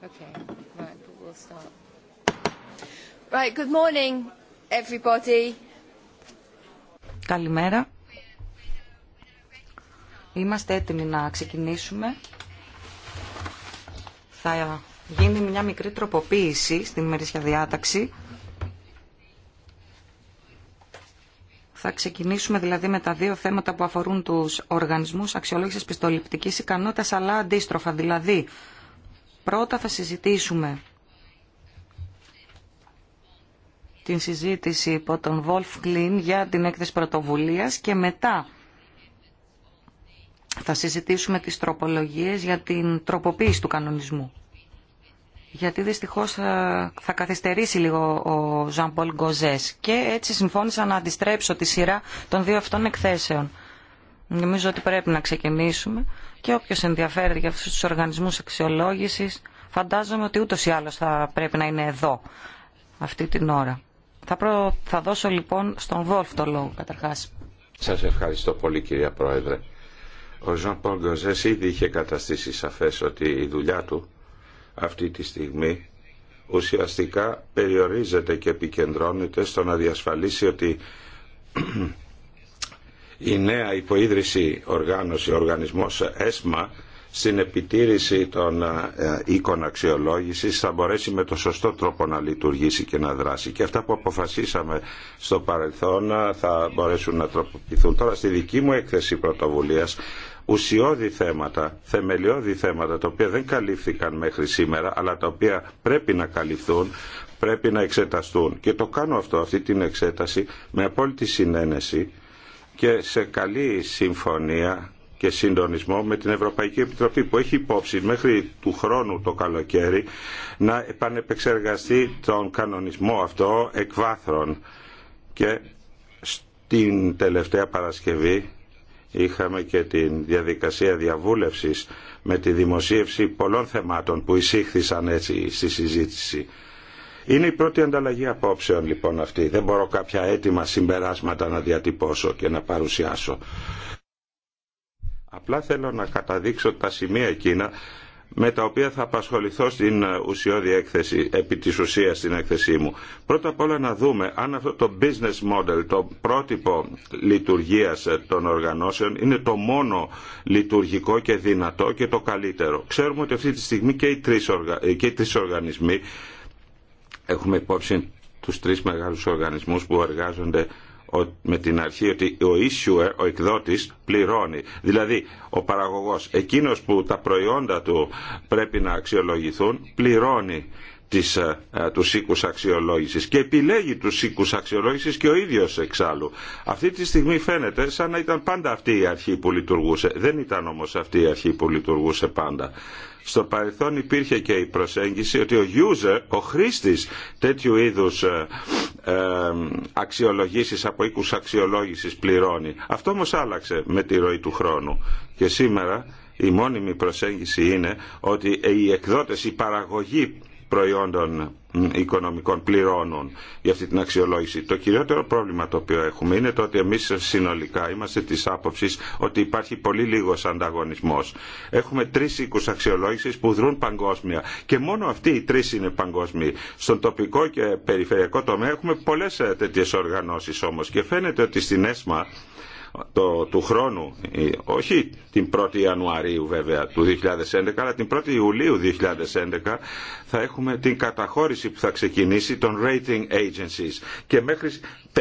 Okay, right, we'll start. Right, good morning, everybody. Καλημέρα. Είμαστε έτοιμοι να ξεκινήσουμε. Θα γίνει μια μικρή τροποποίηση στην ημερήσια διάταξη. Θα ξεκινήσουμε δηλαδή με τα δύο θέματα που αφορούν τους οργανισμούς αξιολόγησης πιστοληπτικής ικανότητας, αλλά αντίστροφα, δηλαδή Πρώτα θα συζητήσουμε την συζήτηση υπό τον Βολφ Κλίν για την έκθεση πρωτοβουλίας και μετά θα συζητήσουμε τις τροπολογίες για την τροποποίηση του κανονισμού. Γιατί δυστυχώς θα, καθυστερήσει λίγο ο Ζαν Γκοζές και έτσι συμφώνησα να αντιστρέψω τη σειρά των δύο αυτών εκθέσεων. Νομίζω ότι πρέπει να ξεκινήσουμε και όποιο ενδιαφέρεται για αυτού του οργανισμού αξιολόγηση φαντάζομαι ότι ούτω ή άλλω θα πρέπει να είναι εδώ αυτή την ώρα. Θα, θα δώσω λοιπόν στον Βόλφ το λόγο καταρχάς. Σας ευχαριστώ πολύ κυρία Πρόεδρε. Ο Ζων Πόγκοζε ήδη είχε καταστήσει σαφέ ότι η δουλειά του αυτή τη στιγμή ουσιαστικά περιορίζεται και επικεντρώνεται στο να διασφαλίσει ότι η νέα υποίδρυση οργάνωση, οργανισμός ΕΣΜΑ στην επιτήρηση των ε, οίκων αξιολόγησης θα μπορέσει με το σωστό τρόπο να λειτουργήσει και να δράσει. Και αυτά που αποφασίσαμε στο παρελθόν ε, θα μπορέσουν να τροποποιηθούν. Τώρα στη δική μου έκθεση πρωτοβουλίας ουσιώδη θέματα, θεμελιώδη θέματα τα οποία δεν καλύφθηκαν μέχρι σήμερα αλλά τα οποία πρέπει να καλυφθούν πρέπει να εξεταστούν. Και το κάνω αυτό, αυτή την εξέταση, με απόλυτη συνένεση και σε καλή συμφωνία και συντονισμό με την Ευρωπαϊκή Επιτροπή που έχει υπόψη μέχρι του χρόνου το καλοκαίρι να επανεπεξεργαστεί τον κανονισμό αυτό εκβάθρων και στην τελευταία Παρασκευή είχαμε και την διαδικασία διαβούλευσης με τη δημοσίευση πολλών θεμάτων που εισήχθησαν έτσι στη συζήτηση είναι η πρώτη ανταλλαγή απόψεων λοιπόν αυτή. Δεν μπορώ κάποια έτοιμα συμπεράσματα να διατυπώσω και να παρουσιάσω. Απλά θέλω να καταδείξω τα σημεία εκείνα με τα οποία θα απασχοληθώ στην ουσιώδη έκθεση, επί της ουσίας στην έκθεσή μου. Πρώτα απ' όλα να δούμε αν αυτό το business model, το πρότυπο λειτουργίας των οργανώσεων είναι το μόνο λειτουργικό και δυνατό και το καλύτερο. Ξέρουμε ότι αυτή τη στιγμή και οι τρεις, και οργανισμοί έχουμε υπόψη τους τρεις μεγάλους οργανισμούς που εργάζονται με την αρχή ότι ο issuer, ο εκδότης, πληρώνει. Δηλαδή, ο παραγωγός, εκείνος που τα προϊόντα του πρέπει να αξιολογηθούν, πληρώνει της, ε, ε, του οίκου αξιολόγηση και επιλέγει του οίκου αξιολόγηση και ο ίδιος εξάλλου. Αυτή τη στιγμή φαίνεται σαν να ήταν πάντα αυτή η αρχή που λειτουργούσε. Δεν ήταν όμως αυτή η αρχή που λειτουργούσε πάντα. Στο παρελθόν υπήρχε και η προσέγγιση ότι ο user, ο χρήστης τέτοιου είδους ε, αξιολογήσεις από οικού αξιολόγηση πληρώνει. Αυτό όμως άλλαξε με τη ροή του χρόνου και σήμερα η μόνιμη προσέγγιση είναι ότι οι εκδότες, η παραγωγή προϊόντων οικονομικών πληρώνουν για αυτή την αξιολόγηση. Το κυριότερο πρόβλημα το οποίο έχουμε είναι το ότι εμείς συνολικά είμαστε της άποψης ότι υπάρχει πολύ λίγος ανταγωνισμός. Έχουμε τρεις οίκους αξιολόγησης που δρούν παγκόσμια και μόνο αυτοί οι τρεις είναι παγκόσμιοι. Στον τοπικό και περιφερειακό τομέα έχουμε πολλές ε, τέτοιες οργανώσεις όμως και φαίνεται ότι στην ΕΣΜΑ το, του χρόνου, όχι την 1η Ιανουαρίου βέβαια του 2011, αλλά την 1η Ιουλίου 2011 θα έχουμε την καταχώρηση που θα ξεκινήσει των rating agencies και μέχρι 50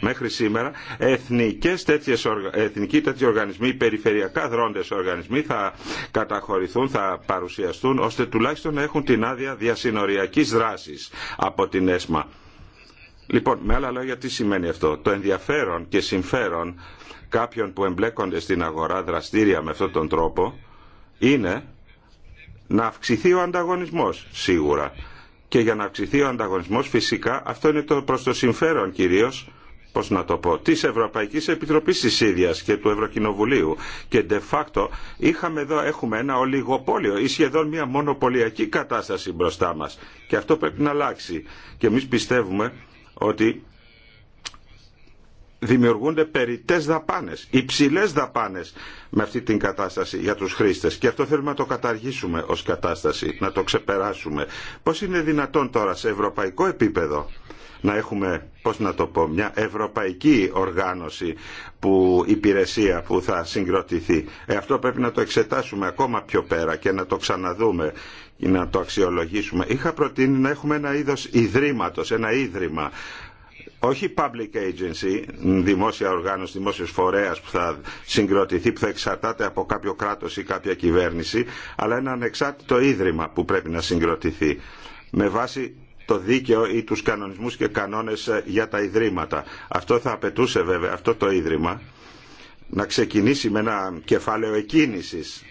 μέχρι σήμερα εθνικές τέτοιες, εθνικοί τέτοιοι οργανισμοί, περιφερειακά δρόντες οργανισμοί θα καταχωρηθούν, θα παρουσιαστούν ώστε τουλάχιστον να έχουν την άδεια διασυνοριακής δράσης από την ΕΣΜΑ Λοιπόν, με άλλα λόγια τι σημαίνει αυτό. Το ενδιαφέρον και συμφέρον κάποιων που εμπλέκονται στην αγορά δραστήρια με αυτόν τον τρόπο είναι να αυξηθεί ο ανταγωνισμός σίγουρα. Και για να αυξηθεί ο ανταγωνισμός φυσικά αυτό είναι το προς το συμφέρον κυρίως πώς να το πω, της Ευρωπαϊκής Επιτροπής της ίδιας και του Ευρωκοινοβουλίου και de facto είχαμε εδώ, έχουμε ένα ολιγοπόλιο ή σχεδόν μια μονοπωλιακή κατάσταση μπροστά μας και αυτό πρέπει να αλλάξει και εμείς πιστεύουμε ότι δημιουργούνται περιττές δαπάνες, υψηλές δαπάνες με αυτή την κατάσταση για τους χρήστες. Και αυτό θέλουμε να το καταργήσουμε ως κατάσταση, να το ξεπεράσουμε. Πώς είναι δυνατόν τώρα σε ευρωπαϊκό επίπεδο να έχουμε, πώς να το πω, μια ευρωπαϊκή οργάνωση που υπηρεσία που θα συγκροτηθεί. Ε, αυτό πρέπει να το εξετάσουμε ακόμα πιο πέρα και να το ξαναδούμε ή να το αξιολογήσουμε. Είχα προτείνει να έχουμε ένα είδος ιδρύματος, ένα ίδρυμα όχι public agency, δημόσια οργάνωση, δημόσιος φορέας που θα συγκροτηθεί, που θα εξαρτάται από κάποιο κράτος ή κάποια κυβέρνηση, αλλά ένα ανεξάρτητο ίδρυμα που πρέπει να συγκροτηθεί με βάση το δίκαιο ή τους κανονισμούς και κανόνες ε, για τα ιδρύματα. Αυτό θα απαιτούσε βέβαια αυτό το ίδρυμα να ξεκινήσει με ένα κεφάλαιο εκκίνησης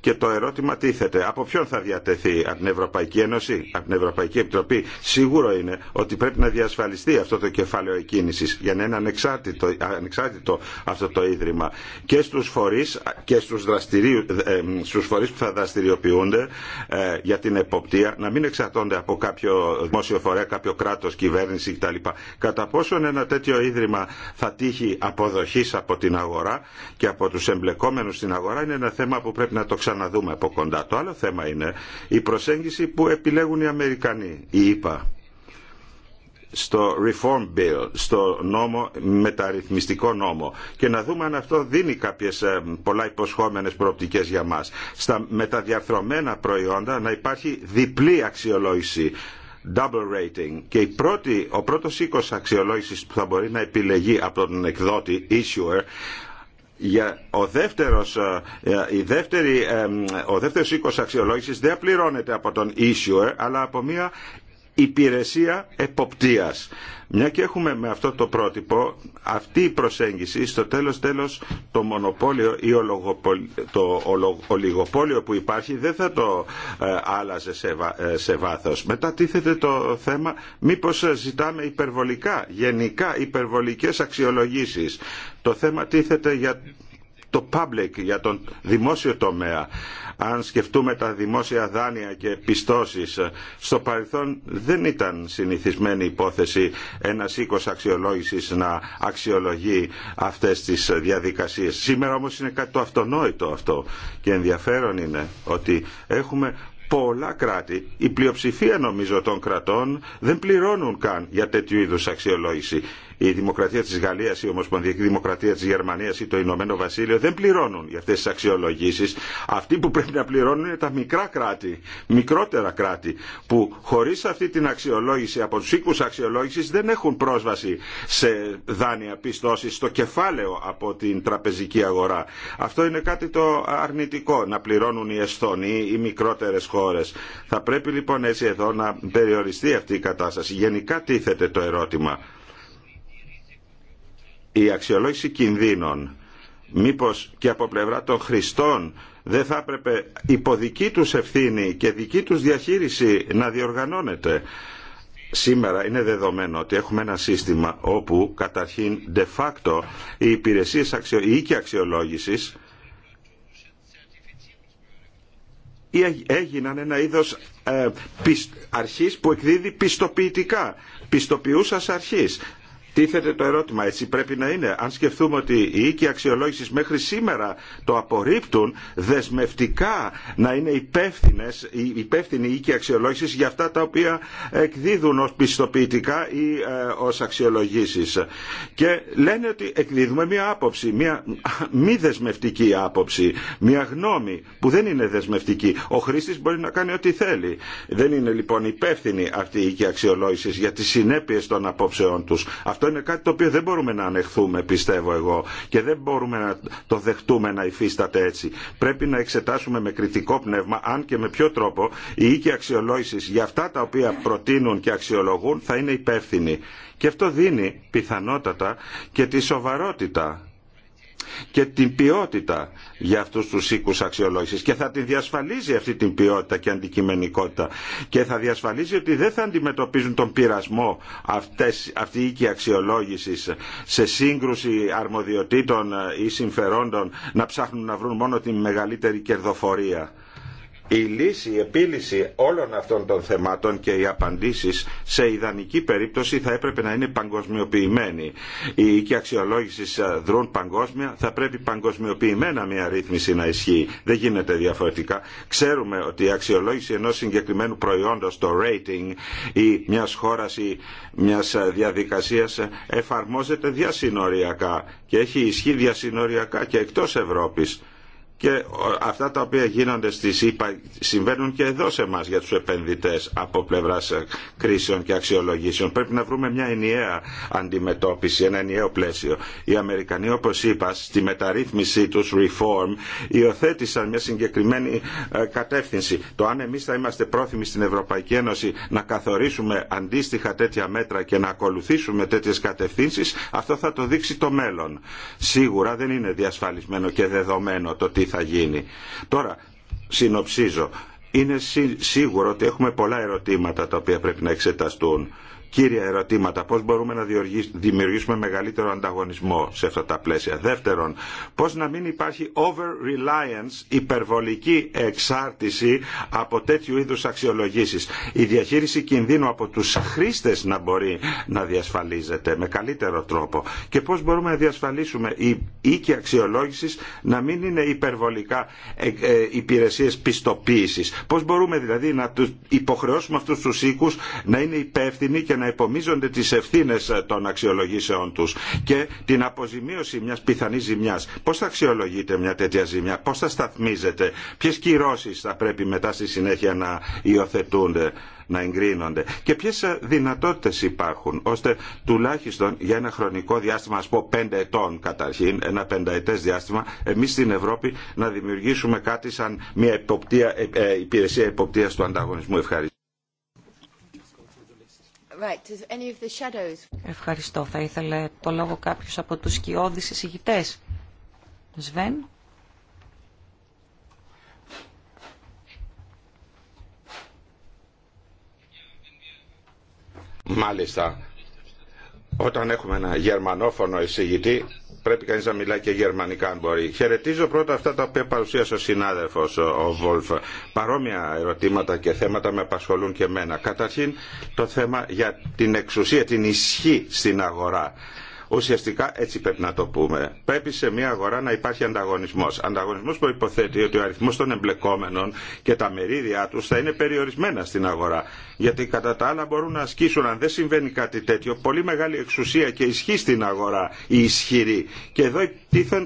και το ερώτημα τίθεται, από ποιον θα διατεθεί, από την Ευρωπαϊκή Ένωση, από την Ευρωπαϊκή Επιτροπή. Σίγουρο είναι ότι πρέπει να διασφαλιστεί αυτό το κεφάλαιο εκκίνηση για να είναι ανεξάρτητο, ανεξάρτητο αυτό το ίδρυμα και στου φορεί και στου ε, στους φορείς που θα δραστηριοποιούνται ε, για την εποπτεία, να μην εξαρτώνται από κάποιο δημόσιο φορέα, κάποιο κράτο, κυβέρνηση κτλ. Κατά πόσον ένα τέτοιο ίδρυμα θα τύχει αποδοχή από την αγορά και από του εμπλεκόμενου στην αγορά είναι ένα θέμα που πρέπει να το ξαναδούμε από κοντά. Το άλλο θέμα είναι η προσέγγιση που επιλέγουν οι Αμερικανοί, οι ΗΠΑ στο Reform Bill, στο νόμο, μεταρρυθμιστικό νόμο και να δούμε αν αυτό δίνει κάποιες ε, πολλά υποσχόμενες προοπτικές για μας. Στα μεταδιαρθρωμένα προϊόντα να υπάρχει διπλή αξιολόγηση double rating και ο πρώτος οίκος αξιολόγησης που θα μπορεί να επιλεγεί από τον εκδότη issuer για ο δεύτερος, ε, η δεύτερη, ε, ο δεύτερος οίκος αξιολόγησης δεν πληρώνεται από τον issuer αλλά από μια υπηρεσία εποπτείας. Μια και έχουμε με αυτό το πρότυπο, αυτή η προσέγγιση, στο τέλος τέλος το μονοπόλιο ή το ολιγοπόλιο που υπάρχει δεν θα το ε, άλλαζε σε, βά, ε, σε βάθος. Μετά τίθεται το θέμα μήπως ε, ζητάμε υπερβολικά, γενικά υπερβολικές αξιολογήσεις. Το θέμα τίθεται για το public, για τον δημόσιο τομέα. Αν σκεφτούμε τα δημόσια δάνεια και πιστώσεις, στο παρελθόν δεν ήταν συνηθισμένη υπόθεση ένας οίκος αξιολόγησης να αξιολογεί αυτές τις διαδικασίες. Σήμερα όμως είναι κάτι το αυτονόητο αυτό και ενδιαφέρον είναι ότι έχουμε πολλά κράτη, η πλειοψηφία νομίζω των κρατών δεν πληρώνουν καν για τέτοιου είδους αξιολόγηση η Δημοκρατία της Γαλλίας, η Ομοσπονδιακή Δημοκρατία της Γερμανίας ή το Ηνωμένο Βασίλειο δεν πληρώνουν για αυτές τις αξιολογήσεις. Αυτοί που πρέπει να πληρώνουν είναι τα μικρά κράτη, μικρότερα κράτη που χωρίς αυτή την αξιολόγηση από τους οίκους αξιολόγησης δεν έχουν πρόσβαση σε δάνεια πιστώσεις στο κεφάλαιο από την τραπεζική αγορά. Αυτό είναι κάτι το αρνητικό να πληρώνουν οι Εσθονοί, οι μικρότερες χώρες. Θα πρέπει λοιπόν έτσι εδώ να περιοριστεί αυτή η κατάσταση. Γενικά τίθεται το ηνωμενο βασιλειο δεν πληρωνουν για αυτες τις αξιολογησεις αυτοι που πρεπει να πληρωνουν ειναι τα μικρα κρατη μικροτερα κρατη που χωρις αυτη την αξιολογηση απο τους οικους αξιολογησης δεν εχουν προσβαση σε δανεια πιστωσει στο κεφαλαιο απο την τραπεζικη αγορα αυτο ειναι κατι το αρνητικο να πληρωνουν οι εσθονοι οι μικροτερες χωρες θα πρεπει λοιπον ετσι εδω να περιοριστει αυτη η κατασταση γενικα τιθεται το ερωτημα η αξιολόγηση κινδύνων μήπως και από πλευρά των χρηστών δεν θα έπρεπε υπό δική τους ευθύνη και δική τους διαχείριση να διοργανώνεται. Σήμερα είναι δεδομένο ότι έχουμε ένα σύστημα όπου καταρχήν de facto οι υπηρεσίες αξιο... οίκοι αξιολόγησης έγιναν ένα είδος ε, αρχής που εκδίδει πιστοποιητικά, πιστοποιούσας αρχής τίθεται το ερώτημα, έτσι πρέπει να είναι. Αν σκεφτούμε ότι οι οίκοι αξιολόγηση μέχρι σήμερα το απορρίπτουν, δεσμευτικά να είναι υπεύθυνες, υπεύθυνοι οι οίκοι αξιολόγηση για αυτά τα οποία εκδίδουν ω πιστοποιητικά ή ε, ω αξιολογήσει. Και λένε ότι εκδίδουμε μία άποψη, μία μη δεσμευτική άποψη, μία γνώμη που δεν είναι δεσμευτική. Ο χρήστη μπορεί να κάνει ό,τι θέλει. Δεν είναι λοιπόν υπεύθυνη αυτή η οίκοι αξιολόγηση για τι συνέπειε των απόψεών του. Αυτό είναι κάτι το οποίο δεν μπορούμε να ανεχθούμε πιστεύω εγώ και δεν μπορούμε να το δεχτούμε να υφίσταται έτσι. Πρέπει να εξετάσουμε με κριτικό πνεύμα αν και με ποιο τρόπο η οίκη αξιολόγηση για αυτά τα οποία προτείνουν και αξιολογούν θα είναι υπεύθυνη. Και αυτό δίνει πιθανότατα και τη σοβαρότητα και την ποιότητα για αυτούς τους οίκους αξιολόγησης και θα την διασφαλίζει αυτή την ποιότητα και αντικειμενικότητα και θα διασφαλίζει ότι δεν θα αντιμετωπίζουν τον πειρασμό αυτές, αυτή η οίκη αξιολόγησης σε σύγκρουση αρμοδιοτήτων ή συμφερόντων να ψάχνουν να βρουν μόνο τη μεγαλύτερη κερδοφορία η λύση, η επίλυση όλων αυτών των θεμάτων και οι απαντήσεις σε ιδανική περίπτωση θα έπρεπε να είναι παγκοσμιοποιημένη. Η αξιολογηση ε, δρούν παγκόσμια, θα πρέπει παγκοσμιοποιημένα μια ρύθμιση να ισχύει. Δεν γίνεται διαφορετικά. Ξέρουμε ότι η αξιολόγηση ενός συγκεκριμένου προϊόντος, το rating ή μια χώρας ή μιας ε, διαδικασίας ε, εφαρμόζεται διασυνοριακά και έχει ισχύ διασυνοριακά και εκτός Ευρώπη και αυτά τα οποία γίνονται στις ΗΠΑ συμβαίνουν και εδώ σε εμά για τους επενδυτές από πλευράς ε, κρίσεων και αξιολογήσεων. Πρέπει να βρούμε μια ενιαία αντιμετώπιση, ένα ενιαίο πλαίσιο. Οι Αμερικανοί όπως είπα στη μεταρρύθμιση τους reform υιοθέτησαν μια συγκεκριμένη ε, κατεύθυνση. Το αν εμείς θα είμαστε πρόθυμοι στην Ευρωπαϊκή Ένωση να καθορίσουμε αντίστοιχα τέτοια μέτρα και να ακολουθήσουμε τέτοιες κατευθύνσεις, αυτό θα το δείξει το μέλλον. Σίγουρα δεν είναι διασφαλισμένο και δεδομένο το τι θα γίνει. Τώρα, συνοψίζω. Είναι σίγουρο ότι έχουμε πολλά ερωτήματα τα οποία πρέπει να εξεταστούν κύρια ερωτήματα. Πώς μπορούμε να δημιουργήσουμε μεγαλύτερο ανταγωνισμό σε αυτά τα πλαίσια. Δεύτερον, πώς να μην υπάρχει over-reliance, υπερβολική εξάρτηση από τέτοιου είδους αξιολογήσεις. Η διαχείριση κινδύνου από τους χρήστες να μπορεί να διασφαλίζεται με καλύτερο τρόπο. Και πώς μπορούμε να διασφαλίσουμε η οίκοι αξιολόγησης να μην είναι υπερβολικά ε, ε, υπηρεσίες πιστοποίησης. Πώς μπορούμε δηλαδή να υποχρεώσουμε τους να είναι υπεύθυνοι και να υπομίζονται τις ευθύνες ε, των αξιολογήσεών τους και την αποζημίωση μιας πιθανής ζημιάς. Πώς θα αξιολογείται μια τέτοια ζημιά, πώς θα σταθμίζεται, ποιες κυρώσεις θα πρέπει μετά στη συνέχεια να υιοθετούνται να εγκρίνονται και ποιε δυνατότητε υπάρχουν ώστε τουλάχιστον για ένα χρονικό διάστημα, α πω πέντε ετών καταρχήν, ένα πενταετέ διάστημα, εμεί στην Ευρώπη να δημιουργήσουμε κάτι σαν μια ε, ε, υπηρεσία υποπτία του ανταγωνισμού. Ευχαριστώ. Ευχαριστώ. Θα ήθελε το λόγο κάποιος από τους σκιώδεις εισηγητές. Σβέν. Μάλιστα. Όταν έχουμε ένα γερμανόφωνο εισηγητή πρέπει κανείς να μιλάει και γερμανικά αν μπορεί. Χαιρετίζω πρώτα αυτά τα οποία παρουσίασε ο συνάδελφος ο Βόλφ. Παρόμοια ερωτήματα και θέματα με απασχολούν και εμένα. Καταρχήν το θέμα για την εξουσία, την ισχύ στην αγορά Ουσιαστικά έτσι πρέπει να το πούμε. Πρέπει σε μια αγορά να υπάρχει ανταγωνισμό. Ανταγωνισμό που υποθέτει ότι ο αριθμό των εμπλεκόμενων και τα μερίδια του θα είναι περιορισμένα στην αγορά. Γιατί κατά τα άλλα μπορούν να ασκήσουν, αν δεν συμβαίνει κάτι τέτοιο, πολύ μεγάλη εξουσία και ισχύ στην αγορά η ισχυροί. Και εδώ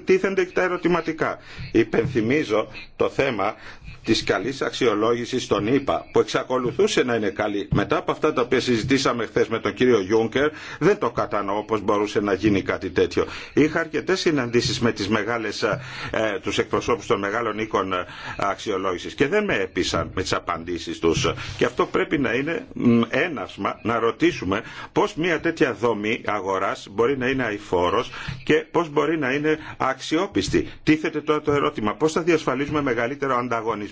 τίθενται και τα ερωτηματικά. Υπενθυμίζω το θέμα της καλής αξιολόγησης των ΗΠΑ που εξακολουθούσε να είναι καλή. Μετά από αυτά τα οποία συζητήσαμε χθε με τον κύριο Γιούνκερ δεν το κατανοώ πως μπορούσε να γίνει κάτι τέτοιο. Είχα αρκετές συναντήσεις με τις μεγάλες, ε, τους εκπροσώπους των μεγάλων οίκων ε, αξιολόγησης και δεν με έπεισαν με τις απαντήσεις τους. Και αυτό πρέπει να είναι έναυσμα να ρωτήσουμε πώς μια τέτοια δομή αγοράς μπορεί να είναι αηφόρος και πώς μπορεί να είναι αξιόπιστη. Τίθεται τώρα το ερώτημα πώς θα διασφαλίζουμε μεγαλύτερο ανταγωνισμό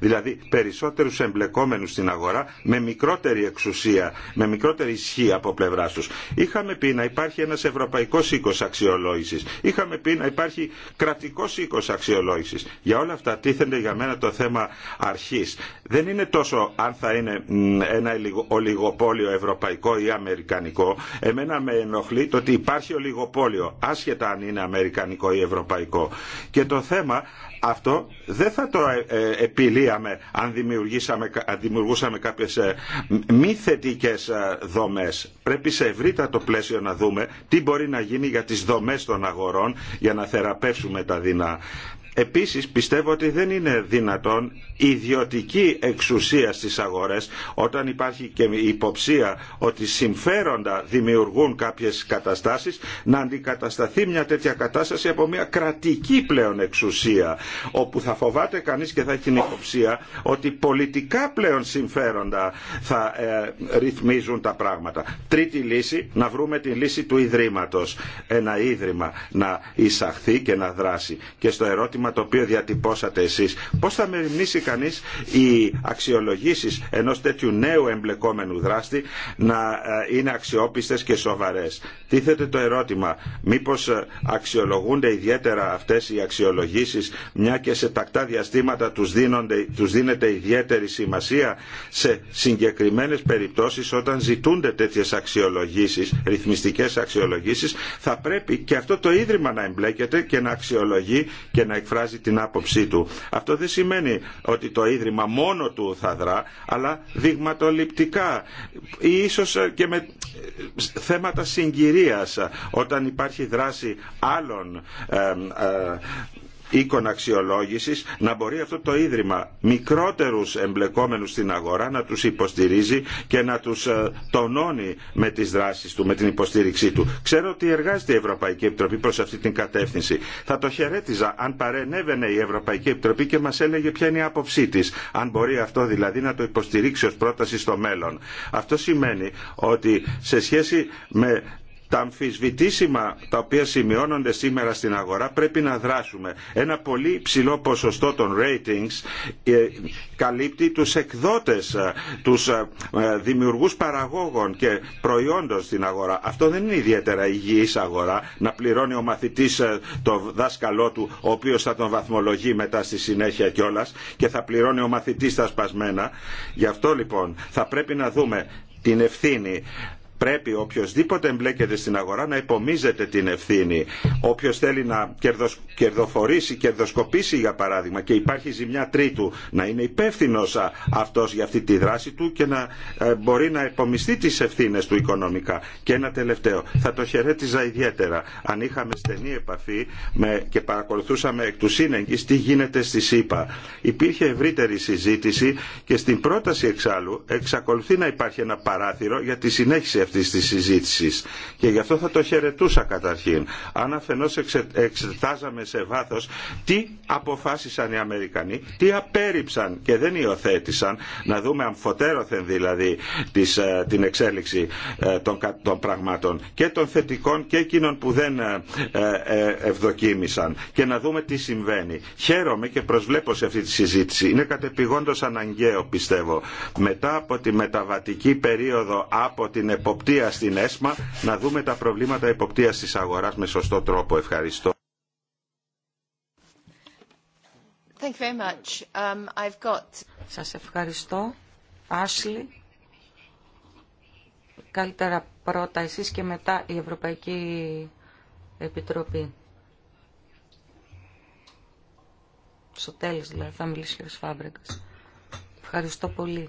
Δηλαδή περισσότερους εμπλεκόμενους στην αγορά με μικρότερη εξουσία, με μικρότερη ισχύ από πλευρά τους. Είχαμε πει να υπάρχει ένας ευρωπαϊκός οίκος αξιολόγηση. Είχαμε πει να υπάρχει κρατικός οίκος αξιολόγηση. Για όλα αυτά τίθενται για μένα το θέμα αρχής. Δεν είναι τόσο αν θα είναι ένα ολιγοπόλιο ευρωπαϊκό ή αμερικανικό. Εμένα με ενοχλεί το ότι υπάρχει ολιγοπόλιο, άσχετα αν είναι αμερικανικό ή ευρωπαϊκό. Και το θέμα αυτό δεν θα το ε, ε, επιλύαμε αν, δημιουργήσαμε, δημιουργούσαμε κάποιες ε, μη θετικέ δομές. Πρέπει σε ευρύτατο πλαίσιο να δούμε τι μπορεί να γίνει για τις δομές των αγορών για να θεραπεύσουμε τα δυνά. Επίσης πιστεύω ότι δεν είναι δυνατόν ιδιωτική εξουσία στις αγορές όταν υπάρχει και υποψία ότι συμφέροντα δημιουργούν κάποιες καταστάσεις να αντικατασταθεί μια τέτοια κατάσταση από μια κρατική πλέον εξουσία όπου θα φοβάται κανείς και θα έχει την υποψία ότι πολιτικά πλέον συμφέροντα θα ε, ρυθμίζουν τα πράγματα. Τρίτη λύση, να βρούμε την λύση του Ιδρύματος. Ένα Ίδρυμα να εισαχθεί και να δράσει. Και στο ερώτημα παράδειγμα το οποίο διατυπώσατε εσείς. Πώς θα μεριμνήσει κανείς οι αξιολογήσεις ενός τέτοιου νέου εμπλεκόμενου δράστη να ε, είναι αξιόπιστες και σοβαρές. Τίθεται το ερώτημα, μήπως ε, αξιολογούνται ιδιαίτερα αυτές οι αξιολογήσεις μια και σε τακτά διαστήματα τους, τους δίνεται ιδιαίτερη σημασία σε συγκεκριμένες περιπτώσεις όταν ζητούνται τέτοιες αξιολογήσεις, ρυθμιστικές αξιολογήσεις θα πρέπει και αυτό το Ίδρυμα να εμπλέκεται και να αξιολογεί και να εκφράζει την άποψή του. Αυτό δεν σημαίνει ότι το Ίδρυμα μόνο του θα δρά, αλλά δειγματοληπτικά ή ίσως και με θέματα συγκυρίας όταν υπάρχει δράση άλλων ε, οίκων αξιολόγησης να μπορεί αυτό το Ίδρυμα μικρότερους εμπλεκόμενους στην αγορά να τους υποστηρίζει και να τους ε, τονώνει με τις δράσεις του, με την υποστήριξή του. Ξέρω ότι εργάζεται η Ευρωπαϊκή Επιτροπή προς αυτή την κατεύθυνση. Θα το χαιρέτιζα αν παρενέβαινε η Ευρωπαϊκή Επιτροπή και μας έλεγε ποια είναι η άποψή της. Αν μπορεί αυτό δηλαδή να το υποστηρίξει ως πρόταση στο μέλλον. Αυτό σημαίνει ότι σε σχέση με τα αμφισβητήσιμα τα οποία σημειώνονται σήμερα στην αγορά πρέπει να δράσουμε. Ένα πολύ ψηλό ποσοστό των ratings ε, καλύπτει τους εκδότες, ε, τους ε, δημιουργούς παραγόγων και προϊόντων στην αγορά. Αυτό δεν είναι ιδιαίτερα υγιής αγορά να πληρώνει ο μαθητής το δάσκαλό του ο οποίος θα τον βαθμολογεί μετά στη συνέχεια κιόλας και θα πληρώνει ο μαθητής τα σπασμένα. Γι' αυτό λοιπόν θα πρέπει να δούμε την ευθύνη πρέπει οποιοδήποτε εμπλέκεται στην αγορά να υπομίζεται την ευθύνη. Όποιο θέλει να κερδοφορήσει, κερδοσκοπήσει για παράδειγμα και υπάρχει ζημιά τρίτου να είναι υπεύθυνο αυτό για αυτή τη δράση του και να ε, μπορεί να υπομιστεί τι ευθύνε του οικονομικά. Και ένα τελευταίο. Θα το χαιρέτιζα ιδιαίτερα αν είχαμε στενή επαφή με, και παρακολουθούσαμε εκ του σύνεγγυ τι γίνεται στη ΣΥΠΑ. Υπήρχε ευρύτερη συζήτηση και στην πρόταση εξάλλου εξακολουθεί να υπάρχει ένα παράθυρο για τη συνέχιση αυτής της συζήτησης. Και γι' αυτό θα το χαιρετούσα καταρχήν. Αν αφενός εξετάζαμε σε βάθος τι αποφάσισαν οι Αμερικανοί, τι απέρριψαν και δεν υιοθέτησαν, να δούμε αμφωτέρωθεν δηλαδή της, ε, την εξέλιξη ε, των, πραγμάτων και των θετικών και εκείνων που δεν ε, ευδοκίμησαν και να δούμε τι συμβαίνει. Χαίρομαι και προσβλέπω σε αυτή τη συζήτηση. Είναι κατεπηγόντως αναγκαίο πιστεύω. Μετά από τη μεταβατική περίοδο από την εποπτεία στην ΕΣΜΑ να δούμε τα προβλήματα εποπτείας τη αγορά με σωστό τρόπο. Ευχαριστώ. Thank you very much. Um, I've got... Σας ευχαριστώ. Άσλι. Καλύτερα πρώτα εσείς και μετά η Ευρωπαϊκή Επιτροπή. Στο τέλος δηλαδή θα μιλήσει ο Φάμπρεγκας. Ευχαριστώ πολύ.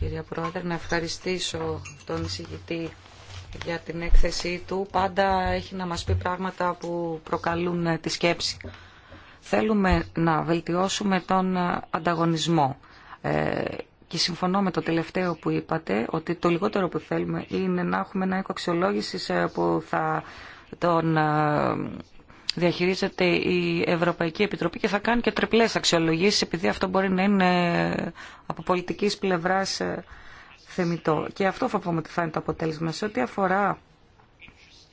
Κύριε Πρόεδρε, να ευχαριστήσω τον εισηγητή για την έκθεσή του. Πάντα έχει να μας πει πράγματα που προκαλούν τη σκέψη. Θέλουμε να βελτιώσουμε τον ανταγωνισμό. Ε, και συμφωνώ με το τελευταίο που είπατε, ότι το λιγότερο που θέλουμε είναι να έχουμε ένα οίκο ε, που θα τον ε, διαχειρίζεται η Ευρωπαϊκή Επιτροπή και θα κάνει και τριπλές αξιολογήσεις επειδή αυτό μπορεί να είναι από πολιτικής πλευράς ε, θεμητό. Και αυτό θα πούμε ότι θα είναι το αποτέλεσμα. Σε ό,τι αφορά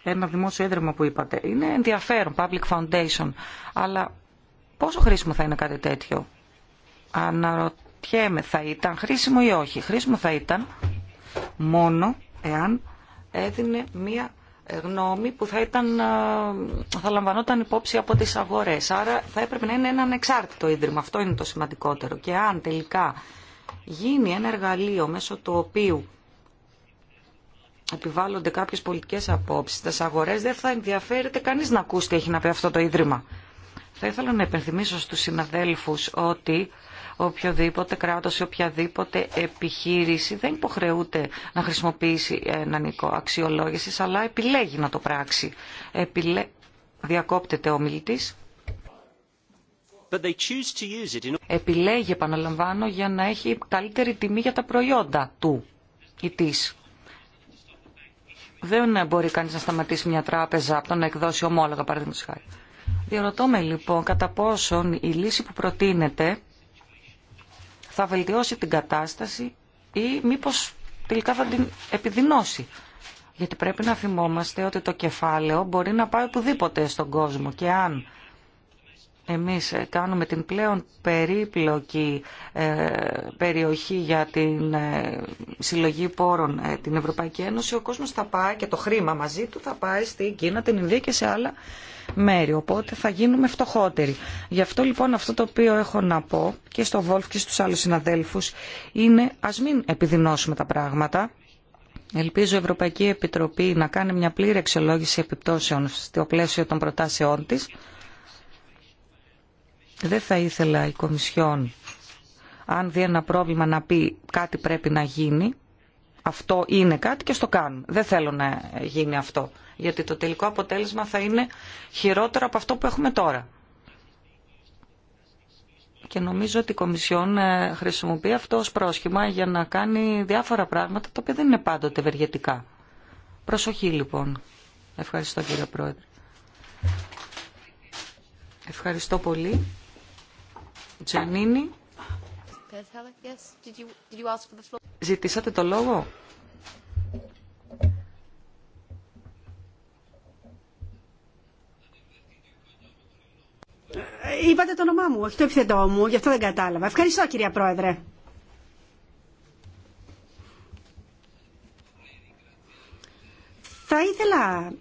ένα δημόσιο ίδρυμα που είπατε, είναι ενδιαφέρον, public foundation, αλλά πόσο χρήσιμο θα είναι κάτι τέτοιο. Αναρωτιέμαι, θα ήταν χρήσιμο ή όχι. Χρήσιμο θα ήταν μόνο εάν έδινε μία γνώμη που θα, ήταν, ε, θα λαμβανόταν υπόψη από τις αγορές. Άρα θα έπρεπε να είναι ένα ανεξάρτητο ίδρυμα. Αυτό είναι το σημαντικότερο. Και αν τελικά γίνει ένα εργαλείο μέσω του οποίου επιβάλλονται κάποιες πολιτικές απόψεις στις αγορές, δεν θα ενδιαφέρεται κανείς να ακούσει τι έχει να πει αυτό το ίδρυμα. Θα ήθελα να επενθυμίσω στους συναδέλφους ότι οποιοδήποτε κράτος ή οποιαδήποτε επιχείρηση δεν υποχρεούται να χρησιμοποιήσει έναν οίκο αξιολόγησης, αλλά επιλέγει να το πράξει. Επιλέ... Διακόπτεται ο μιλητής. Επιλέγει, επαναλαμβάνω, για να έχει καλύτερη τιμή για τα προϊόντα του ή της. Δεν μπορεί κανείς να σταματήσει μια τράπεζα από το να εκδώσει ομόλογα, παραδείγματος χάρη. Διαρωτώ με λοιπόν κατά πόσον η λύση που προτείνεται θα βελτιώσει την κατάσταση ή μήπως τελικά θα την επιδεινώσει. Γιατί πρέπει να θυμόμαστε ότι το κεφάλαιο μπορεί να πάει οπουδήποτε στον κόσμο και αν εμείς κάνουμε την πλέον περίπλοκη ε, περιοχή για την ε, συλλογή πόρων ε, την Ευρωπαϊκή Ένωση, ο κόσμος θα πάει και το χρήμα μαζί του θα πάει στην Κίνα, την Ινδία και σε άλλα μέρη, οπότε θα γίνουμε φτωχότεροι. Γι' αυτό λοιπόν αυτό το οποίο έχω να πω και στο Βόλφ και στους άλλους συναδέλφους είναι ας μην επιδεινώσουμε τα πράγματα. Ελπίζω η Ευρωπαϊκή Επιτροπή να κάνει μια πλήρη αξιολόγηση επιπτώσεων στο πλαίσιο των προτάσεών της. Δεν θα ήθελα η Κομισιόν, αν δει ένα πρόβλημα, να πει κάτι πρέπει να γίνει. Αυτό είναι κάτι και στο κάνουν. Δεν θέλω να γίνει αυτό γιατί το τελικό αποτέλεσμα θα είναι χειρότερο από αυτό που έχουμε τώρα. Και νομίζω ότι η Κομισιόν ε, χρησιμοποιεί αυτό ως πρόσχημα για να κάνει διάφορα πράγματα τα οποία δεν είναι πάντοτε ευεργετικά. Προσοχή λοιπόν. Ευχαριστώ κύριε Πρόεδρε. Ευχαριστώ πολύ. Τζανίνη. Ζητήσατε το λόγο. Ε, είπατε το όνομά μου, όχι το επιθετό μου, γι' αυτό δεν κατάλαβα. Ευχαριστώ κυρία Πρόεδρε. Θα ήθελα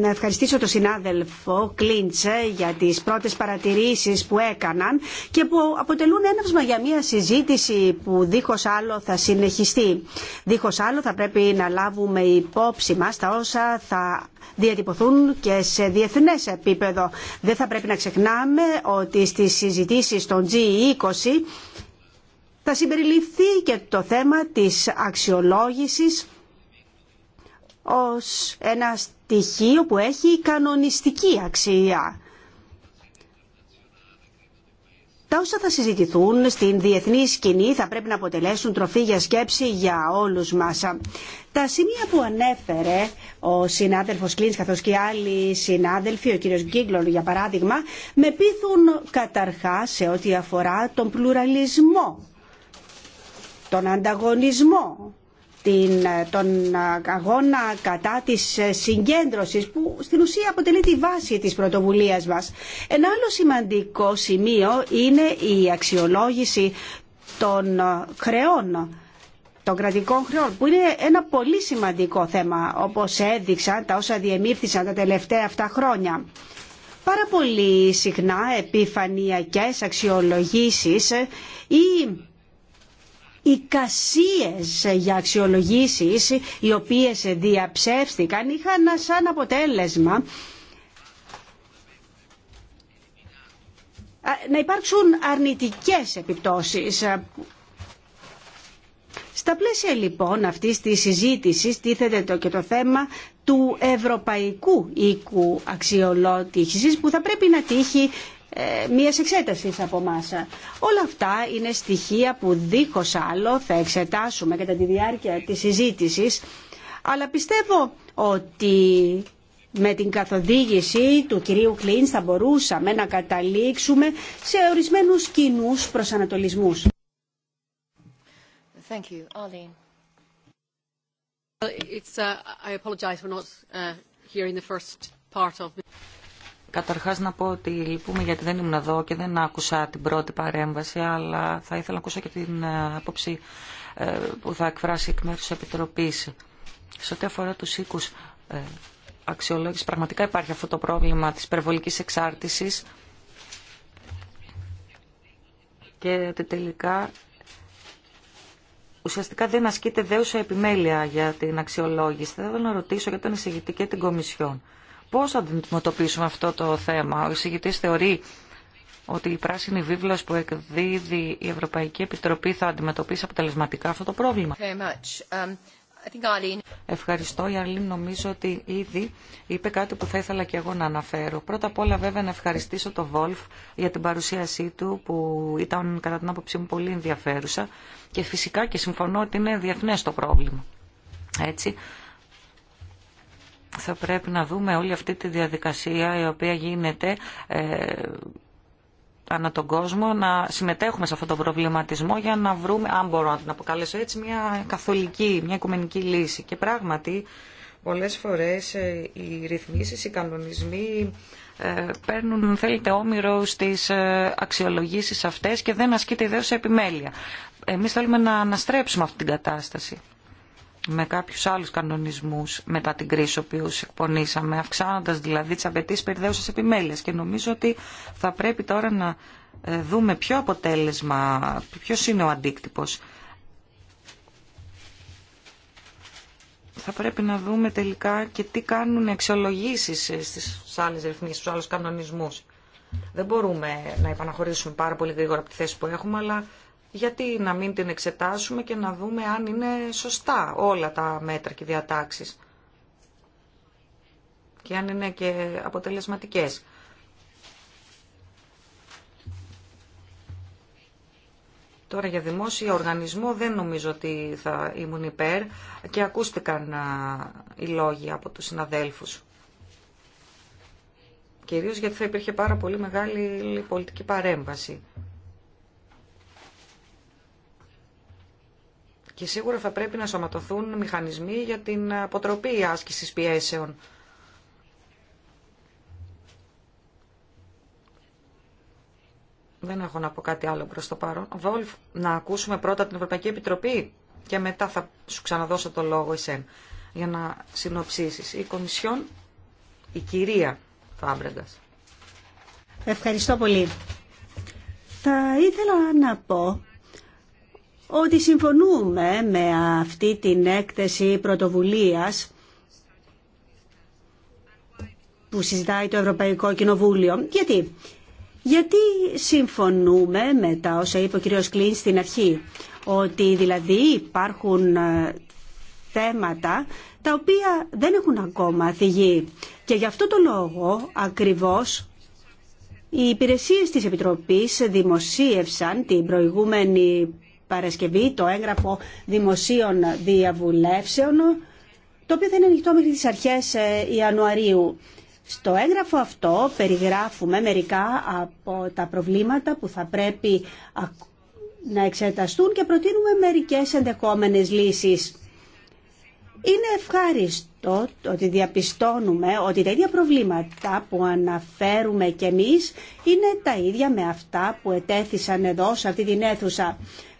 να ευχαριστήσω τον συνάδελφο Κλίντσε για τις πρώτες παρατηρήσεις που έκαναν και που αποτελούν έναυσμα για μια συζήτηση που δίχως άλλο θα συνεχιστεί. Δίχως άλλο θα πρέπει να λάβουμε υπόψη μας τα όσα θα διατυπωθούν και σε διεθνές επίπεδο. Δεν θα πρέπει να ξεχνάμε ότι στις συζητήσεις των G20 θα συμπεριληφθεί και το θέμα της αξιολόγησης ως ένας Τυχείο που έχει κανονιστική αξία. Τα όσα θα συζητηθούν στην διεθνή σκηνή θα πρέπει να αποτελέσουν τροφή για σκέψη για όλους μας. Τα σημεία που ανέφερε ο συνάδελφος Κλίνς καθώς και άλλοι συνάδελφοι, ο κύριος Γκίγκλον για παράδειγμα, με πείθουν καταρχάς σε ό,τι αφορά τον πλουραλισμό, τον ανταγωνισμό, την, τον αγώνα κατά της συγκέντρωσης που στην ουσία αποτελεί τη βάση της πρωτοβουλίας μας. Ένα άλλο σημαντικό σημείο είναι η αξιολόγηση των χρεών των κρατικών χρεών, που είναι ένα πολύ σημαντικό θέμα, όπως έδειξαν τα όσα διεμήφθησαν τα τελευταία αυτά χρόνια. Πάρα πολύ συχνά επιφανειακές αξιολογήσεις ή εικασίες για αξιολογήσεις οι οποίες διαψεύστηκαν είχαν σαν αποτέλεσμα να υπάρξουν αρνητικές επιπτώσεις. Στα πλαίσια λοιπόν αυτή τη συζήτηση τίθεται και το θέμα του ευρωπαϊκού οίκου αξιολότησης που θα πρέπει να τύχει ε, μια εξέταση από εμά. Όλα αυτά είναι στοιχεία που δίχως άλλο θα εξετάσουμε κατά τη διάρκεια της συζήτηση, αλλά πιστεύω ότι με την καθοδήγηση του κυρίου Κλίν θα μπορούσαμε να καταλήξουμε σε ορισμένους κοινού προσανατολισμούς. Thank It's, uh, I apologize for not uh, Καταρχάς να πω ότι λυπούμε γιατί δεν ήμουν εδώ και δεν άκουσα την πρώτη παρέμβαση, αλλά θα ήθελα να ακούσω και την ε, άποψη ε, που θα εκφράσει εκ μέρους της Επιτροπής. Σε ό,τι αφορά τους οίκους ε, αξιολόγηση, πραγματικά υπάρχει αυτό το πρόβλημα της περιβολικής εξάρτησης και ότι τελικά ουσιαστικά δεν ασκείται δέουσα επιμέλεια για την αξιολόγηση. Θα ήθελα να ρωτήσω για τον εισηγητή και την Κομισιόν. Πώς θα αντιμετωπίσουμε αυτό το θέμα. Ο εισηγητής θεωρεί ότι η πράσινη βίβλος που εκδίδει η Ευρωπαϊκή Επιτροπή θα αντιμετωπίσει αποτελεσματικά αυτό το πρόβλημα. Um, Ευχαριστώ. Η νομίζω ότι ήδη είπε κάτι που θα ήθελα και εγώ να αναφέρω. Πρώτα απ' όλα βέβαια να ευχαριστήσω τον Βόλφ για την παρουσίασή του που ήταν κατά την άποψή μου πολύ ενδιαφέρουσα και φυσικά και συμφωνώ ότι είναι διεθνέ το πρόβλημα. Έτσι, θα πρέπει να δούμε όλη αυτή τη διαδικασία η οποία γίνεται ε, ανά τον κόσμο, να συμμετέχουμε σε αυτόν τον προβληματισμό για να βρούμε, αν μπορώ να την αποκαλέσω έτσι, μια καθολική, μια οικουμενική λύση. Και πράγματι, πολλές φορές ε, οι ρυθμίσεις, οι κανονισμοί ε, παίρνουν, θέλετε, όμοιρο στις ε, αξιολογήσεις αυτές και δεν ασκείται ιδέως σε επιμέλεια. Εμείς θέλουμε να αναστρέψουμε αυτή την κατάσταση με κάποιους άλλους κανονισμούς μετά την κρίση, που εκπονήσαμε, αυξάνοντας δηλαδή τις απαιτήσεις περιδέουσας επιμέλειας. Και νομίζω ότι θα πρέπει τώρα να ε, δούμε ποιο αποτέλεσμα, ποιο είναι ο αντίκτυπος. θα πρέπει να δούμε τελικά και τι κάνουν εξολογήσεις ε, στις άλλες ρυθμίσεις, στους άλλους κανονισμούς. Δεν μπορούμε να επαναχωρήσουμε πάρα πολύ γρήγορα από τη θέση που έχουμε, αλλά γιατί να μην την εξετάσουμε και να δούμε αν είναι σωστά όλα τα μέτρα και διατάξεις και αν είναι και αποτελεσματικές. Τώρα για δημόσιο οργανισμό δεν νομίζω ότι θα ήμουν υπέρ και ακούστηκαν οι λόγοι από τους συναδέλφους. Κυρίως γιατί θα υπήρχε πάρα πολύ μεγάλη πολιτική παρέμβαση. Και σίγουρα θα πρέπει να σωματωθούν μηχανισμοί για την αποτροπή άσκησης πιέσεων. Δεν έχω να πω κάτι άλλο προς το παρόν. Βόλφ, να ακούσουμε πρώτα την Ευρωπαϊκή Επιτροπή και μετά θα σου ξαναδώσω το λόγο εσέν για να συνοψίσεις. Η Κομισιόν, η κυρία Φάμπρεγκας. Ευχαριστώ πολύ. Θα ήθελα να πω ότι συμφωνούμε με αυτή την έκθεση πρωτοβουλίας που συζητάει το Ευρωπαϊκό Κοινοβούλιο. Γιατί? Γιατί συμφωνούμε με τα όσα είπε ο κ. Κλίν στην αρχή, ότι δηλαδή υπάρχουν ε, θέματα τα οποία δεν έχουν ακόμα θυγεί. Και γι' αυτό το λόγο ακριβώς οι υπηρεσίες της Επιτροπής δημοσίευσαν την προηγούμενη Παρασκευή το έγγραφο δημοσίων διαβουλεύσεων, το οποίο θα είναι ανοιχτό μέχρι τις αρχές ε, Ιανουαρίου. Στο έγγραφο αυτό περιγράφουμε μερικά από τα προβλήματα που θα πρέπει να εξεταστούν και προτείνουμε μερικές ενδεχόμενες λύσεις. Είναι ευχάριστο ότι διαπιστώνουμε ότι τα ίδια προβλήματα που αναφέρουμε κι εμείς είναι τα ίδια με αυτά που ετέθησαν εδώ σε αυτή την αίθουσα.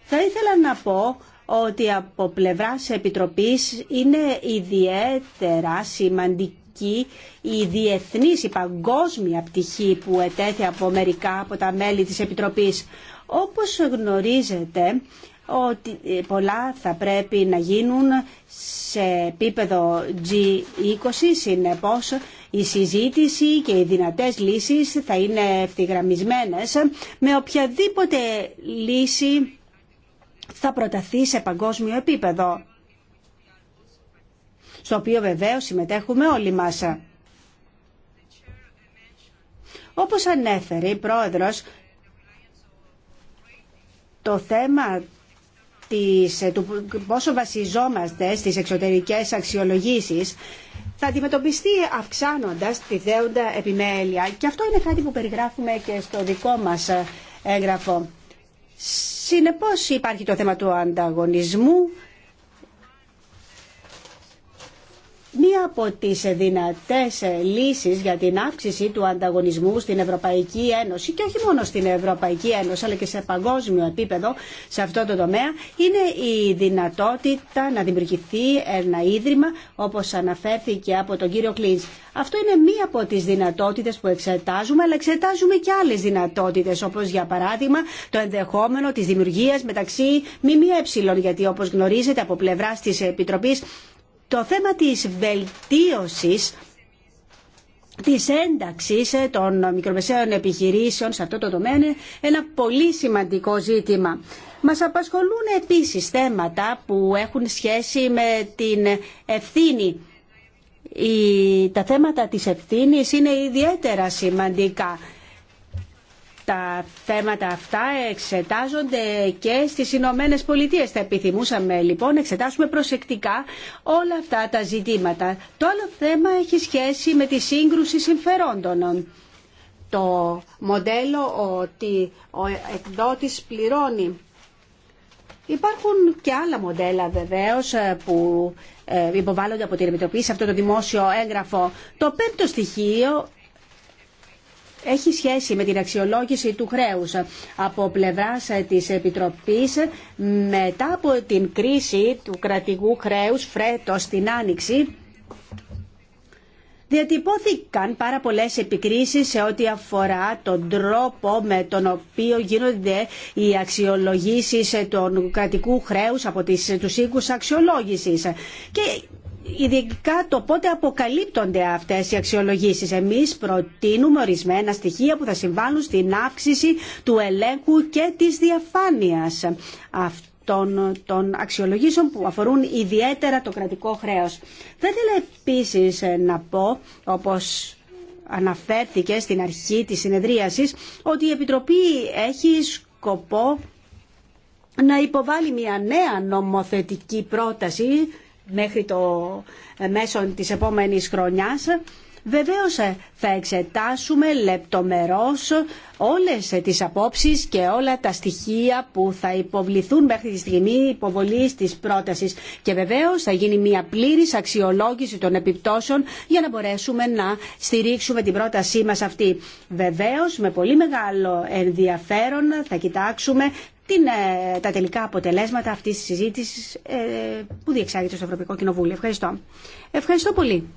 Θα ήθελα να πω ότι από πλευράς Επιτροπής είναι ιδιαίτερα σημαντική η διεθνής, η παγκόσμια πτυχή που ετέθη από μερικά από τα μέλη της Επιτροπής. Όπως γνωρίζετε, ότι ε, πολλά θα πρέπει να γίνουν σε επίπεδο G20, συνεπώς η συζήτηση και οι δυνατές λύσεις θα είναι ευθυγραμμισμένες με οποιαδήποτε λύση θα προταθεί σε παγκόσμιο επίπεδο, στο οποίο βεβαίως συμμετέχουμε όλοι μας. Όπως ανέφερε η Πρόεδρος, το θέμα της, του πόσο βασιζόμαστε στις εξωτερικές αξιολογήσεις θα αντιμετωπιστεί αυξάνοντας τη δέοντα επιμέλεια και αυτό είναι κάτι που περιγράφουμε και στο δικό μας έγγραφο. Συνεπώς υπάρχει το θέμα του ανταγωνισμού Μία από τις δυνατές λύσεις για την αύξηση του ανταγωνισμού στην Ευρωπαϊκή Ένωση και όχι μόνο στην Ευρωπαϊκή Ένωση αλλά και σε παγκόσμιο επίπεδο σε αυτό το τομέα είναι η δυνατότητα να δημιουργηθεί ένα ίδρυμα όπως αναφέρθηκε από τον κύριο Κλίντς. Αυτό είναι μία από τις δυνατότητες που εξετάζουμε αλλά εξετάζουμε και άλλες δυνατότητες όπως για παράδειγμα το ενδεχόμενο της δημιουργίας μεταξύ ΜΜΕ γιατί όπως γνωρίζετε από πλευρά της Επιτροπής το θέμα της βελτίωσης της ένταξη ε, των μικρομεσαίων επιχειρήσεων σε αυτό το τομέα είναι ένα πολύ σημαντικό ζήτημα. Μας απασχολούν επίσης θέματα που έχουν σχέση με την ευθύνη. τα θέματα της ευθύνη είναι ιδιαίτερα σημαντικά τα θέματα αυτά εξετάζονται και στις Ηνωμένε Πολιτείε. Θα επιθυμούσαμε λοιπόν να εξετάσουμε προσεκτικά όλα αυτά τα ζητήματα. Το άλλο θέμα έχει σχέση με τη σύγκρουση συμφερόντων. Το μοντέλο ότι ο εκδότης πληρώνει. Υπάρχουν και άλλα μοντέλα βεβαίως που ε, υποβάλλονται από την Επιτροπή σε αυτό το δημόσιο έγγραφο. Το πέμπτο στοιχείο έχει σχέση με την αξιολόγηση του χρέους από πλευράς ε, της Επιτροπής μετά από την κρίση του κρατικού χρέους φρέτο στην Άνοιξη Διατυπώθηκαν πάρα πολλές επικρίσεις σε ό,τι αφορά τον τρόπο με τον οποίο γίνονται οι αξιολογήσεις ε, του κρατικού χρέους από τις, τους οίκους αξιολόγησης. Και ειδικά το πότε αποκαλύπτονται αυτές οι αξιολογήσεις. Εμείς προτείνουμε ορισμένα στοιχεία που θα συμβάλλουν στην αύξηση του ελέγχου και της διαφάνειας αυτών των αξιολογήσεων που αφορούν ιδιαίτερα το κρατικό χρέος. Θα ήθελα επίσης να πω, όπως αναφέρθηκε στην αρχή της συνεδρίασης, ότι η Επιτροπή έχει σκοπό να υποβάλει μια νέα νομοθετική πρόταση μέχρι το ε, μέσο της επόμενης χρονιάς. Βεβαίως ε, θα εξετάσουμε λεπτομερώς όλες ε, τις απόψεις και όλα τα στοιχεία που θα υποβληθούν μέχρι τη στιγμή υποβολής της πρότασης και βεβαίως θα γίνει μια πλήρης αξιολόγηση των επιπτώσεων για να μπορέσουμε να στηρίξουμε την πρότασή μας αυτή. Βεβαίως με πολύ μεγάλο ενδιαφέρον θα κοιτάξουμε την, ε, τα τελικά αποτελέσματα αυτής τη συζήτησης ε, που διεξάγεται στο Ευρωπαϊκό Κοινοβούλιο. Ευχαριστώ. Ευχαριστώ πολύ.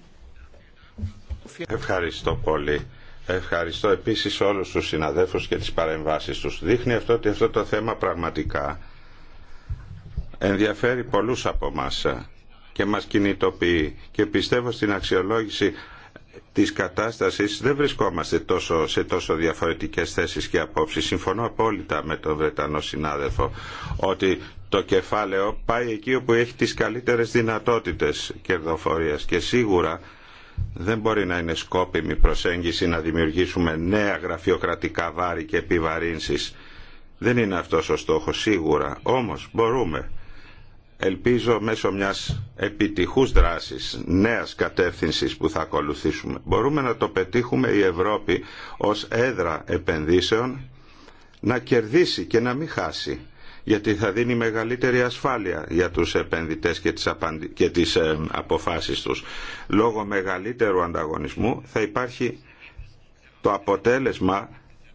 Ευχαριστώ πολύ. Ευχαριστώ επίσης όλους τους συναδέλφους και τις παρεμβάσει τους. Δείχνει αυτό ότι αυτό το θέμα πραγματικά ενδιαφέρει πολλούς από εμά και μας κινητοποιεί και πιστεύω στην αξιολόγηση της κατάστασης δεν βρισκόμαστε τόσο, σε τόσο διαφορετικές θέσεις και απόψεις. Συμφωνώ απόλυτα με τον Βρετανό συνάδελφο ότι το κεφάλαιο πάει εκεί όπου έχει τις καλύτερες δυνατότητες κερδοφορίας και σίγουρα δεν μπορεί να είναι σκόπιμη προσέγγιση να δημιουργήσουμε νέα γραφειοκρατικά βάρη και επιβαρύνσεις. Δεν είναι αυτός ο στόχος σίγουρα, όμως μπορούμε ελπίζω μέσω μιας επιτυχούς δράσης, νέας κατεύθυνσης που θα ακολουθήσουμε. Μπορούμε να το πετύχουμε η Ευρώπη ως έδρα επενδύσεων να κερδίσει και να μην χάσει γιατί θα δίνει μεγαλύτερη ασφάλεια για τους επενδυτές και τις, και ε, αποφάσεις τους. Λόγω μεγαλύτερου ανταγωνισμού θα υπάρχει το αποτέλεσμα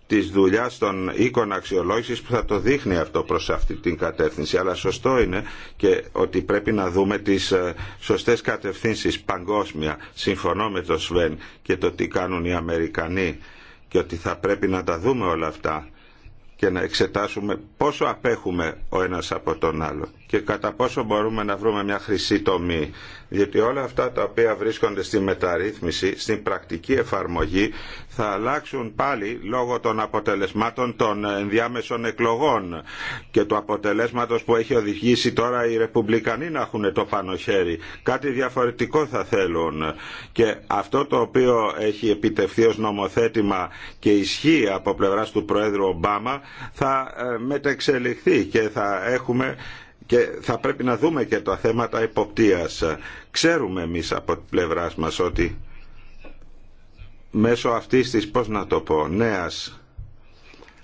τη δουλειά των οίκων αξιολόγηση που θα το δείχνει αυτό προς αυτή την κατεύθυνση. Αλλά σωστό είναι και ότι πρέπει να δούμε τις ε, σωστές κατευθύνσεις παγκόσμια. Συμφωνώ με τον Σβέν και το τι κάνουν οι Αμερικανοί και ότι θα πρέπει να τα δούμε όλα αυτά και να εξετάσουμε πόσο απέχουμε ο ένας από τον άλλο και κατά πόσο μπορούμε να βρούμε μια χρυσή τομή. Διότι όλα αυτά τα οποία βρίσκονται στη μεταρρύθμιση, στην πρακτική εφαρμογή, θα αλλάξουν πάλι λόγω των αποτελεσμάτων των ενδιάμεσων εκλογών και του αποτελέσματος που έχει οδηγήσει τώρα οι Ρεπουμπλικανοί να έχουν το πάνω χέρι. Κάτι διαφορετικό θα θέλουν. Και αυτό το οποίο έχει επιτευθεί ως νομοθέτημα και ισχύει από πλευράς του Πρόεδρου Ομπάμα θα ε, μετεξελιχθεί και θα έχουμε και θα πρέπει να δούμε και τα θέματα υποπτίας. Ξέρουμε εμείς από την πλευρά μας ότι μέσω αυτής της, πώς να το πω, νέας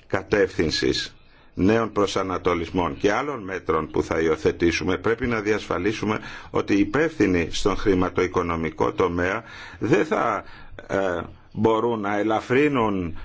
κατεύθυνσης, νέων προσανατολισμών και άλλων μέτρων που θα υιοθετήσουμε πρέπει να διασφαλίσουμε ότι οι υπεύθυνοι στον χρηματοοικονομικό τομέα δεν θα ε, μπορούν να ελαφρύνουν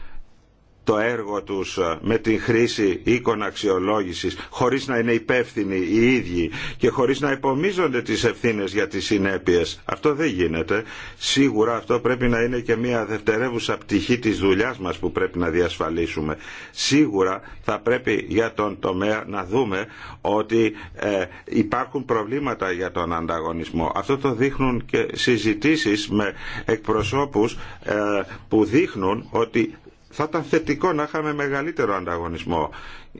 το έργο τους ε, με την χρήση οίκων αξιολόγησης χωρίς να είναι υπεύθυνοι οι ίδιοι και χωρίς να υπομίζονται τις ευθύνες για τις συνέπειες. Αυτό δεν γίνεται. Σίγουρα αυτό πρέπει να είναι και μια δευτερεύουσα πτυχή της δουλειάς μας που πρέπει να διασφαλίσουμε. Σίγουρα θα πρέπει για τον τομέα να δούμε ότι ε, υπάρχουν προβλήματα για τον ανταγωνισμό. Αυτό το δείχνουν και συζητήσεις με εκπροσώπους ε, που δείχνουν ότι θα ήταν θετικό να είχαμε μεγαλύτερο ανταγωνισμό.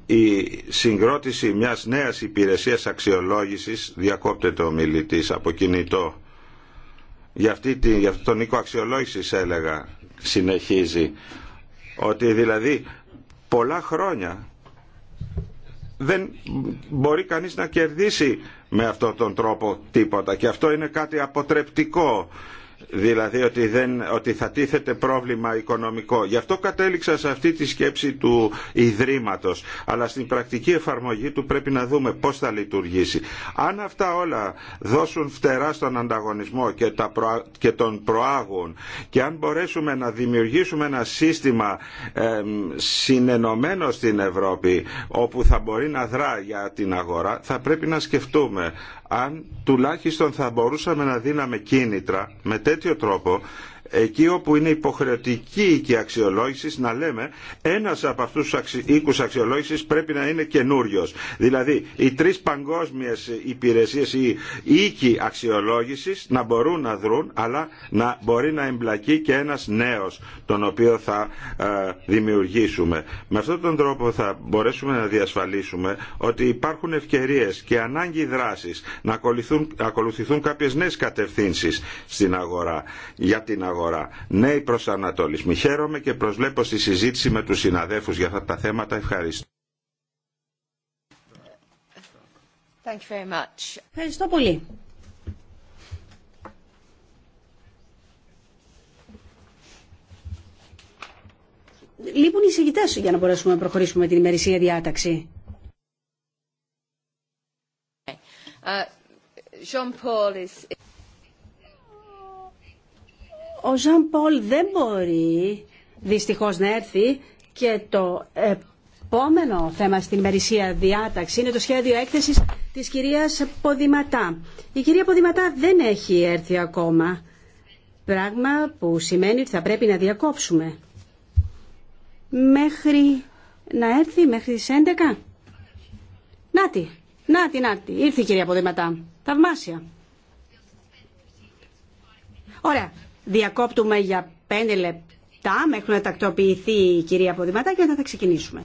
Η συγκρότηση μιας νέας υπηρεσίας αξιολόγησης διακόπτεται ο μιλητής από κινητό. Για, αυτή τη, για αυτόν τον οίκο αξιολόγησης έλεγα, συνεχίζει, ότι δηλαδή πολλά χρόνια δεν μπορεί κανείς να κερδίσει με αυτόν τον τρόπο τίποτα και αυτό είναι κάτι αποτρεπτικό δηλαδή ότι, δεν, ότι θα τίθεται πρόβλημα οικονομικό. Γι' αυτό κατέληξα σε αυτή τη σκέψη του Ιδρύματος. Αλλά στην πρακτική εφαρμογή του πρέπει να δούμε πώς θα λειτουργήσει. Αν αυτά όλα δώσουν φτερά στον ανταγωνισμό και, τα προ, και τον προάγουν και αν μπορέσουμε να δημιουργήσουμε ένα σύστημα ε, συνενωμένο στην Ευρώπη όπου θα μπορεί να δρά για την αγορά, θα πρέπει να σκεφτούμε αν τουλάχιστον θα μπορούσαμε να δίναμε κίνητρα με τέτοιο τρόπο εκεί όπου είναι υποχρεωτική η οίκη αξιολόγηση να λέμε ένα από αυτού του οίκου αξιολόγηση πρέπει να είναι καινούριο. Δηλαδή οι τρει παγκόσμιε υπηρεσίε, ή οίκοι αξιολόγηση να μπορούν να δρουν αλλά να μπορεί να εμπλακεί και ένας νέο τον οποίο θα ε, δημιουργήσουμε. Με αυτόν τον τρόπο θα μπορέσουμε να διασφαλίσουμε ότι υπάρχουν ευκαιρίε και ανάγκη δράσης να ακολουθηθούν, ακολουθηθούν κάποιες νέες κατευθύνσεις στην αγορά, για την αγορά αγορά. Νέοι μη Χαίρομαι και προσβλέπω στη συζήτηση με τους συναδέφους για αυτά τα θέματα. Ευχαριστώ. Thank you very much. Ευχαριστώ πολύ. Λείπουν οι συγκητές για να μπορέσουμε να προχωρήσουμε με την ημερησία διάταξη. Uh, Jean -Paul is... Ο Ζαν Πολ δεν μπορεί δυστυχώς να έρθει και το επόμενο θέμα στην ημερησία διάταξη είναι το σχέδιο έκθεσης της κυρίας Ποδηματά. Η κυρία Ποδηματά δεν έχει έρθει ακόμα, πράγμα που σημαίνει ότι θα πρέπει να διακόψουμε. Μέχρι να έρθει, μέχρι τις 11. Νάτι, νάτι, νάτι, ήρθε η κυρία Ποδηματά. Ταυμάσια. Ωραία, Διακόπτουμε για πέντε λεπτά μέχρι να τακτοποιηθεί η κυρία Ποδηματάκη και μετά θα ξεκινήσουμε.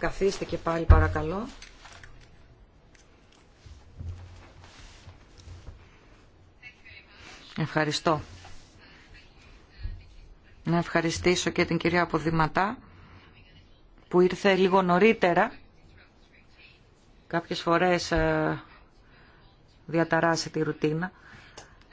Καθίστε και πάλι παρακαλώ. Ευχαριστώ. Να ευχαριστήσω και την κυρία Αποδηματά που ήρθε λίγο νωρίτερα. Κάποιες φορές ε, διαταράσει τη ρουτίνα.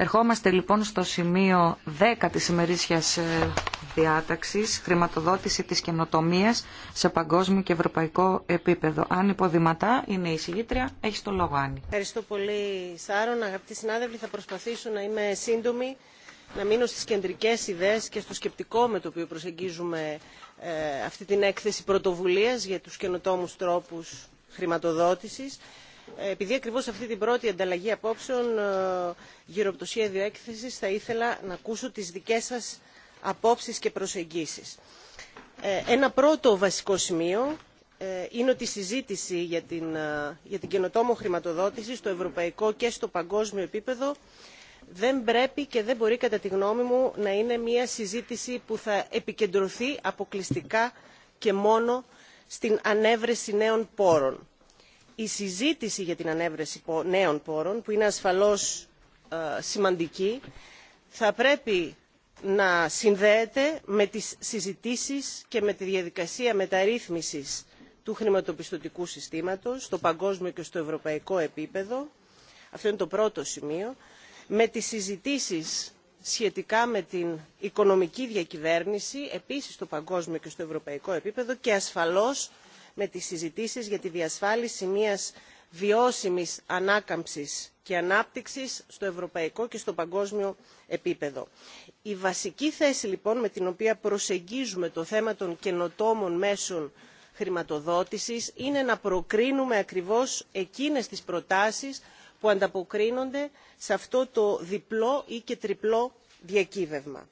Ερχόμαστε λοιπόν στο σημείο 10 της ημερήσιας ε, διάταξης, χρηματοδότηση της καινοτομίας σε παγκόσμιο και ευρωπαϊκό επίπεδο. Αν υποδηματά, είναι η συγγήτρια. Έχει το λόγο, Άννη. Ευχαριστώ πολύ, Σάρων. Αγαπητοί συνάδελφοι, θα προσπαθήσω να είμαι σύντομη, να μείνω στις κεντρικές ιδέες και στο σκεπτικό με το οποίο προσεγγίζουμε ε, αυτή την έκθεση πρωτοβουλίας για τους καινοτόμους τρόπους χρηματοδότησης επειδή ακριβώς αυτή την πρώτη ανταλλαγή απόψεων ε, γύρω από το σχέδιο έκθεσης θα ήθελα να ακούσω τις δικές σας απόψεις και προσεγγίσεις. Ε, ένα πρώτο βασικό σημείο ε, είναι ότι η συζήτηση για την, για την καινοτόμο χρηματοδότηση στο ευρωπαϊκό και στο παγκόσμιο επίπεδο δεν πρέπει και δεν μπορεί κατά τη γνώμη μου να είναι μια συζήτηση που θα επικεντρωθεί αποκλειστικά και μόνο στην ανέβρεση νέων πόρων η συζήτηση για την ανέβρεση νέων πόρων που είναι ασφαλώς ε, σημαντική θα πρέπει να συνδέεται με τις συζητήσεις και με τη διαδικασία μεταρρύθμισης του χρηματοπιστωτικού συστήματος στο παγκόσμιο και στο ευρωπαϊκό επίπεδο αυτό είναι το πρώτο σημείο με τις συζητήσεις σχετικά με την οικονομική διακυβέρνηση επίσης στο παγκόσμιο και στο ευρωπαϊκό επίπεδο και ασφαλώς με τις συζητήσεις για τη διασφάλιση μιας βιώσιμης ανάκαμψης και ανάπτυξης στο ευρωπαϊκό και στο παγκόσμιο επίπεδο. Η βασική θέση λοιπόν με την οποία προσεγγίζουμε το θέμα των καινοτόμων μέσων χρηματοδότησης είναι να προκρίνουμε ακριβώς εκείνες τις προτάσεις που ανταποκρίνονται σε αυτό το διπλό ή και τριπλό διακύβευμα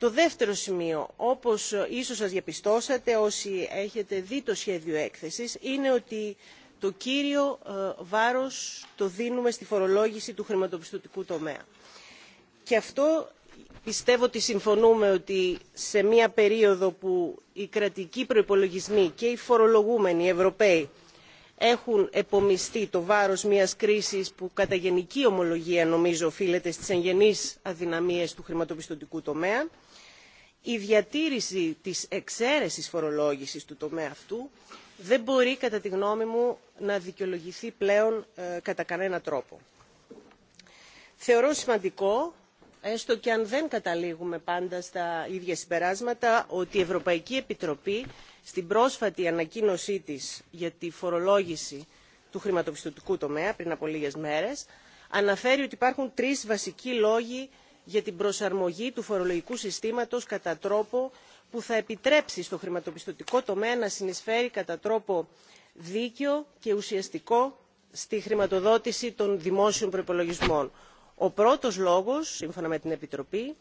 το δεύτερο σημείο, όπως ε, ίσως σας διαπιστώσατε όσοι έχετε δει το σχέδιο έκθεσης, είναι ότι το κύριο ε, βάρος το δίνουμε στη φορολόγηση του χρηματοπιστωτικού τομέα. Και αυτό πιστεύω ότι συμφωνούμε ότι σε μια περίοδο που οι κρατικοί προϋπολογισμοί και οι φορολογούμενοι Ευρωπαίοι έχουν επομιστεί το βάρος μιας κρίσης που κατά γενική ομολογία νομίζω οφείλεται στις εγγενείς αδυναμίες του χρηματοπιστωτικού τομέα η διατήρηση της εξαίρεσης φορολόγησης του τομέα αυτού δεν μπορεί κατά τη γνώμη μου να δικαιολογηθεί πλέον ε, κατά κανένα τρόπο. Θεωρώ σημαντικό, έστω και αν δεν καταλήγουμε πάντα στα ίδια συμπεράσματα, ότι η Ευρωπαϊκή Επιτροπή στην πρόσφατη ανακοίνωσή της για τη φορολόγηση του χρηματοπιστωτικού τομέα πριν από λίγες μέρες αναφέρει ότι υπάρχουν τρεις βασικοί λόγοι για την προσαρμογή του φορολογικού συστήματος κατά τρόπο που θα επιτρέψει στο χρηματοπιστωτικό τομέα να συνεισφέρει κατά τρόπο δίκαιο και ουσιαστικό στη χρηματοδότηση των δημόσιων προϋπολογισμών. Ο πρώτος λόγος, σύμφωνα με την Επιτροπή,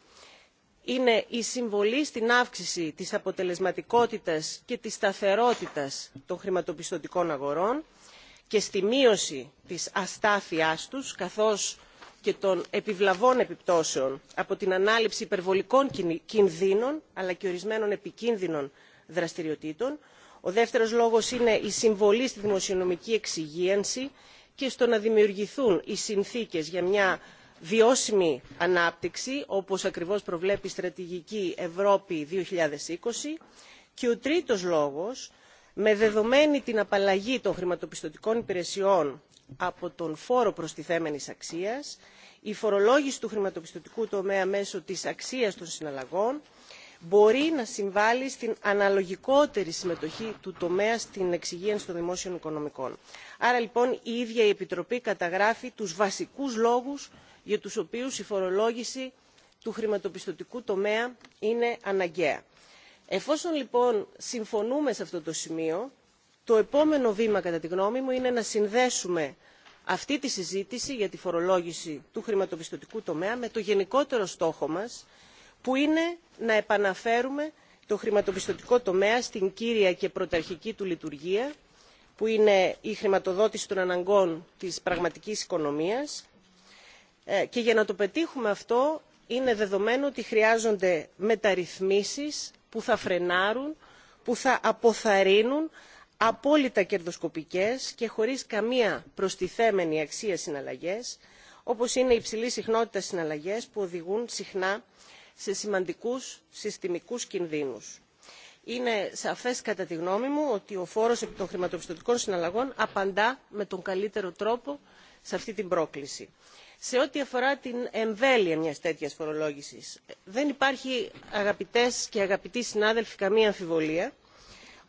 είναι η συμβολή στην αύξηση της αποτελεσματικότητας και της σταθερότητας των χρηματοπιστωτικών αγορών και στη μείωση της αστάθειάς τους, καθώς και των επιβλαβών επιπτώσεων από την ανάληψη υπερβολικών κινδύνων αλλά και ορισμένων επικίνδυνων δραστηριοτήτων ο δεύτερος λόγος είναι η συμβολή στη δημοσιονομική εξυγίανση και στο να δημιουργηθούν οι συνθήκες για μια βιώσιμη ανάπτυξη όπως ακριβώς προβλέπει η στρατηγική ευρώπη 2020 και ο τρίτος λόγος με δεδομένη την απαλλαγή των χρηματοπιστωτικών υπηρεσιών από τον φόρο προστιθέμενης αξίας η φορολόγηση του χρηματοπιστωτικού τομέα μέσω της αξίας των συναλλαγών μπορεί να συμβάλλει στην αναλογικότερη συμμετοχή του τομέα στην εξυγίανση των δημόσιων οικονομικών. άρα λοιπόν η ίδια η επιτροπή καταγράφει τους βασικούς λόγους για τους οποίους η φορολόγηση του χρηματοπιστωτικού τομέα είναι αναγκαία. εφόσον λοιπόν συμφωνούμε σε αυτό το σημείο το επόμενο βήμα κατά τη γνώμη μου είναι να συνδέσουμε αυτή τη συζήτηση για τη φορολόγηση του χρηματοπιστωτικού τομέα με το γενικότερο στόχο μας που είναι να επαναφέρουμε το χρηματοπιστωτικό τομέα στην κύρια και πρωταρχική του λειτουργία που είναι η χρηματοδότηση των αναγκών της πραγματικής οικονομίας ε, και για να το πετύχουμε αυτό είναι δεδομένο ότι χρειάζονται μεταρρυθμίσεις που θα φρενάρουν που θα αποθαρρύνουν απόλυτα κερδοσκοπικές και χωρίς καμία προστιθέμενη αξία συναλλαγές όπως είναι υψηλή συχνότητα συναλλαγές που οδηγούν συχνά σε σημαντικούς συστημικούς κινδύνους. Είναι σαφές κατά τη γνώμη μου ότι ο φόρος επί των χρηματοπιστωτικών συναλλαγών απαντά με τον καλύτερο τρόπο σε αυτή την πρόκληση. Σε ό,τι αφορά την εμβέλεια μιας τέτοιας φορολόγησης, δεν υπάρχει αγαπητές και αγαπητοί συνάδελφοι καμία αμφιβολία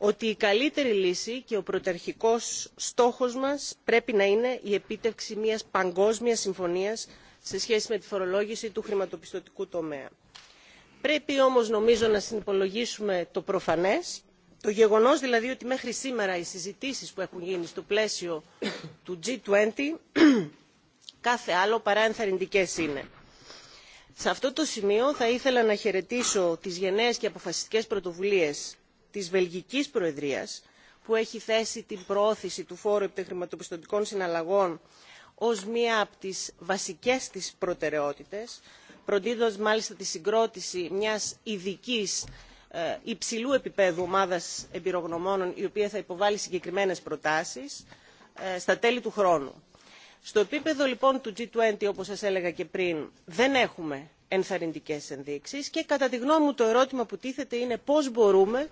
ότι η καλύτερη λύση και ο πρωταρχικός στόχος μας πρέπει να είναι η επίτευξη μιας παγκόσμιας συμφωνίας σε σχέση με τη φορολόγηση του χρηματοπιστωτικού τομέα. Πρέπει όμως νομίζω να συνυπολογίσουμε το προφανές, το γεγονός δηλαδή ότι μέχρι σήμερα οι συζητήσεις που έχουν γίνει στο πλαίσιο του G20 κάθε άλλο παρά ενθαρρυντικές είναι. Σε αυτό το σημείο θα ήθελα να χαιρετήσω τις γενναίες και αποφασιστικές πρωτοβουλίες της βελγικής προεδρίας που έχει θέσει την προώθηση του φόρου επί συναλλαγών ως μία από τις βασικές της προτεραιότητες προτείνοντας μάλιστα τη συγκρότηση μιας ειδικής ε, υψηλού επίπεδου ομάδας εμπειρογνωμόνων η οποία θα υποβάλει συγκεκριμένες προτάσεις ε, στα τέλη του χρόνου. Στο επίπεδο λοιπόν του G20 όπως σας έλεγα και πριν δεν έχουμε ενθαρρυντικές ενδείξεις και κατά τη γνώμη μου το ερώτημα που τίθεται είναι πώς μπορούμε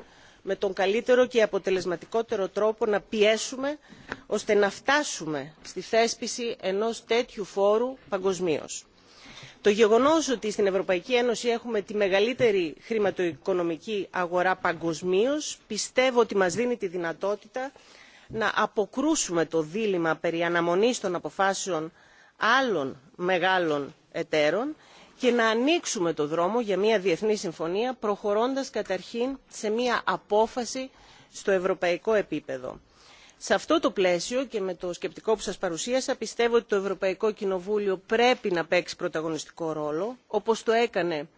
με τον καλύτερο και αποτελεσματικότερο τρόπο να πιέσουμε ώστε να φτάσουμε στη θέσπιση ενός τέτοιου φόρου παγκοσμίω. Το γεγονός ότι στην Ευρωπαϊκή Ένωση έχουμε τη μεγαλύτερη χρηματοοικονομική αγορά παγκοσμίω πιστεύω ότι μας δίνει τη δυνατότητα να αποκρούσουμε το δίλημα περί αναμονής των αποφάσεων άλλων μεγάλων εταίρων και να ανοίξουμε το δρόμο για μια διεθνή συμφωνία προχωρώντας καταρχήν σε μια απόφαση στο ευρωπαϊκό επίπεδο. Σε αυτό το πλαίσιο και με το σκεπτικό που σας παρουσίασα πιστεύω ότι το Ευρωπαϊκό Κοινοβούλιο πρέπει να παίξει πρωταγωνιστικό ρόλο όπως το έκανε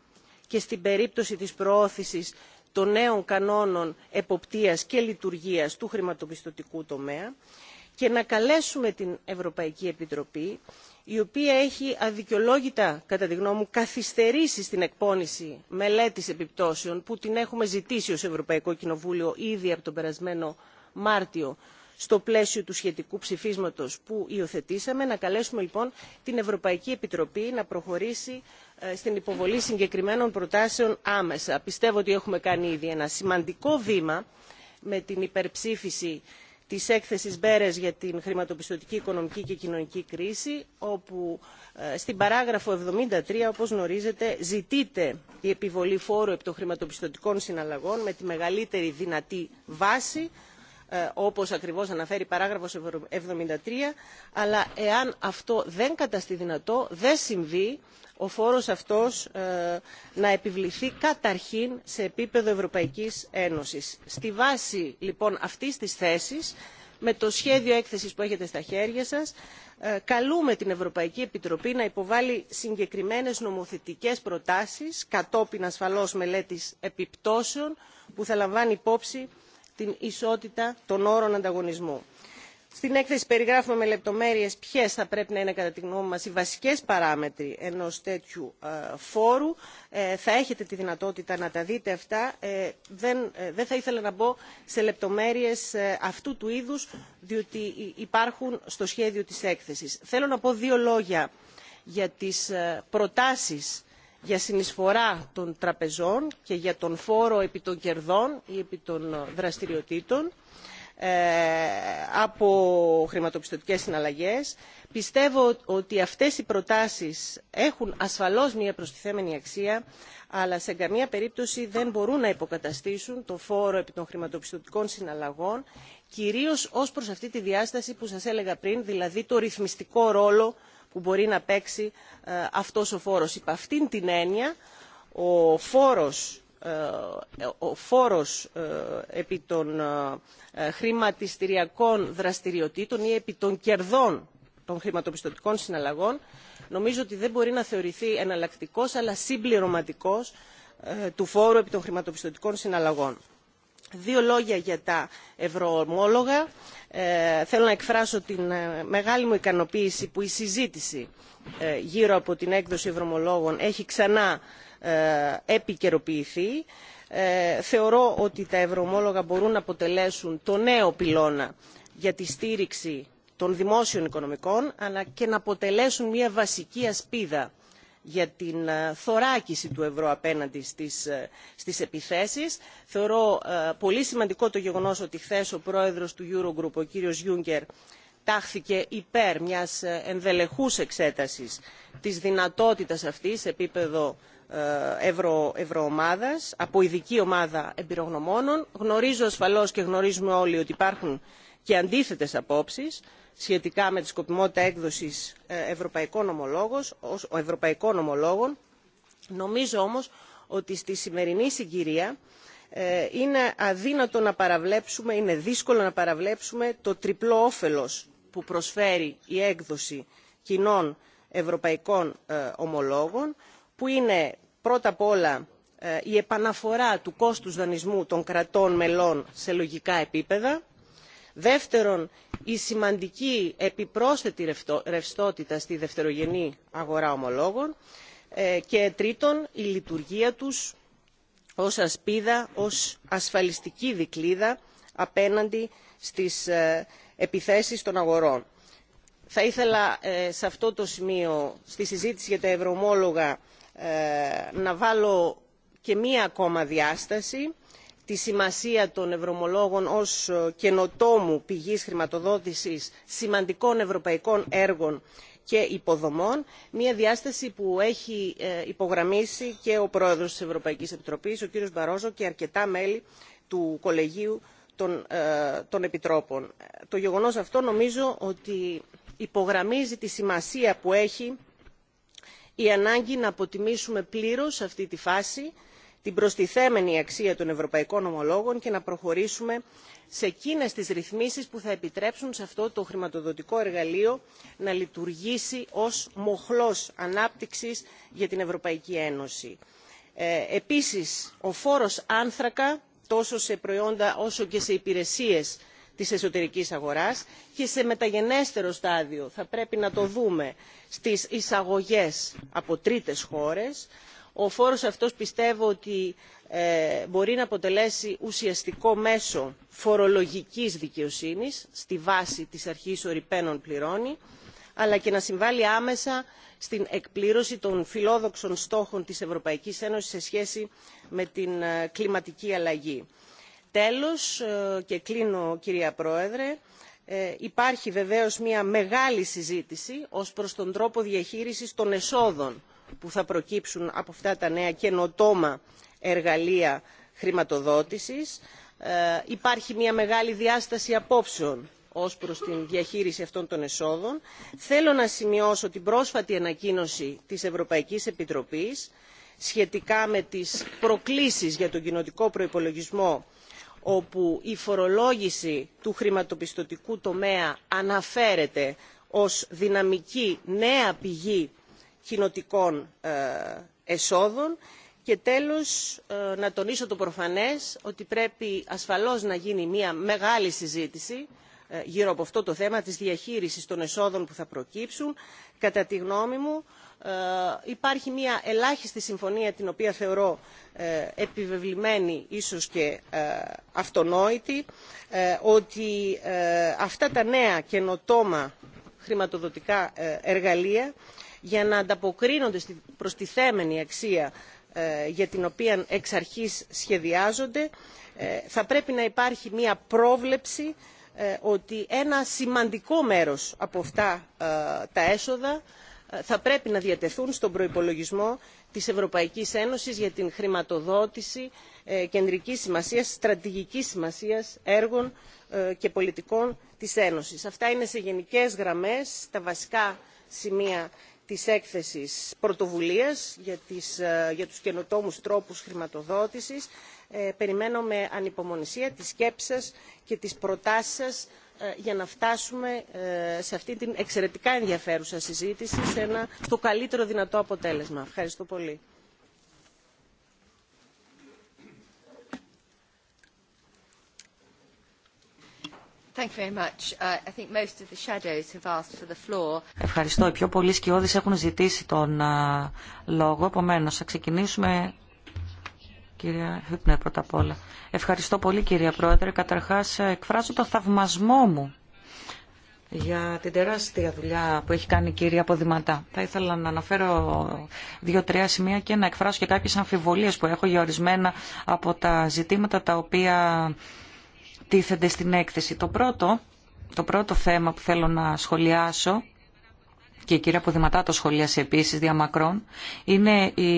και στην περίπτωση της προώθησης των νέων κανόνων εποπτείας και λειτουργίας του χρηματοπιστωτικού τομέα και να καλέσουμε την Ευρωπαϊκή Επιτροπή η οποία έχει αδικαιολόγητα κατά τη γνώμη μου καθυστερήσει στην εκπόνηση μελέτης επιπτώσεων που την έχουμε ζητήσει ως ευρωπαϊκό κοινοβούλιο ήδη από τον περασμένο μάρτιο στο πλαίσιο του σχετικού ψηφίσματος που υιοθετήσαμε να καλέσουμε λοιπόν την ευρωπαϊκή επιτροπή να προχωρήσει ε, στην υποβολή συγκεκριμένων προτάσεων άμεσα. πιστεύω ότι έχουμε κάνει ήδη ένα σημαντικό βήμα με την υπερψήφιση της έκθεσης Μπέρες για την χρηματοπιστωτική, οικονομική και κοινωνική κρίση, όπου ε, στην παράγραφο 73, όπως γνωρίζετε, ζητείται η επιβολή φόρου επί των χρηματοπιστωτικών συναλλαγών με τη μεγαλύτερη δυνατή βάση, ε, όπως ακριβώς αναφέρει η παράγραφος 73, αλλά εάν αυτό δεν καταστεί δυνατό, δεν συμβεί ο φόρος αυτός ε, να επιβληθεί καταρχήν σε επίπεδο Ευρωπαϊκής Ένωσης. Στη βάση λοιπόν αυτής της θέσης, με το σχέδιο έκθεσης που έχετε στα χέρια σας, ε, καλούμε την Ευρωπαϊκή Επιτροπή να υποβάλει συγκεκριμένες νομοθετικές προτάσεις, κατόπιν ασφαλώς μελέτης επιπτώσεων, που θα λαμβάνει υπόψη την ισότητα των όρων ανταγωνισμού. Στην έκθεση περιγράφουμε με λεπτομέρειε ποιε θα πρέπει να είναι κατά τη γνώμη μα οι βασικές παράμετροι ενός τέτοιου ε, φόρου. Ε, θα έχετε τη δυνατότητα να τα δείτε αυτά. Ε, δεν, δεν θα ήθελα να μπω σε λεπτομέρειες αυτού του είδους, διότι υπάρχουν στο σχέδιο της έκθεσης. Θέλω να πω δύο λόγια για τις προτάσεις για συνεισφορά των τραπεζών και για τον φόρο επί των κερδών ή επί των δραστηριοτήτων ε, από χρηματοπιστωτικές συναλλαγές. Πιστεύω ότι αυτές οι προτάσεις έχουν ασφαλώς μια προστιθέμενη αξία, αλλά σε καμία περίπτωση δεν μπορούν να υποκαταστήσουν το φόρο επί των χρηματοπιστωτικών συναλλαγών, κυρίως ως προς αυτή τη διάσταση που σας έλεγα πριν, δηλαδή το ρυθμιστικό ρόλο που μπορεί να παίξει ε, αυτός ο φόρος. Υπ' αυτήν την έννοια ο φόρος ε, ο φόρος ε, επί των χρηματιστηριακών δραστηριοτήτων ή επί των κερδών των χρηματοπιστωτικών συναλλαγών νομίζω ότι δεν μπορεί να θεωρηθεί εναλλακτικός αλλά συμπληρωματικός του φόρου επί των χρηματοπιστωτικών συναλλαγών. Δύο λόγια για τα ευρωομόλογα. Ε, θέλω να εκφράσω την ε, μεγάλη μου ικανοποίηση που η συζήτηση ε, γύρω από την έκδοση ευρωομολόγων έχει ξανά επικαιροποιηθεί. Θεωρώ ότι τα ευρωομόλογα μπορούν να αποτελέσουν το νέο πυλώνα για τη στήριξη των δημόσιων οικονομικών αλλά και να αποτελέσουν μια βασική ασπίδα για την ε, θωράκιση του ευρώ απέναντι στις, ε, στις επιθέσεις. Θεωρώ ε, πολύ σημαντικό το γεγονός ότι χθε ο πρόεδρος του Eurogroup, ο κύριος Γιούγκερ, τάχθηκε υπέρ μιας ενδελεχούς εξέτασης της δυνατότητας αυτής σε επίπεδο ευρω, ευρωομάδας, από ειδική ομάδα εμπειρογνωμόνων. Γνωρίζω ασφαλώς και γνωρίζουμε όλοι ότι υπάρχουν και αντίθετες απόψεις σχετικά με τη σκοπιμότητα έκδοσης ε, ευρωπαϊκών ομολόγων. Νομίζω όμως ότι στη σημερινή συγκυρία ε, είναι αδύνατο να παραβλέψουμε, είναι δύσκολο να παραβλέψουμε το τριπλό όφελος που προσφέρει η έκδοση κοινών ευρωπαϊκών ε, ομολόγων που είναι πρώτα απ' όλα η επαναφορά του κόστους δανεισμού των κρατών μελών σε λογικά επίπεδα δεύτερον η σημαντική επιπρόσθετη ρευστότητα στη δευτερογενή αγορά ομολόγων ε, και τρίτον η λειτουργία τους ως ασπίδα ως ασφαλιστική δικλίδα απέναντι στις ε, επιθέσεις των αγορών. θα ήθελα ε, σε αυτό το σημείο στη συζήτηση για τα ευρωομόλογα να βάλω και μία ακόμα διάσταση τη σημασία των ευρωμολόγων ως ε, καινοτόμου πηγής χρηματοδότησης σημαντικών ευρωπαϊκών έργων και υποδομών μια διάσταση που έχει ε, υπογραμμίσει και ο πρόεδρος της ευρωπαϊκής επιτροπής ο κ. μπαρόζο και αρκετά μέλη του κολεγίου των, ε, των επιτρόπων. το γεγονός αυτό νομίζω ότι υπογραμμίζει τη σημασία που έχει η ανάγκη να αποτιμήσουμε πλήρως αυτή τη φάση την προστιθέμενη αξία των ευρωπαϊκών ομολόγων και να προχωρήσουμε σε εκείνες τις ρυθμίσεις που θα επιτρέψουν σε αυτό το χρηματοδοτικό εργαλείο να λειτουργήσει ως μοχλός ανάπτυξης για την Ευρωπαϊκή Ένωση. Ε, επίσης, ο φόρος άνθρακα τόσο σε προϊόντα όσο και σε υπηρεσίες της εσωτερικής αγοράς και σε μεταγενέστερο στάδιο θα πρέπει να το δούμε στις εισαγωγές από τρίτες χώρες ο φόρος αυτός πιστεύω ότι ε, μπορεί να αποτελέσει ουσιαστικό μέσο φορολογικής δικαιοσύνης στη βάση της αρχής ορυπαίνων πληρώνει αλλά και να συμβάλλει άμεσα στην εκπλήρωση των φιλόδοξων στόχων της ευρωπαϊκής ένωσης σε σχέση με την ε, κλιματική αλλαγή. τέλος ε, και κλείνω κυρία πρόεδρε υπάρχει βεβαίως μια μεγάλη συζήτηση ως προς τον τρόπο διαχείρισης των εσόδων που θα προκύψουν από αυτά τα νέα καινοτόμα εργαλεία χρηματοδότησης. Ε, υπάρχει μια μεγάλη διάσταση απόψεων ως προς την διαχείριση αυτών των εσόδων. Θέλω να σημειώσω την πρόσφατη ανακοίνωση της Ευρωπαϊκής Επιτροπής σχετικά με τις προκλήσεις για τον κοινοτικό προϋπολογισμό όπου η φορολόγηση του χρηματοπιστωτικού τομέα αναφέρεται ως δυναμική νέα πηγή κοινοτικών ε, εσόδων και τέλος ε, να τονίσω το προφανές ότι πρέπει ασφαλώς να γίνει μια μεγάλη συζήτηση ε, γύρω από αυτό το θέμα της διαχείρισης των εσόδων που θα προκύψουν. Κατά τη γνώμη μου υπάρχει μια ελάχιστη συμφωνία την οποία θεωρώ επιβεβλημένη ίσως και αυτονόητη ότι αυτά τα νέα καινοτόμα χρηματοδοτικά εργαλεία για να ανταποκρίνονται στην προστιθέμενη αξία ε, για την οποία εξ αρχής σχεδιάζονται ε, θα πρέπει να υπάρχει μια πρόβλεψη ε, ότι ένα σημαντικό μέρος από αυτά τα έσοδα θα πρέπει να διατεθούν στον προϋπολογισμό της Ευρωπαϊκής Ένωσης για την χρηματοδότηση κεντρικής σημασίας, στρατηγικής σημασίας έργων και πολιτικών της Ένωσης. Αυτά είναι σε γενικές γραμμές τα βασικά σημεία της έκθεσης πρωτοβουλίας για, τις, ε, για τους καινοτόμους τρόπους χρηματοδότησης. Ε, περιμένω με ανυπομονησία τις σκέψη σας και τις προτάσεις σας ε, για να φτάσουμε σε αυτή την εξαιρετικά ενδιαφέρουσα συζήτηση σε ένα, στο καλύτερο δυνατό αποτέλεσμα. Ευχαριστώ πολύ. Ευχαριστώ. Οι πιο πολλοί σκιώδεις έχουν ζητήσει τον λόγο. Επομένως, θα ξεκινήσουμε, κυρία Χύπνερ, πρώτα απ' όλα. Ευχαριστώ πολύ, κυρία Πρόεδρε. Καταρχάς, ε, εκφράζω το θαυμασμό μου για την τεράστια δουλειά που έχει κάνει η κυρία Ποδηματά. Θα ήθελα να αναφέρω δύο-τρία σημεία και να εκφράσω και κάποιες αμφιβολίες που έχω για ορισμένα από τα ζητήματα τα οποία τίθενται στην έκθεση. Το πρώτο, το πρώτο θέμα που θέλω να σχολιάσω και η κυρία Ποδηματά το σχολίασε επίσης διαμακρών, είναι η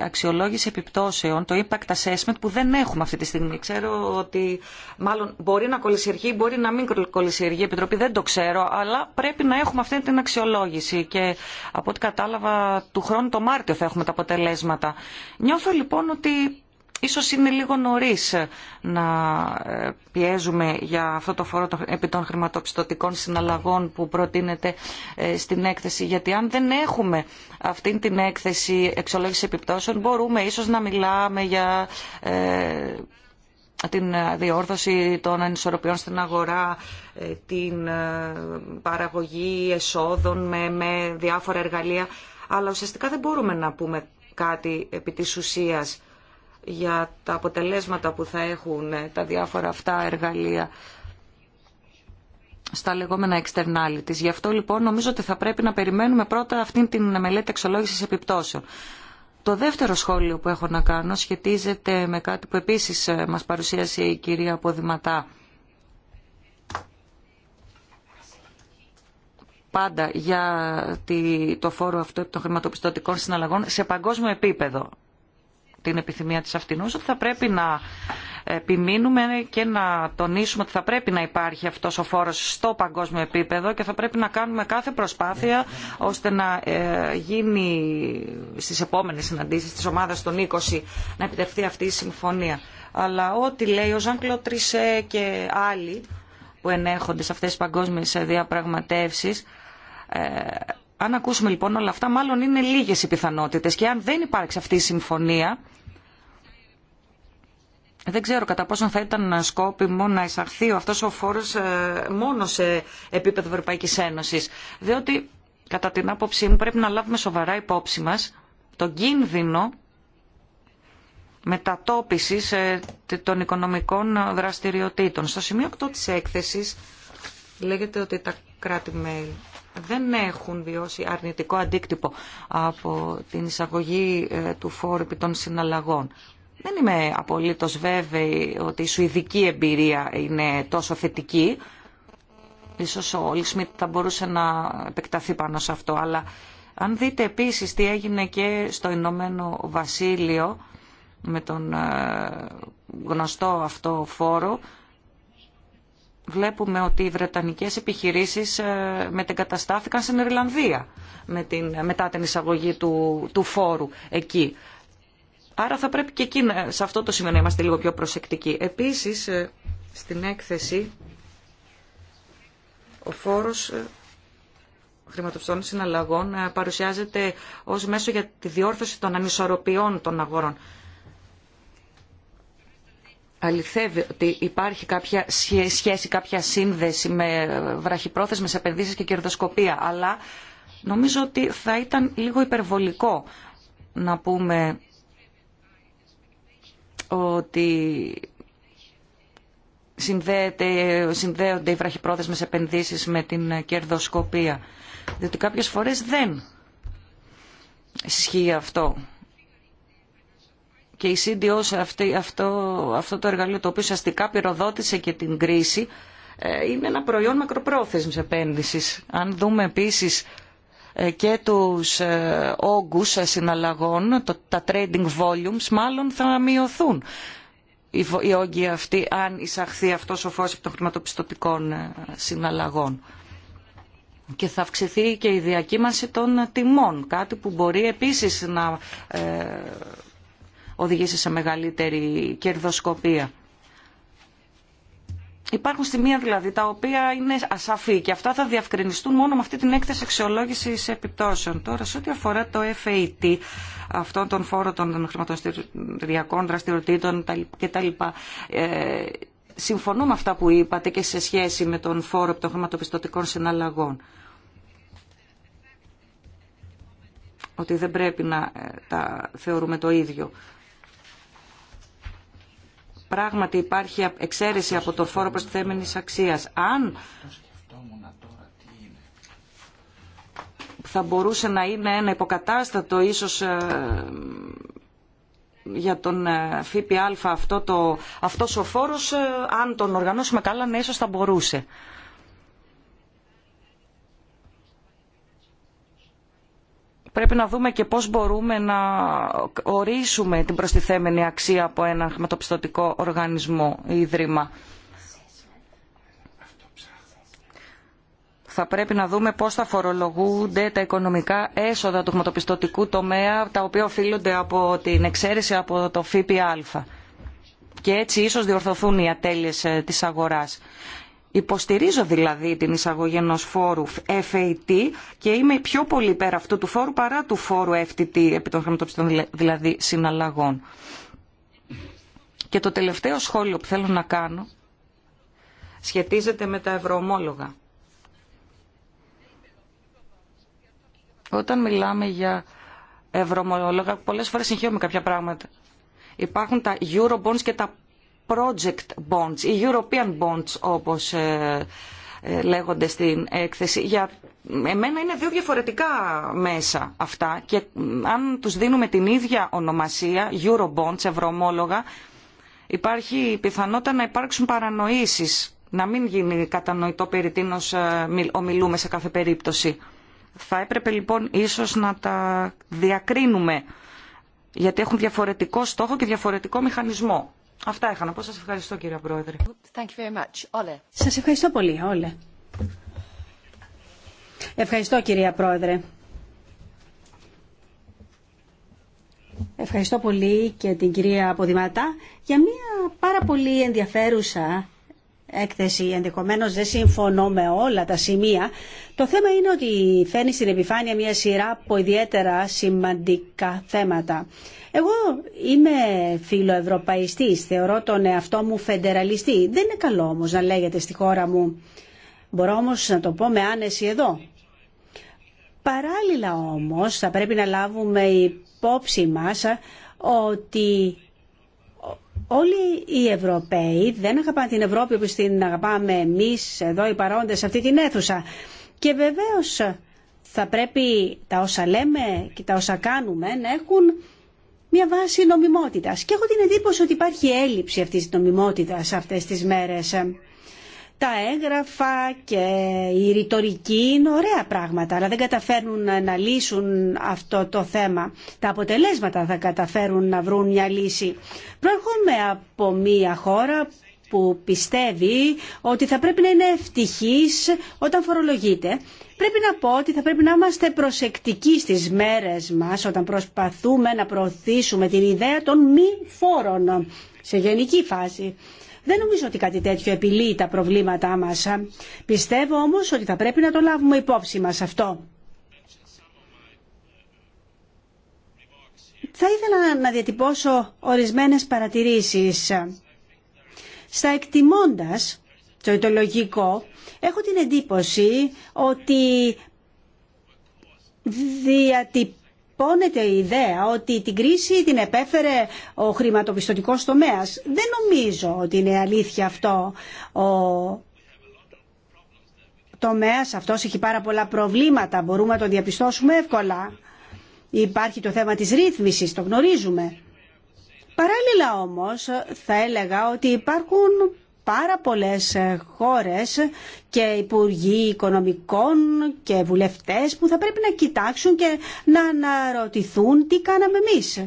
αξιολόγηση επιπτώσεων, το impact assessment που δεν έχουμε αυτή τη στιγμή. Ξέρω ότι μάλλον μπορεί να κολλησιεργεί, μπορεί να μην κολλησιεργεί η Επιτροπή, δεν το ξέρω, αλλά πρέπει να έχουμε αυτή την αξιολόγηση και από ό,τι κατάλαβα του χρόνου το Μάρτιο θα έχουμε τα αποτελέσματα. Νιώθω λοιπόν ότι Ίσως είναι λίγο νωρίς να ε, πιέζουμε για αυτό το φορό επί των χρηματοπιστωτικών συναλλαγών που προτείνεται ε, στην έκθεση. Γιατί αν δεν έχουμε αυτή την έκθεση εξολόγηση επιπτώσεων μπορούμε ίσως να μιλάμε για ε, την διόρθωση των ανισορροπιών στην αγορά, την παραγωγή εσόδων με, με διάφορα εργαλεία. Αλλά ουσιαστικά δεν μπορούμε να πούμε κάτι επί της ουσίας για τα αποτελέσματα που θα έχουν τα διάφορα αυτά εργαλεία στα λεγόμενα externalities. Γι' αυτό λοιπόν νομίζω ότι θα πρέπει να περιμένουμε πρώτα αυτήν την μελέτη εξολόγηση επιπτώσεων. Το δεύτερο σχόλιο που έχω να κάνω σχετίζεται με κάτι που επίσης ε, μας παρουσίασε η κυρία Ποδηματά. Πάντα για το φόρο αυτό των χρηματοπιστωτικών συναλλαγών σε παγκόσμιο επίπεδο την επιθυμία της αυτινούς, ότι θα πρέπει να επιμείνουμε και να τονίσουμε ότι θα πρέπει να υπάρχει αυτός ο φόρος στο παγκόσμιο επίπεδο και θα πρέπει να κάνουμε κάθε προσπάθεια ώστε να ε, γίνει στις επόμενες συναντήσεις της ομάδας των 20 να επιτευχθεί αυτή η συμφωνία. Αλλά ό,τι λέει ο Ζαν Τρισέ και άλλοι που ενέχονται σε αυτές τις παγκόσμιες διαπραγματεύσεις ε, αν ακούσουμε λοιπόν όλα αυτά, μάλλον είναι λίγες οι πιθανότητες και αν δεν υπάρξει αυτή η συμφωνία, δεν ξέρω κατά πόσον θα ήταν σκόπιμο να εισαχθεί αυτός ο φόρος ε, μόνο σε επίπεδο Ευρωπαϊκής Ένωσης. Διότι, κατά την άποψή μου, πρέπει να λάβουμε σοβαρά υπόψη μας τον κίνδυνο μετατόπισης ε, των οικονομικών δραστηριοτήτων. Στο σημείο 8 της έκθεσης λέγεται ότι τα κράτη-μέλη δεν έχουν βιώσει αρνητικό αντίκτυπο από την εισαγωγή ε, του φόρου επί των συναλλαγών. Δεν είμαι απολύτως βέβαιη ότι η σουηδική εμπειρία είναι τόσο θετική. Ίσως ο Όλισμιτ θα μπορούσε να επεκταθεί πάνω σε αυτό. Αλλά αν δείτε επίσης τι έγινε και στο Ηνωμένο Βασίλειο με τον ε, γνωστό αυτό φόρο, βλέπουμε ότι οι Βρετανικές επιχειρήσεις ε, μετεγκαταστάθηκαν στην Ιρλανδία με την, μετά την εισαγωγή του, του φόρου εκεί. Άρα θα πρέπει και εκεί, σε αυτό το σημείο να είμαστε λίγο πιο προσεκτικοί. Επίσης, ε, στην έκθεση, ο φόρος ε, χρηματοπιστών συναλλαγών παρουσιάζεται ως μέσο για τη διόρθωση των ανισορροπιών των αγορών αληθεύει ότι υπάρχει κάποια σχέση, κάποια σύνδεση με βραχυπρόθεσμες επενδύσεις και κερδοσκοπία, αλλά νομίζω ότι θα ήταν λίγο υπερβολικό να πούμε ότι συνδέονται οι βραχυπρόθεσμες επενδύσεις με την κερδοσκοπία. Διότι κάποιες φορές δεν ισχύει αυτό και η CDO αυτή, αυτό, αυτό το εργαλείο το οποίο ουσιαστικά πυροδότησε και την κρίση ε, είναι ένα προϊόν μακροπρόθεσμης επένδυσης. Αν δούμε επίσης ε, και τους ε, όγκους συναλλαγών, τα trading volumes μάλλον θα μειωθούν οι όγκοι αυτοί αν εισαχθεί αυτός ο φως των χρηματοπιστωτικών συναλλαγών. Και θα αυξηθεί και η διακύμανση των τιμών, κάτι που μπορεί επίσης να οδηγήσει σε μεγαλύτερη κερδοσκοπία. Υπάρχουν μία δηλαδή τα οποία είναι ασαφή και αυτά θα διευκρινιστούν μόνο με αυτή την έκθεση αξιολόγηση επιπτώσεων. Τώρα, σε ό,τι αφορά το FAT, αυτόν τον φόρο των χρηματοστηριακών δραστηριοτήτων κτλ. Ε, συμφωνώ με αυτά που είπατε και σε σχέση με τον φόρο των χρηματοπιστωτικών συναλλαγών. Ότι δεν πρέπει να ε, τα θεωρούμε το ίδιο πράγματι υπάρχει εξαίρεση από το φόρο προστιθέμενης αξίας. Αν θα μπορούσε να είναι ένα υποκατάστατο ίσως ε, για τον ε, ΦΠΑ αυτό το, αυτός ο φόρος, ε, αν τον οργανώσουμε καλά, ναι, ίσως θα μπορούσε. πρέπει να δούμε και πώς μπορούμε να ορίσουμε την προστιθέμενη αξία από ένα χρηματοπιστωτικό οργανισμό ή ίδρυμα. θα πρέπει να δούμε πώς θα φορολογούνται τα οικονομικά έσοδα του χρηματοπιστωτικού τομέα, τα οποία οφείλονται από την εξαίρεση από το ΦΠΑ. Και έτσι ίσως διορθωθούν οι ατέλειες ε, της αγοράς. Υποστηρίζω δηλαδή την εισαγωγή ενό φόρου FAT και είμαι πιο πολύ πέρα αυτού του φόρου παρά του φόρου FTT επί των χρηματοπιστών δηλαδή συναλλαγών. Και το τελευταίο σχόλιο που θέλω να κάνω σχετίζεται με τα ευρωομόλογα. Όταν μιλάμε για ευρωομόλογα, πολλές φορές με κάποια πράγματα. Υπάρχουν τα Eurobonds και τα project bonds ή European bonds όπως ε, ε, λέγονται στην έκθεση. Για εμένα είναι δύο διαφορετικά μέσα αυτά και αν τους δίνουμε την ίδια ονομασία, Euro bonds, ευρωομόλογα, υπάρχει πιθανότητα να υπάρξουν παρανοήσεις, να μην γίνει κατανοητό περί τίνος ε, ομιλούμε σε κάθε περίπτωση. Θα έπρεπε λοιπόν ίσως να τα διακρίνουμε, γιατί έχουν διαφορετικό στόχο και διαφορετικό μηχανισμό. Αυτά είχα να πω. Σας ευχαριστώ κύριε Πρόεδρε. Thank you very much. Σας ευχαριστώ πολύ. Όλε. Ευχαριστώ κυρία Πρόεδρε. Ευχαριστώ πολύ και την κυρία Ποδηματά για μια πάρα πολύ ενδιαφέρουσα έκθεση. Ενδεχομένω δεν συμφωνώ με όλα τα σημεία. Το θέμα είναι ότι φαίνει στην επιφάνεια μια σειρά από ιδιαίτερα σημαντικά θέματα. Εγώ είμαι φιλοευρωπαϊστή. θεωρώ τον εαυτό μου φεντεραλιστή. Δεν είναι καλό όμως να λέγεται στη χώρα μου. Μπορώ όμω να το πω με άνεση εδώ. Παράλληλα όμως θα πρέπει να λάβουμε υπόψη μας ότι Όλοι οι Ευρωπαίοι δεν αγαπάνε την Ευρώπη όπως την αγαπάμε εμείς εδώ οι παρόντες σε αυτή την αίθουσα. Και βεβαίως θα πρέπει τα όσα λέμε και τα όσα κάνουμε να έχουν μια βάση νομιμότητας. Και έχω την εντύπωση ότι υπάρχει έλλειψη αυτής της νομιμότητας αυτές τις μέρες τα έγγραφα και η ρητορική είναι ωραία πράγματα, αλλά δεν καταφέρνουν να λύσουν αυτό το θέμα. Τα αποτελέσματα θα καταφέρουν να βρουν μια λύση. Προέρχομαι από μια χώρα που πιστεύει ότι θα πρέπει να είναι ευτυχής όταν φορολογείται. Πρέπει να πω ότι θα πρέπει να είμαστε προσεκτικοί στις μέρες μας όταν προσπαθούμε να προωθήσουμε την ιδέα των μη φόρων σε γενική φάση. Δεν νομίζω ότι κάτι τέτοιο επιλύει τα προβλήματά μας. Πιστεύω όμως ότι θα πρέπει να το λάβουμε υπόψη μας αυτό. Θα ήθελα να διατυπώσω ορισμένες παρατηρήσεις. Στα εκτιμώντας, το ιτολογικό, έχω την εντύπωση ότι διατυπώ αποτυπώνεται η ιδέα ότι την κρίση την επέφερε ο χρηματοπιστωτικός τομέας. Δεν νομίζω ότι είναι αλήθεια αυτό. Ο τομέας αυτός έχει πάρα πολλά προβλήματα, μπορούμε να το διαπιστώσουμε εύκολα. Υπάρχει το θέμα της ρύθμισης, το γνωρίζουμε. Παράλληλα όμως θα έλεγα ότι υπάρχουν πάρα πολλές ε, χώρες και υπουργοί οικονομικών και βουλευτές που θα πρέπει να κοιτάξουν και να αναρωτηθούν τι κάναμε εμείς.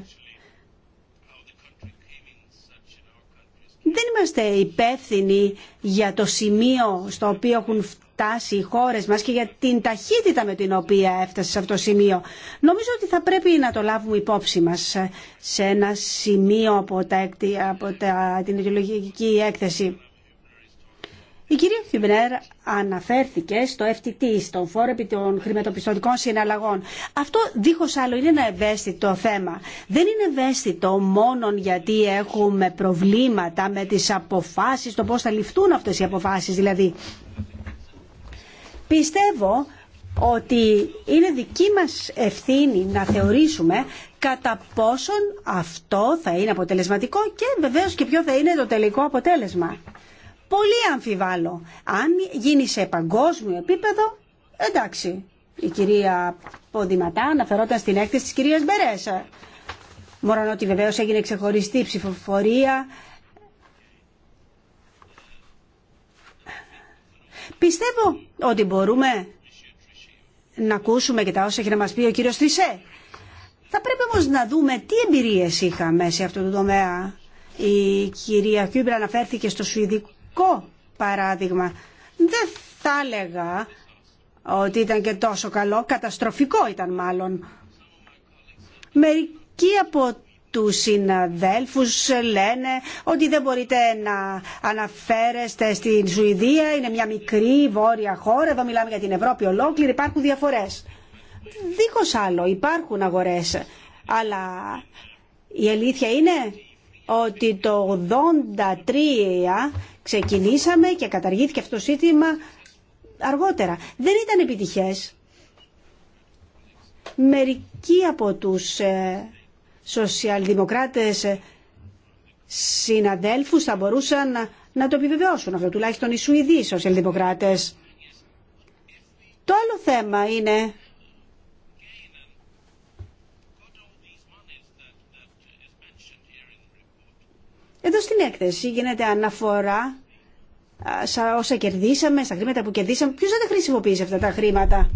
Δεν είμαστε υπεύθυνοι για το σημείο στο οποίο έχουν φτάσει οι χώρες μας και για την ταχύτητα με την οποία έφτασε σε αυτό το σημείο. Νομίζω ότι θα πρέπει να το λάβουμε υπόψη μας σε ένα σημείο από, από την ιδεολογική έκθεση. Η κυρία Χιμπνερ αναφέρθηκε στο FTT, στον φόρο επί των χρηματοπιστωτικών συναλλαγών. Αυτό δίχως άλλο είναι ένα ευαίσθητο θέμα. Δεν είναι ευαίσθητο μόνο γιατί έχουμε προβλήματα με τις αποφάσεις, το πώς θα ληφθούν αυτές οι αποφάσεις δηλαδή. Πιστεύω ότι είναι δική μας ευθύνη να θεωρήσουμε κατά πόσον αυτό θα είναι αποτελεσματικό και βεβαίως και ποιο θα είναι το τελικό αποτέλεσμα πολύ αμφιβάλλω. Αν γίνει σε παγκόσμιο επίπεδο, εντάξει. Η κυρία Ποδηματά αναφερόταν στην έκθεση της κυρίας Μπερέσα. Μόνο ότι βεβαίως έγινε ξεχωριστή ψηφοφορία Πιστεύω ότι μπορούμε να ακούσουμε και τα όσα έχει να μας πει ο κύριος Τρισέ. Θα πρέπει όμως να δούμε τι εμπειρίες είχαμε σε αυτό το τομέα. Η κυρία Κιούμπρα αναφέρθηκε στο σουηδικό κακό παράδειγμα. Δεν θα έλεγα ότι ήταν και τόσο καλό, καταστροφικό ήταν μάλλον. Μερικοί από τους συναδέλφους λένε ότι δεν μπορείτε να αναφέρεστε στην Σουηδία, είναι μια μικρή βόρεια χώρα, εδώ μιλάμε για την Ευρώπη ολόκληρη, υπάρχουν διαφορές. Δίχως άλλο υπάρχουν αγορές, αλλά η αλήθεια είναι ότι το 83 Ξεκινήσαμε και καταργήθηκε αυτό το σύστημα αργότερα. Δεν ήταν επιτυχές. Μερικοί από τους ε, σοσιαλδημοκράτες ε, συναδέλφους θα μπορούσαν να, να το επιβεβαιώσουν αυτό, τουλάχιστον οι Σουηδοί σοσιαλδημοκράτες. Το άλλο θέμα είναι Εδώ στην έκθεση γίνεται αναφορά σε όσα κερδίσαμε, στα χρήματα που κερδίσαμε. Ποιος δεν τα χρησιμοποιήσει αυτά τα χρήματα.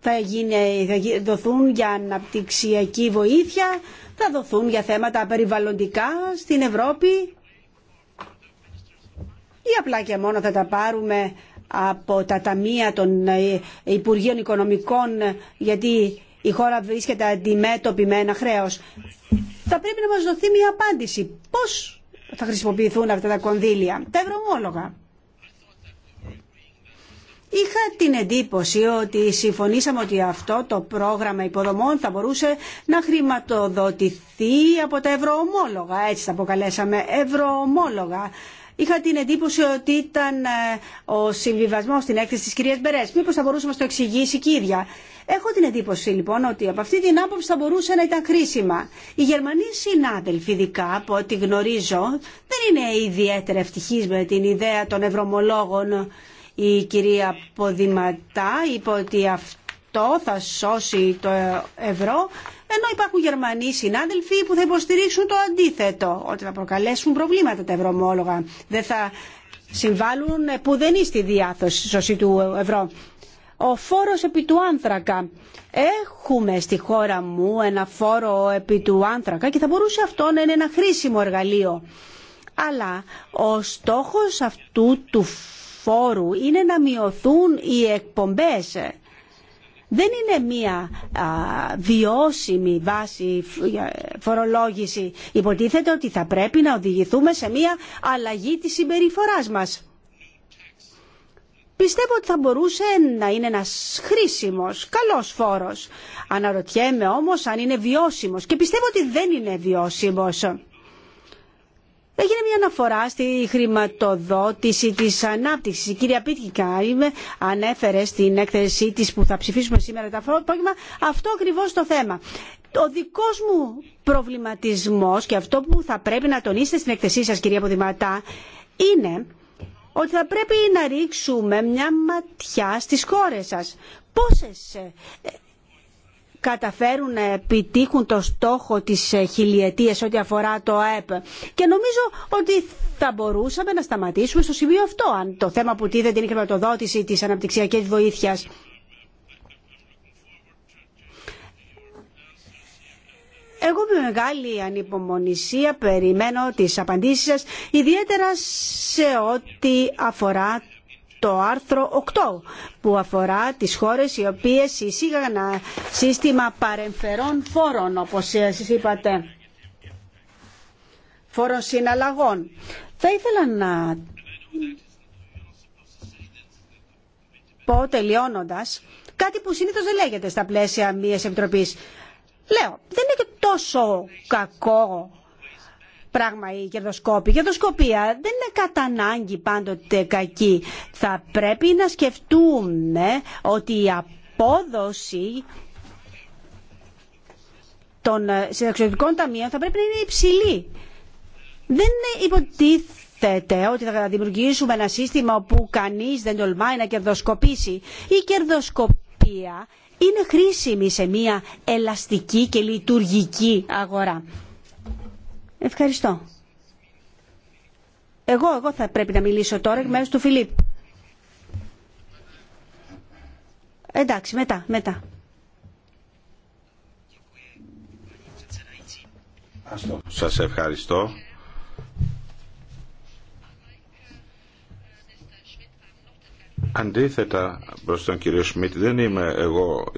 Θα, γίνει, θα δοθούν για αναπτυξιακή βοήθεια, θα δοθούν για θέματα περιβαλλοντικά στην Ευρώπη ή απλά και μόνο θα τα πάρουμε από τα ταμεία των ε, Υπουργείων Οικονομικών γιατί η χώρα βρίσκεται αντιμέτωπη με ένα χρέος. Θα πρέπει να μας δοθεί μια απάντηση. Πώς θα χρησιμοποιηθούν αυτά τα κονδύλια, τα ευρωμόλογα. Είχα την εντύπωση ότι συμφωνήσαμε ότι αυτό το πρόγραμμα υποδομών θα μπορούσε να χρηματοδοτηθεί από τα ευρωομόλογα. Έτσι τα αποκαλέσαμε ευρωομόλογα. Είχα την εντύπωση ότι ήταν ε, ο συμβιβασμό στην έκθεση τη κυρία Μπερέ. Μήπω θα μπορούσε να το εξηγήσει και η ίδια. Έχω την εντύπωση λοιπόν ότι από αυτή την άποψη θα μπορούσε να ήταν χρήσιμα. Οι Γερμανοί συνάδελφοι, ειδικά από ό,τι γνωρίζω, δεν είναι ιδιαίτερα ευτυχεί με την ιδέα των ευρωμολόγων. Η κυρία Ποδηματά είπε ότι αυτό θα σώσει το ευρώ. Ενώ υπάρχουν Γερμανοί συνάδελφοι που θα υποστηρίξουν το αντίθετο, ότι θα προκαλέσουν προβλήματα τα ευρωμόλογα. Δεν θα συμβάλλουν ε, που δεν είναι στη διάθεση του ευρώ. Ο φόρος επί του άνθρακα. Έχουμε στη χώρα μου ένα φόρο επί του άνθρακα και θα μπορούσε αυτό να είναι ένα χρήσιμο εργαλείο. Αλλά ο στόχος αυτού του φόρου είναι να μειωθούν οι εκπομπές δεν είναι μία βιώσιμη βάση φορολόγηση. Υποτίθεται ότι θα πρέπει να οδηγηθούμε σε μία αλλαγή της συμπεριφοράς μας. Πιστεύω ότι θα μπορούσε να είναι ένας χρήσιμος, καλός φόρος. Αναρωτιέμαι όμως αν είναι βιώσιμος και πιστεύω ότι δεν είναι βιώσιμος. Έγινε μια αναφορά στη χρηματοδότηση της ανάπτυξης. Η κυρία είμαι ανέφερε στην έκθεσή τη που θα ψηφίσουμε σήμερα το απόγευμα αυτό ακριβώ το θέμα. Ο δικό μου προβληματισμός και αυτό που θα πρέπει να τονίσετε στην έκθεσή σας κυρία Ποδηματά είναι ότι θα πρέπει να ρίξουμε μια ματιά στις χώρες σας. Ε, καταφέρουν να επιτύχουν το στόχο της ε, χιλιετίας ό,τι αφορά το ΑΕΠ. Και νομίζω ότι θα μπορούσαμε να σταματήσουμε στο σημείο αυτό, αν το θέμα που τίθεται είναι η χρηματοδότηση της αναπτυξιακής βοήθειας. Εγώ με μεγάλη ανυπομονησία περιμένω τις απαντήσεις σας, ιδιαίτερα σε ό,τι αφορά το άρθρο 8 που αφορά τις χώρες οι οποίες εισήγαγαν σύστημα παρεμφερών φόρων όπως είπατε φόρων συναλλαγών. Θα ήθελα να πω τελειώνοντας κάτι που συνήθως δεν λέγεται στα πλαίσια μιας επιτροπής. Λέω, δεν είναι και τόσο κακό πράγμα η κερδοσκόπη. Η κερδοσκοπία δεν είναι κατά ανάγκη πάντοτε κακή. Θα πρέπει να σκεφτούμε ότι η απόδοση των ε, συνταξιωτικών ταμείων θα πρέπει να είναι υψηλή. Δεν υποτίθεται ότι θα δημιουργήσουμε ένα σύστημα όπου κανείς δεν τολμάει να κερδοσκοπήσει. Η κερδοσκοπία είναι χρήσιμη σε μια ελαστική και λειτουργική αγορά. Ευχαριστώ. Εγώ, εγώ θα πρέπει να μιλήσω τώρα εκ του Φιλίπ. Εντάξει, μετά, μετά. Σας ευχαριστώ. Αντίθετα προς τον κύριο Σμιτ δεν είμαι εγώ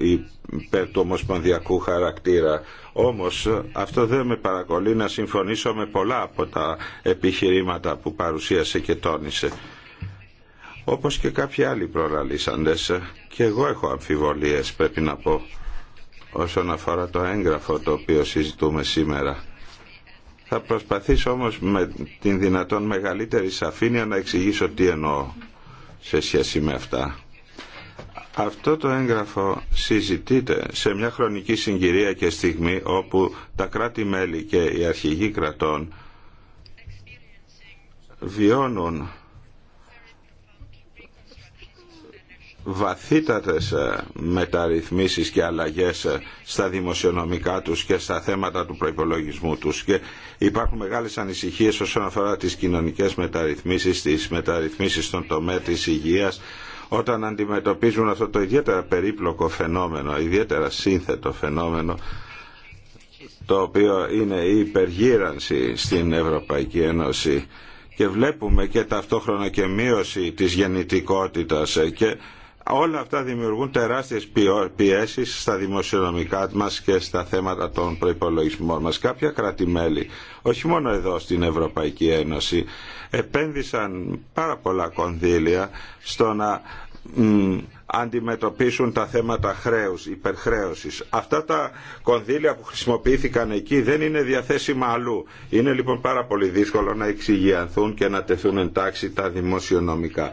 υπέρ του ομοσπονδιακού χαρακτήρα όμως αυτό δεν με παρακολεί να συμφωνήσω με πολλά από τα επιχειρήματα που παρουσίασε και τόνισε όπως και κάποιοι άλλοι προλαλήσαντες και εγώ έχω αμφιβολίες πρέπει να πω όσον αφορά το έγγραφο το οποίο συζητούμε σήμερα θα προσπαθήσω όμως με την δυνατόν μεγαλύτερη σαφήνεια να εξηγήσω τι εννοώ σε σχέση με αυτά. Αυτό το έγγραφο συζητείται σε μια χρονική συγκυρία και στιγμή όπου τα κράτη-μέλη και οι αρχηγοί κρατών βιώνουν βαθύτατες ε, μεταρρυθμίσεις και αλλαγές ε, στα δημοσιονομικά τους και στα θέματα του προϋπολογισμού τους και υπάρχουν μεγάλες ανησυχίες όσον αφορά τις κοινωνικές μεταρρυθμίσεις, τις μεταρρυθμίσεις στον τομέα της υγείας όταν αντιμετωπίζουν αυτό το ιδιαίτερα περίπλοκο φαινόμενο, ιδιαίτερα σύνθετο φαινόμενο το οποίο είναι η υπεργύρανση στην Ευρωπαϊκή Ένωση και βλέπουμε και ταυτόχρονα και μείωση της γεννητικότητας ε, Όλα αυτά δημιουργούν τεράστιες πιέσεις στα δημοσιονομικά μας και στα θέματα των προϋπολογισμών μας. Κάποια όχι μόνο εδώ στην Ευρωπαϊκή Ένωση, επένδυσαν πάρα πολλά κονδύλια στο να αντιμετωπίσουν τα θέματα χρέους, υπερχρέωσης. Αυτά τα κονδύλια που χρησιμοποιήθηκαν εκεί δεν είναι διαθέσιμα αλλού. Είναι λοιπόν πάρα πολύ δύσκολο να εξηγιανθούν και να τεθούν εντάξει τα δημοσιονομικά.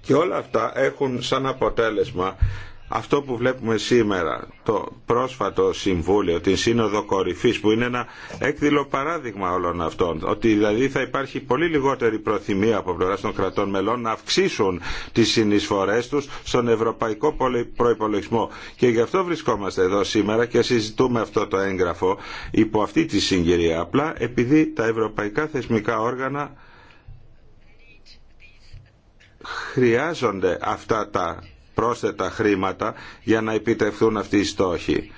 Και όλα αυτά έχουν σαν αποτέλεσμα αυτό που βλέπουμε σήμερα, το πρόσφατο συμβούλιο, την σύνοδο κορυφής που είναι ένα έκδηλο παράδειγμα όλων αυτών, ότι δηλαδή θα υπάρχει πολύ λιγότερη προθυμία από πλευρά των κρατών μελών να αυξήσουν τις συνεισφορές τους στον ευρωπαϊκό προϋπολογισμό. Και γι' αυτό βρισκόμαστε εδώ σήμερα και συζητούμε αυτό το έγγραφο υπό αυτή τη συγκυρία, απλά επειδή τα ευρωπαϊκά θεσμικά όργανα χρειάζονται αυτά τα πρόσθετα χρήματα για να επιτευχθούν αυτοί οι στόχοι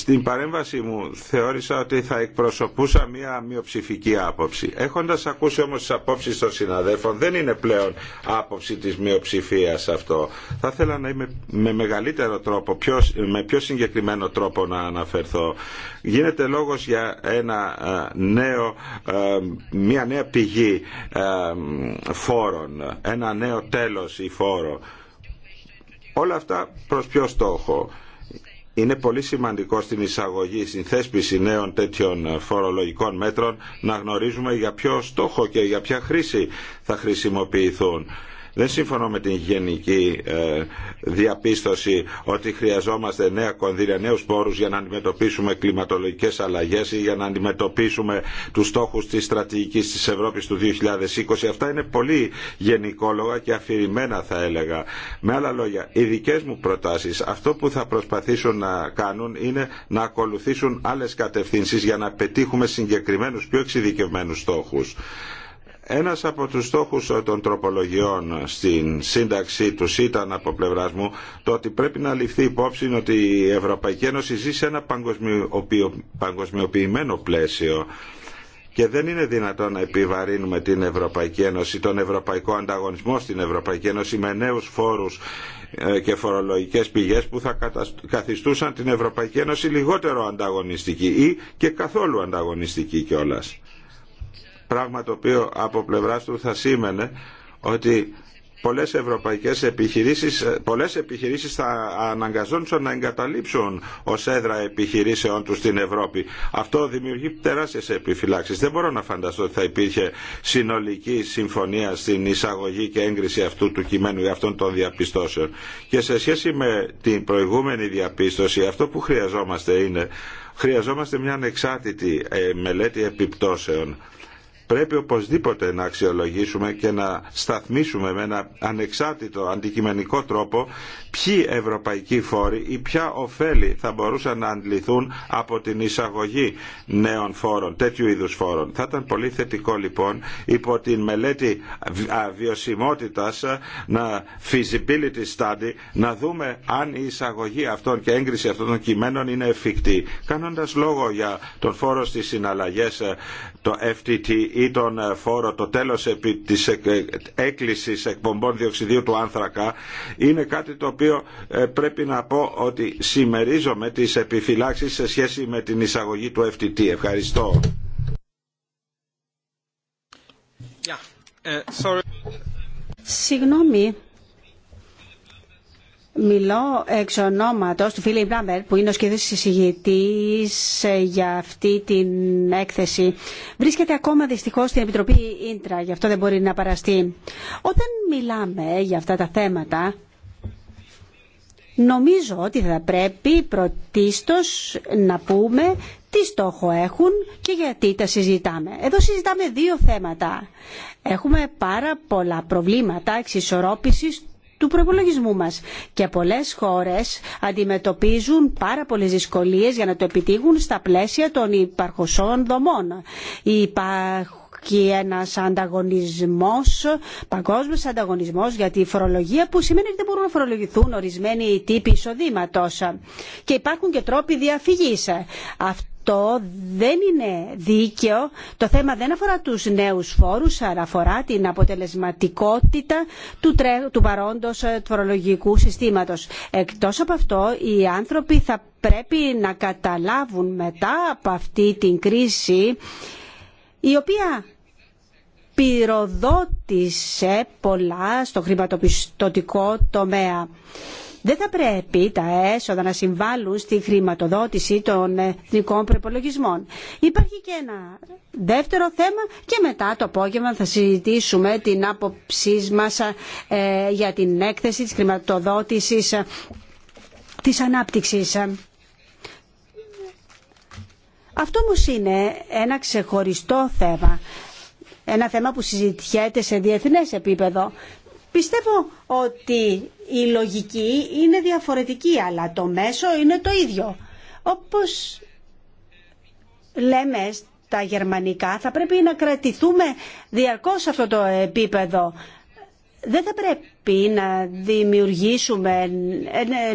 στην παρέμβαση μου θεώρησα ότι θα εκπροσωπούσα μία μειοψηφική άποψη. Έχοντας ακούσει όμως τις απόψεις των συναδέλφων, δεν είναι πλέον άποψη της μειοψηφία αυτό. Θα ήθελα να είμαι με μεγαλύτερο τρόπο, πιο, με πιο συγκεκριμένο τρόπο να αναφερθώ. Γίνεται λόγος για ένα ε, νέο, ε, μία νέα πηγή ε, φόρων, ένα νέο τέλος ή φόρο. Όλα αυτά προς ποιο στόχο είναι πολύ σημαντικό στην εισαγωγή, στην θέσπιση νέων τέτοιων φορολογικών μέτρων να γνωρίζουμε για ποιο στόχο και για ποια χρήση θα χρησιμοποιηθούν δεν συμφωνώ με την γενική ε, διαπίστωση ότι χρειαζόμαστε νέα κονδύλια, νέους πόρους για να αντιμετωπίσουμε κλιματολογικές αλλαγές ή για να αντιμετωπίσουμε τους στόχους της στρατηγικής της Ευρώπης του 2020. Αυτά είναι πολύ γενικόλογα και αφηρημένα θα έλεγα. Με άλλα λόγια, οι δικές μου προτάσεις, αυτό που θα προσπαθήσουν να κάνουν είναι να ακολουθήσουν άλλες κατευθύνσεις για να πετύχουμε συγκεκριμένους πιο εξειδικευμένους στόχους. Ένας από τους στόχους των τροπολογιών στην σύνταξή του ήταν από πλευρά μου το ότι πρέπει να ληφθεί υπόψη ότι η Ευρωπαϊκή Ένωση ζει σε ένα παγκοσμιοποιημένο πλαίσιο και δεν είναι δυνατόν να επιβαρύνουμε την Ευρωπαϊκή Ένωση, τον ευρωπαϊκό ανταγωνισμό στην Ευρωπαϊκή Ένωση με νέους φόρους ε, και φορολογικές πηγές που θα καθιστούσαν την Ευρωπαϊκή Ένωση λιγότερο ανταγωνιστική ή και καθόλου ανταγωνιστική κιόλας. Πράγμα το οποίο από πλευρά του θα σήμαινε ότι πολλές ευρωπαϊκές επιχειρήσεις, ε, πολλές επιχειρήσεις θα αναγκαζόντουσαν να εγκαταλείψουν ως έδρα επιχειρήσεών τους στην Ευρώπη. Αυτό δημιουργεί τεράστιες επιφυλάξεις. Δεν μπορώ να φανταστώ ότι θα υπήρχε συνολική συμφωνία στην εισαγωγή και έγκριση αυτού του κειμένου για αυτών των διαπιστώσεων. Και σε σχέση με την προηγούμενη διαπίστωση, αυτό που χρειαζόμαστε είναι, χρειαζόμαστε μια ανεξάρτητη ε, μελέτη επιπτώσεων πρέπει οπωσδήποτε να αξιολογήσουμε και να σταθμίσουμε με ένα ανεξάρτητο αντικειμενικό τρόπο ποιοι ευρωπαϊκοί φόροι ή ποια ωφέλη θα μπορούσαν να αντληθούν από την εισαγωγή νέων φόρων, τέτοιου είδους φόρων. Θα ήταν πολύ θετικό λοιπόν υπό την μελέτη βιωσιμότητας να feasibility study να δούμε αν η εισαγωγή αυτών και έγκριση αυτών των κειμένων είναι εφικτή. Κάνοντας λόγο για τον φόρο στις συναλλαγές το FTT ή τον ε, φόρο το τέλος επί της ε, έκκλησης εκπομπών διοξιδίου του άνθρακα είναι κάτι το οποίο ε, πρέπει να πω ότι συμμερίζομαι τις επιφυλάξεις σε σχέση με την εισαγωγή του FTT. Ευχαριστώ. Yeah. Sorry. Συγγνώμη, Μιλώ εξ ονόματο του Φίλιπ Λάμπερ που είναι ο σχεδόν συζητητή ε, για αυτή την έκθεση. Βρίσκεται ακόμα δυστυχώ στην Επιτροπή Ίντρα, γι' αυτό δεν μπορεί να παραστεί. Όταν μιλάμε για αυτά τα θέματα, νομίζω ότι θα πρέπει πρωτίστως να πούμε τι στόχο έχουν και γιατί τα συζητάμε. Εδώ συζητάμε δύο θέματα. Έχουμε πάρα πολλά προβλήματα εξισορρόπησης του προπολογισμού μας. Και πολλές χώρες αντιμετωπίζουν πάρα πολλές δυσκολίες για να το επιτύχουν στα πλαίσια των υπαρχωσών δομών. Υπάρχουν υπάρχει ένας ανταγωνισμός, παγκόσμιος ανταγωνισμός για τη φορολογία που σημαίνει ότι δεν μπορούν να φορολογηθούν ορισμένοι τύποι εισοδήματο. Και υπάρχουν και τρόποι διαφυγής. Αυτό δεν είναι δίκαιο. Το θέμα δεν αφορά τους νέους φόρους, αλλά αφορά την αποτελεσματικότητα του, τρέ, του παρόντος ε, φορολογικού συστήματος. Εκτός από αυτό, οι άνθρωποι θα πρέπει να καταλάβουν μετά από αυτή την κρίση η οποία πυροδότησε πολλά στο χρηματοπιστωτικό τομέα. Δεν θα πρέπει τα έσοδα να συμβάλλουν στη χρηματοδότηση των εθνικών προπολογισμών. Υπάρχει και ένα δεύτερο θέμα και μετά το απόγευμα θα συζητήσουμε την άποψή μας ε, για την έκθεση της χρηματοδότησης ε, της ανάπτυξης. Αυτό όμω είναι ένα ξεχωριστό θέμα. Ένα θέμα που συζητιέται σε διεθνές επίπεδο. Πιστεύω ότι η λογική είναι διαφορετική, αλλά το μέσο είναι το ίδιο. Όπως λέμε τα γερμανικά, θα πρέπει να κρατηθούμε διαρκώς σε αυτό το επίπεδο. Δεν θα πρέπει πρέπει να δημιουργήσουμε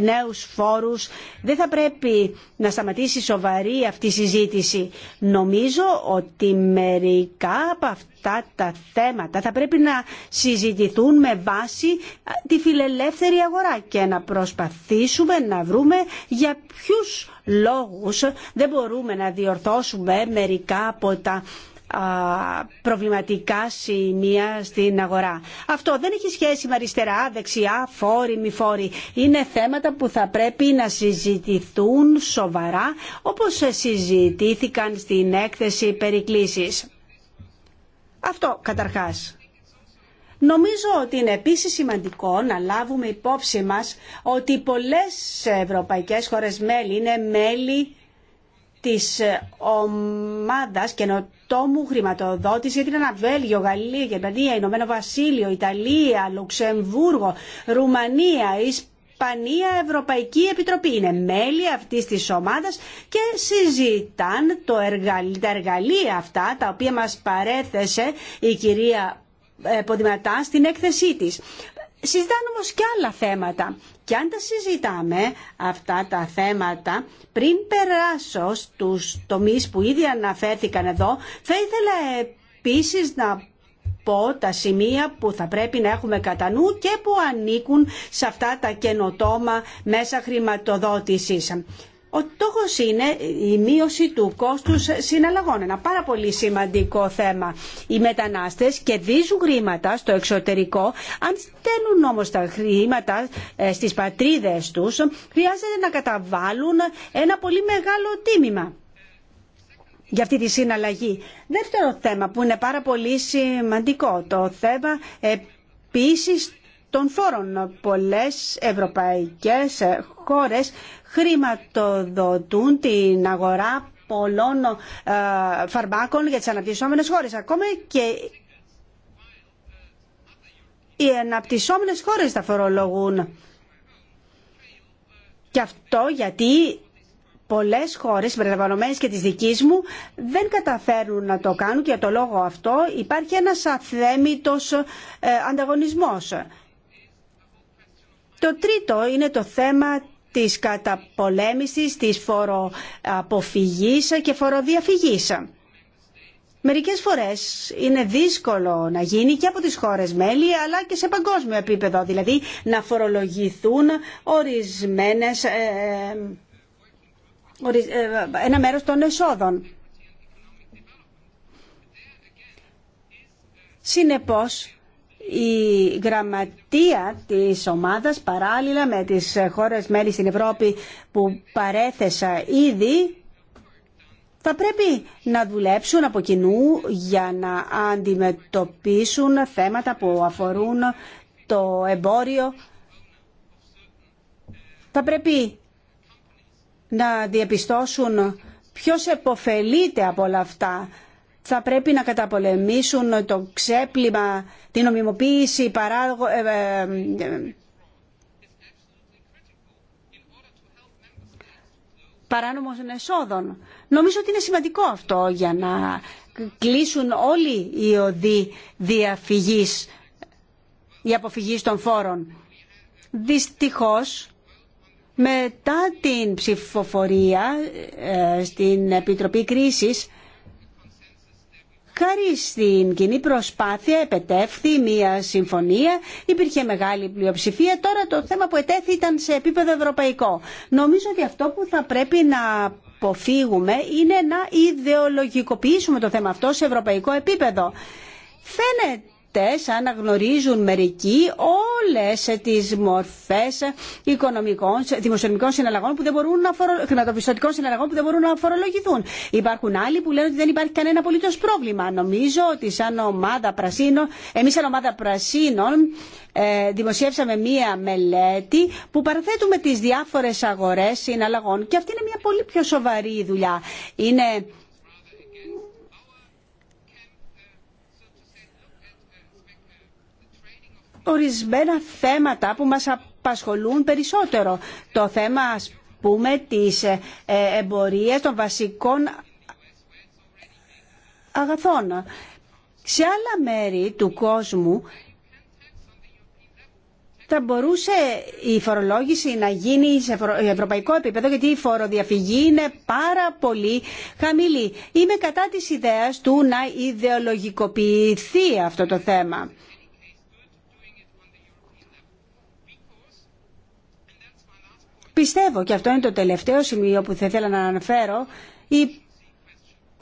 νέους φόρους. Δεν θα πρέπει να σταματήσει σοβαρή αυτή η συζήτηση. Νομίζω ότι μερικά από αυτά τα θέματα θα πρέπει να συζητηθούν με βάση τη φιλελεύθερη αγορά και να προσπαθήσουμε να βρούμε για ποιους λόγους δεν μπορούμε να διορθώσουμε μερικά από τα προβληματικά σημεία στην αγορά. Αυτό δεν έχει σχέση με αριστερά, δεξιά, φόροι, μη φόροι. Είναι θέματα που θα πρέπει να συζητηθούν σοβαρά όπως συζητήθηκαν στην έκθεση περικλήσεις. Αυτό καταρχάς. Νομίζω ότι είναι επίσης σημαντικό να λάβουμε υπόψη μας ότι πολλές ευρωπαϊκές χώρες μέλη είναι μέλη της ομάδας καινοτόμου χρηματοδότηση για την Αναβέλγιο, Γαλλία, Γερμανία, Ηνωμένο Βασίλειο, Ιταλία, Λουξεμβούργο, Ρουμανία, Ισπανία, Ευρωπαϊκή Επιτροπή. Είναι μέλη αυτής της ομάδας και συζητάν το εργαλ... τα εργαλεία αυτά τα οποία μας παρέθεσε η κυρία ε, Ποδηματά στην έκθεσή της. Συζητάνε όμως και άλλα θέματα. Και αν τα συζητάμε αυτά τα θέματα, πριν περάσω στους τομείς που ήδη αναφέρθηκαν εδώ, θα ήθελα επίσης να πω τα σημεία που θα πρέπει να έχουμε κατά νου και που ανήκουν σε αυτά τα καινοτόμα μέσα χρηματοδότησης. Ο τόχο είναι η μείωση του κόστου συναλλαγών. Ένα πάρα πολύ σημαντικό θέμα. Οι μετανάστε κερδίζουν χρήματα στο εξωτερικό. Αν στέλνουν όμω τα χρήματα ε, στι πατρίδε του, χρειάζεται να καταβάλουν ένα πολύ μεγάλο τίμημα για αυτή τη συναλλαγή. Δεύτερο θέμα που είναι πάρα πολύ σημαντικό, το θέμα επίσης των φόρων. Πολλές ευρωπαϊκές χώρες χρηματοδοτούν την αγορά πολλών ε, φαρμάκων για τις αναπτυσσόμενες χώρες. Ακόμα και οι αναπτυσσόμενες χώρες τα φορολογούν. Και αυτό γιατί πολλές χώρες, συμπεριλαμβανομένες και της δικής μου, δεν καταφέρουν να το κάνουν και για το λόγο αυτό υπάρχει ένας αθέμητος ε, ανταγωνισμός. Το τρίτο είναι το θέμα της καταπολέμησης, της φοροαποφυγής και φοροδιαφυγής. Μερικές φορές είναι δύσκολο να γίνει και από τις χώρες μέλη αλλά και σε παγκόσμιο επίπεδο, δηλαδή να φορολογηθούν ορισμένες, ε, ε, ε ένα μέρος των εσόδων. Συνεπώς, η γραμματεία της ομάδας παράλληλα με τις χώρες μέλη στην Ευρώπη που παρέθεσα ήδη θα πρέπει να δουλέψουν από κοινού για να αντιμετωπίσουν θέματα που αφορούν το εμπόριο. Θα πρέπει να διαπιστώσουν ποιος επωφελείται από όλα αυτά θα πρέπει να καταπολεμήσουν το ξέπλυμα, την νομιμοποίηση παράγω, ε, ε, παράνομων εσόδων. Νομίζω ότι είναι σημαντικό αυτό για να κλείσουν όλοι οι οδοί διαφυγής, η αποφυγής των φόρων. Δυστυχώς, μετά την ψηφοφορία ε, στην Επιτροπή Κρίσης, Χάρη στην κοινή προσπάθεια επετεύχθη μια συμφωνία, υπήρχε μεγάλη πλειοψηφία. Τώρα το θέμα που ετέθη ήταν σε επίπεδο ευρωπαϊκό. Νομίζω ότι αυτό που θα πρέπει να αποφύγουμε είναι να ιδεολογικοποιήσουμε το θέμα αυτό σε ευρωπαϊκό επίπεδο. Φαίνεται αυτές αναγνωρίζουν μερικοί όλες τις μορφές οικονομικών, δημοσιονομικών συναλλαγών που δεν μπορούν να φορο... χρηματοπιστωτικών συναλλαγών που δεν μπορούν να φορολογηθούν. Υπάρχουν άλλοι που λένε ότι δεν υπάρχει κανένα απολύτω πρόβλημα. Νομίζω ότι σαν ομάδα πρασίνων, εμείς σαν ομάδα πρασίνων ε, δημοσιεύσαμε μία μελέτη που παραθέτουμε τις διάφορες αγορές συναλλαγών και αυτή είναι μια πολύ πιο σοβαρή δουλειά. Είναι ορισμένα θέματα που μας απασχολούν περισσότερο. Το θέμα, ας πούμε, της ε, εμπορίας των βασικών αγαθών. Σε άλλα μέρη του κόσμου θα μπορούσε η φορολόγηση να γίνει σε ευρωπαϊκό επίπεδο γιατί η φοροδιαφυγή είναι πάρα πολύ χαμηλή. Είμαι κατά της ιδέας του να ιδεολογικοποιηθεί αυτό το θέμα. Πιστεύω, και αυτό είναι το τελευταίο σημείο που θα ήθελα να αναφέρω, η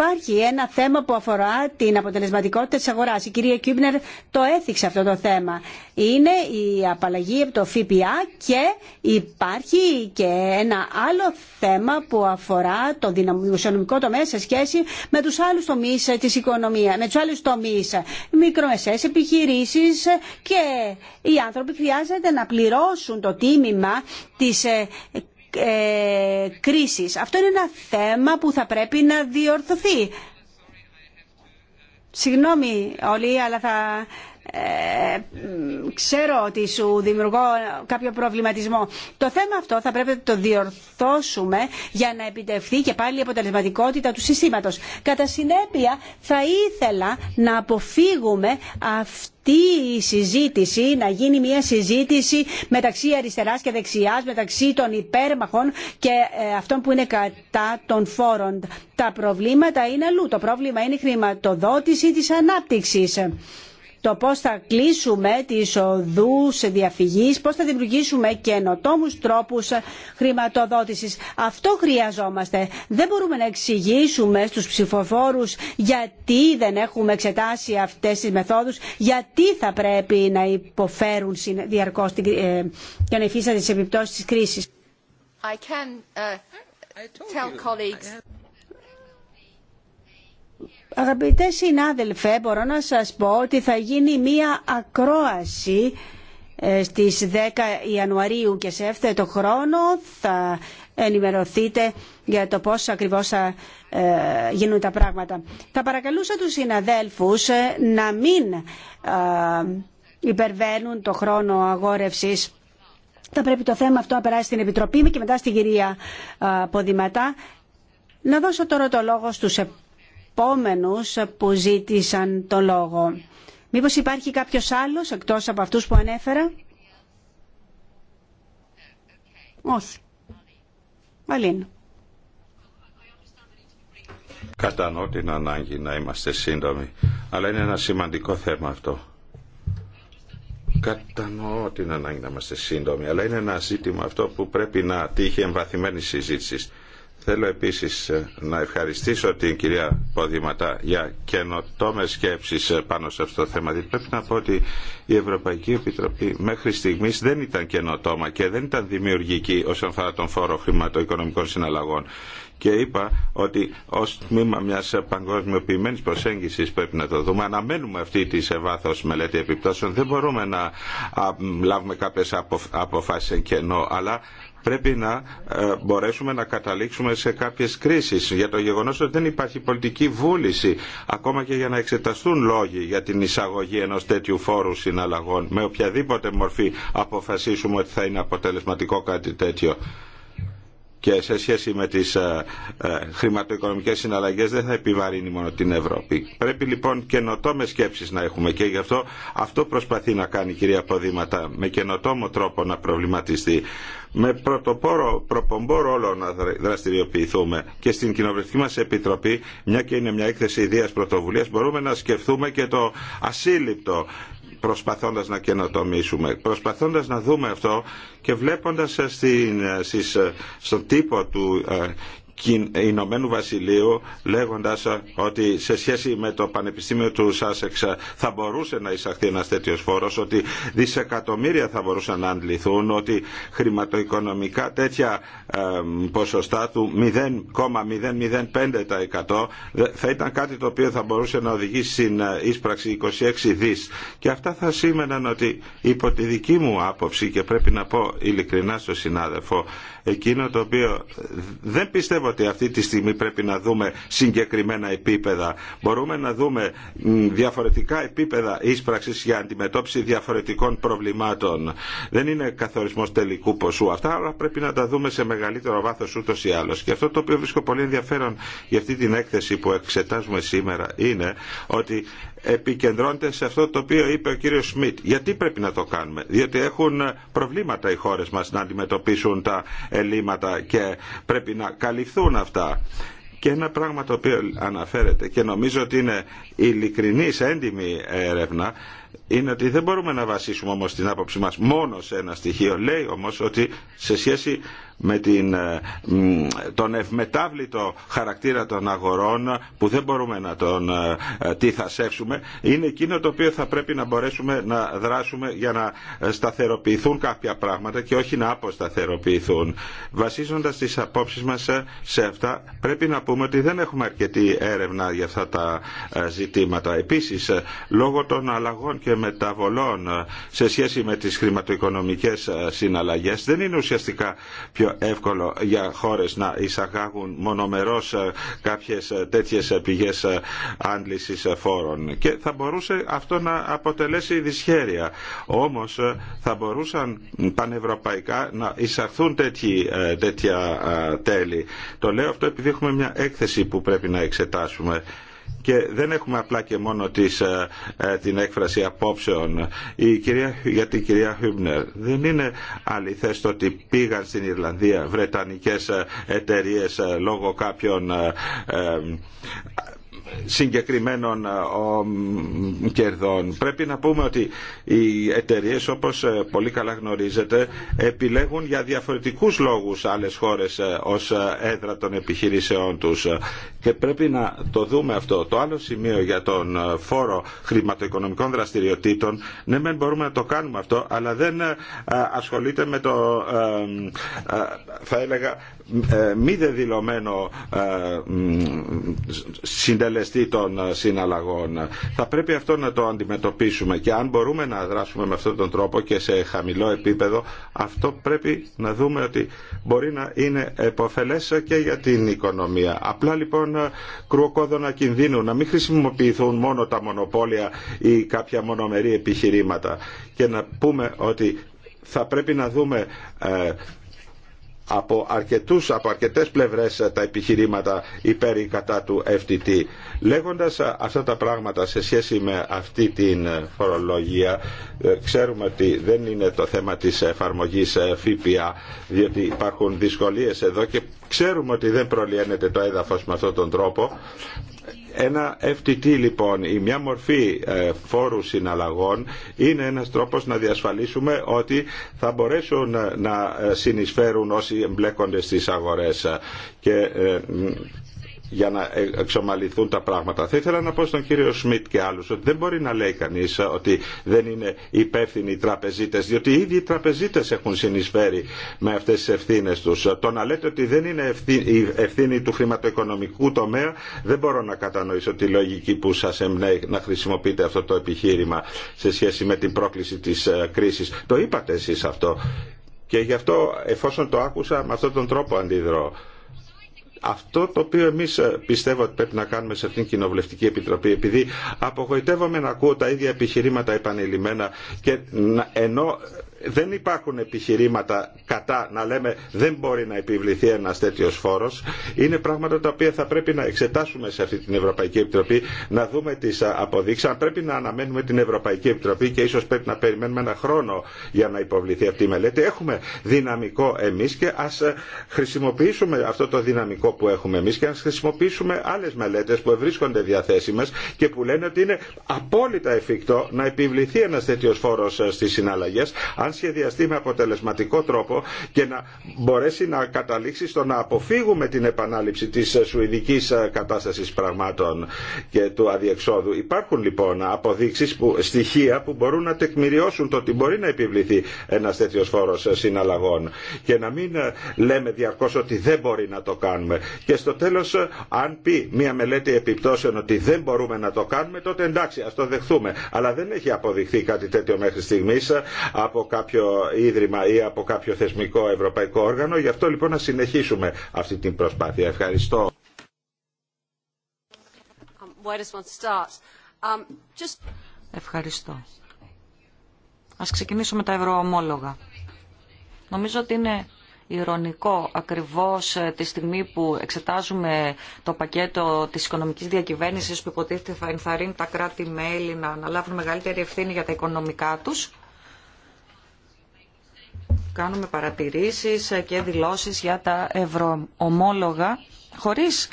υπάρχει ένα θέμα που αφορά την αποτελεσματικότητα της αγοράς. Η κυρία Κιούμπνερ το έθιξε αυτό το θέμα. Είναι η απαλλαγή από το ΦΠΑ και υπάρχει και ένα άλλο θέμα που αφορά το δημοσιονομικό τομέα σε σχέση με τους άλλους τομείς της οικονομίας, με τους άλλους τομείς, μικρομεσαίες επιχειρήσεις και οι άνθρωποι χρειάζεται να πληρώσουν το τίμημα της ε, ε, κρίσης. Αυτό είναι ένα θέμα που θα πρέπει να διορθωθεί. Συγγνώμη όλοι, αλλά θα ε, ξέρω ότι σου δημιουργώ κάποιο προβληματισμό. Το θέμα αυτό θα πρέπει να το διορθώσουμε για να επιτευχθεί και πάλι η αποτελεσματικότητα του συστήματος. Κατά συνέπεια θα ήθελα να αποφύγουμε αυτή η συζήτηση, να γίνει μια συζήτηση μεταξύ αριστεράς και δεξιάς, μεταξύ των υπέρμαχων και ε, αυτών που είναι κατά των φόρων. Τα προβλήματα είναι αλλού. Το πρόβλημα είναι η χρηματοδότηση της ανάπτυξης το πώς θα κλείσουμε τις οδούς διαφυγής, πώς θα δημιουργήσουμε καινοτόμου τρόπους χρηματοδότησης. Αυτό χρειαζόμαστε. Δεν μπορούμε να εξηγήσουμε στους ψηφοφόρους γιατί δεν έχουμε εξετάσει αυτές τις μεθόδους, γιατί θα πρέπει να υποφέρουν διαρκώς και ε, να υφίστανται τις επιπτώσεις της κρίσης. Uh, Αγαπητέ συνάδελφε, μπορώ να σας πω ότι θα γίνει μία ακρόαση ε, στις 10 Ιανουαρίου και σε το χρόνο θα ενημερωθείτε για το πώς ακριβώς θα ε, γίνουν τα πράγματα. Θα παρακαλούσα τους συναδέλφους ε, να μην υπερβαίνουν το χρόνο αγόρευσης. Θα πρέπει το θέμα αυτό να περάσει στην Επιτροπή και μετά στην κυρία Ποδηματά. Να δώσω τώρα το λόγο στους επόμενους που ζήτησαν το λόγο. Μήπως υπάρχει κάποιος άλλος εκτός από αυτούς που ανέφερα. Όχι. Μαλίν. Κατανοώ την ανάγκη να είμαστε σύντομοι, αλλά είναι ένα σημαντικό θέμα αυτό. Κατανοώ την ανάγκη να είμαστε σύντομοι, αλλά είναι ένα ζήτημα αυτό που πρέπει να τύχει εμβαθυμένη συζήτηση. Θέλω επίσης ε, να ευχαριστήσω την κυρία Ποδηματά για καινοτόμες σκέψεις ε, πάνω σε αυτό το θέμα. Δηλαδή πρέπει να πω ότι η Ευρωπαϊκή Επιτροπή μέχρι στιγμής δεν ήταν καινοτόμα και δεν ήταν δημιουργική όσον αφορά τον φόρο χρηματοοικονομικών συναλλαγών. Και είπα ότι ω τμήμα μια παγκόσμιοποιημένη προσέγγιση πρέπει να το δούμε. Αναμένουμε αυτή τη σε βάθο μελέτη επιπτώσεων. Δεν μπορούμε να λάβουμε κάποιε αποφάσει εν κενό, αλλά πρέπει να ε, μπορέσουμε να καταλήξουμε σε κάποιες κρίσεις για το γεγονός ότι δεν υπάρχει πολιτική βούληση ακόμα και για να εξεταστούν λόγοι για την εισαγωγή ενός τέτοιου φόρου συναλλαγών με οποιαδήποτε μορφή αποφασίσουμε ότι θα είναι αποτελεσματικό κάτι τέτοιο και σε σχέση με τις ε, ε, χρηματοοικονομικές συναλλαγές δεν θα επιβαρύνει μόνο την Ευρώπη. Πρέπει λοιπόν καινοτόμε σκέψεις να έχουμε και γι' αυτό αυτό προσπαθεί να κάνει η κυρία Ποδήματα με καινοτόμο τρόπο να προβληματιστεί με πρωτοπόρο, προπομπόρο όλο να δραστηριοποιηθούμε και στην κοινοβουλευτική μα επιτροπή, μια και είναι μια έκθεση ιδέα πρωτοβουλίας, μπορούμε να σκεφτούμε και το ασύλληπτο προσπαθώντας να καινοτομήσουμε. Προσπαθώντας να δούμε αυτό και βλέποντας ε, στην, ε, στις, ε, στον τύπο του Ηνωμένου Βασιλείου λέγοντας ε, ότι σε σχέση με το Πανεπιστήμιο του Σάσεξ ε, θα μπορούσε να εισαχθεί ένας τέτοιος φόρος, ότι δισεκατομμύρια θα μπορούσαν να αντληθούν, ότι χρηματοοικονομικά τέτοια ε, ποσοστά του 0,005% θα ήταν κάτι το οποίο θα μπορούσε να οδηγήσει στην ίσπραξη 26 δις. Και αυτά θα σήμαιναν ότι υπό τη δική μου άποψη και πρέπει να πω ειλικρινά στο συνάδελφο εκείνο το οποίο δεν πιστεύω ότι αυτή τη στιγμή πρέπει να δούμε συγκεκριμένα επίπεδα. Μπορούμε να δούμε διαφορετικά επίπεδα ίσπραξης για αντιμετώπιση διαφορετικών προβλημάτων. Δεν είναι καθορισμός τελικού ποσού. Αυτά αλλά πρέπει να τα δούμε σε μεγαλύτερο βάθος ούτως ή άλλως. Και αυτό το οποίο βρίσκω πολύ ενδιαφέρον για αυτή την έκθεση που εξετάζουμε σήμερα είναι ότι επικεντρώνεται σε αυτό το οποίο είπε ο κύριος Σμιτ. Γιατί πρέπει να το κάνουμε. Διότι έχουν προβλήματα οι χώρες μας να αντιμετωπίσουν τα ελλείμματα και πρέπει να καλυφθούν αυτά. Και ένα πράγμα το οποίο αναφέρεται και νομίζω ότι είναι σε έντιμη έρευνα είναι ότι δεν μπορούμε να βασίσουμε όμως την άποψη μας μόνο σε ένα στοιχείο. Λέει όμως ότι σε σχέση με την, ε, τον ευμετάβλητο χαρακτήρα των αγορών που δεν μπορούμε να τον ε, ε, τι θα είναι εκείνο το οποίο θα πρέπει να μπορέσουμε να δράσουμε για να σταθεροποιηθούν κάποια πράγματα και όχι να αποσταθεροποιηθούν. Βασίζοντας τις απόψεις μας σε αυτά πρέπει να πούμε ότι δεν έχουμε αρκετή έρευνα για αυτά τα ζητήματα. Επίσης λόγω των αλλαγών και μεταβολών σε σχέση με τις χρηματοοικονομικές συναλλαγές δεν είναι ουσιαστικά πιο πιο εύκολο για χώρες να εισαγάγουν μονομερώς ε, κάποιες ε, τέτοιες ε, πηγές άντλησης φόρων και θα μπορούσε αυτό να αποτελέσει δυσχέρεια. Όμως θα μπορούσαν πανευρωπαϊκά να εισαχθούν τέτοια τέλη. Το λέω αυτό επειδή έχουμε μια έκθεση που πρέπει να εξετάσουμε και δεν έχουμε απλά και μόνο τις, ε, ε, την έκφραση απόψεων. Η κυρία, για την κυρία Χιμπνερ. δεν είναι αληθές το ότι πήγαν στην Ιρλανδία βρετανικές ε, εταιρείες λόγω κάποιων συγκεκριμένων ε, κερδών. Πρέπει να πούμε ότι οι εταιρείε, όπως ε, πολύ καλά γνωρίζετε επιλέγουν για διαφορετικούς λόγους άλλες χώρες ε, ως έδρα των επιχειρήσεών τους και πρέπει να το δούμε αυτό. Το άλλο σημείο για τον φόρο χρηματοοικονομικών δραστηριοτήτων ναι μεν μπορούμε να το κάνουμε αυτό αλλά δεν ασχολείται με το θα έλεγα ε, μη δεδηλωμένο ε, συντελεστή των συναλλαγών. Θα πρέπει αυτό να το αντιμετωπίσουμε και αν μπορούμε να δράσουμε με αυτόν τον τρόπο και σε χαμηλό επίπεδο αυτό πρέπει να δούμε ότι μπορεί να είναι επωφελές και για την οικονομία. Απλά λοιπόν κρουοκόδωνα κινδύνου να μην χρησιμοποιηθούν μόνο τα μονοπόλια ή κάποια μονομερή επιχειρήματα και να πούμε ότι θα πρέπει να δούμε ε, από, αρκετούς, από αρκετές πλευρές ε, τα επιχειρήματα υπέρ ή κατά του FTT. Λέγοντας ε, αυτά τα πράγματα σε σχέση με αυτή την ε, φορολογία, ξέρουμε ότι δεν είναι το θέμα της εφαρμογής ΦΠΑ, διότι υπάρχουν δυσκολίες εδώ και Ξέρουμε ότι δεν προλυαίνεται το έδαφος με αυτόν τον τρόπο. Ένα FTT λοιπόν, η μια μορφή ε, φόρου συναλλαγών είναι ένας τρόπος να διασφαλίσουμε ότι θα μπορέσουν ε, να ε, συνεισφέρουν όσοι εμπλέκονται στις αγορές και για να ε, εξομαλυθούν τα πράγματα. Θα ήθελα να πω στον κύριο Σμιτ και άλλους ότι δεν μπορεί να λέει κανείς ότι δεν είναι υπεύθυνοι οι τραπεζίτες, διότι οι ίδιοι οι τραπεζίτες έχουν συνεισφέρει με αυτές τις ευθύνες τους. Το να λέτε ότι δεν είναι η ευθύνη του χρηματοοικονομικού τομέα, δεν μπορώ να κατανοήσω τη λογική που σας εμπνέει να χρησιμοποιείτε αυτό το επιχείρημα σε σχέση με την πρόκληση της ε, κρίσης. Το είπατε εσείς αυτό. Και γι' αυτό εφόσον το άκουσα με αυτόν τον τρόπο αντιδρώ αυτό το οποίο εμείς ε, πιστεύω ότι πρέπει να κάνουμε σε αυτήν την Κοινοβουλευτική Επιτροπή, επειδή απογοητεύομαι να ακούω τα ίδια επιχειρήματα επανειλημμένα και ενώ δεν υπάρχουν επιχειρήματα κατά να λέμε δεν μπορεί να επιβληθεί ένα τέτοιο φόρο. Είναι πράγματα τα οποία θα πρέπει να εξετάσουμε σε αυτή την Ευρωπαϊκή Επιτροπή, να δούμε τι αποδείξει. Αν πρέπει να αναμένουμε την Ευρωπαϊκή Επιτροπή και ίσω πρέπει να περιμένουμε ένα χρόνο για να υποβληθεί αυτή η μελέτη. Έχουμε δυναμικό εμεί και α χρησιμοποιήσουμε αυτό το δυναμικό που έχουμε εμεί και α χρησιμοποιήσουμε άλλε μελέτε που βρίσκονται διαθέσιμε και που λένε ότι είναι απόλυτα εφικτό να επιβληθεί ένα τέτοιο φόρο στι συναλλαγέ σχεδιαστεί με αποτελεσματικό τρόπο και να μπορέσει να καταλήξει στο να αποφύγουμε την επανάληψη της σουηδικής κατάστασης πραγμάτων και του αδιεξόδου. Υπάρχουν λοιπόν αποδείξεις, που, στοιχεία που μπορούν να τεκμηριώσουν το ότι μπορεί να επιβληθεί ένας τέτοιος φόρος συναλλαγών και να μην λέμε διαρκώς ότι δεν μπορεί να το κάνουμε. Και στο τέλος αν πει μια μελέτη επιπτώσεων ότι δεν μπορούμε να το κάνουμε τότε εντάξει ας το δεχθούμε. Αλλά δεν έχει αποδειχθεί κάτι τέτοιο μέχρι στιγμής από κάποιο ίδρυμα ή από κάποιο θεσμικό ευρωπαϊκό όργανο. Γι' αυτό λοιπόν να συνεχίσουμε αυτή την προσπάθεια. Ευχαριστώ. Um, um, Ευχαριστώ. Ας ξεκινήσουμε με τα ευρωομόλογα. Νομίζω ότι είναι ηρωνικό ακριβώς ε, τη στιγμή που εξετάζουμε το πακέτο της οικονομικής διακυβέρνησης που υποτίθεται θα ενθαρρύνει τα κράτη-μέλη να αναλάβουν μεγαλύτερη ευθύνη για τα οικονομικά τους κάνουμε παρατηρήσεις και δηλώσεις για τα ευρωομόλογα χωρίς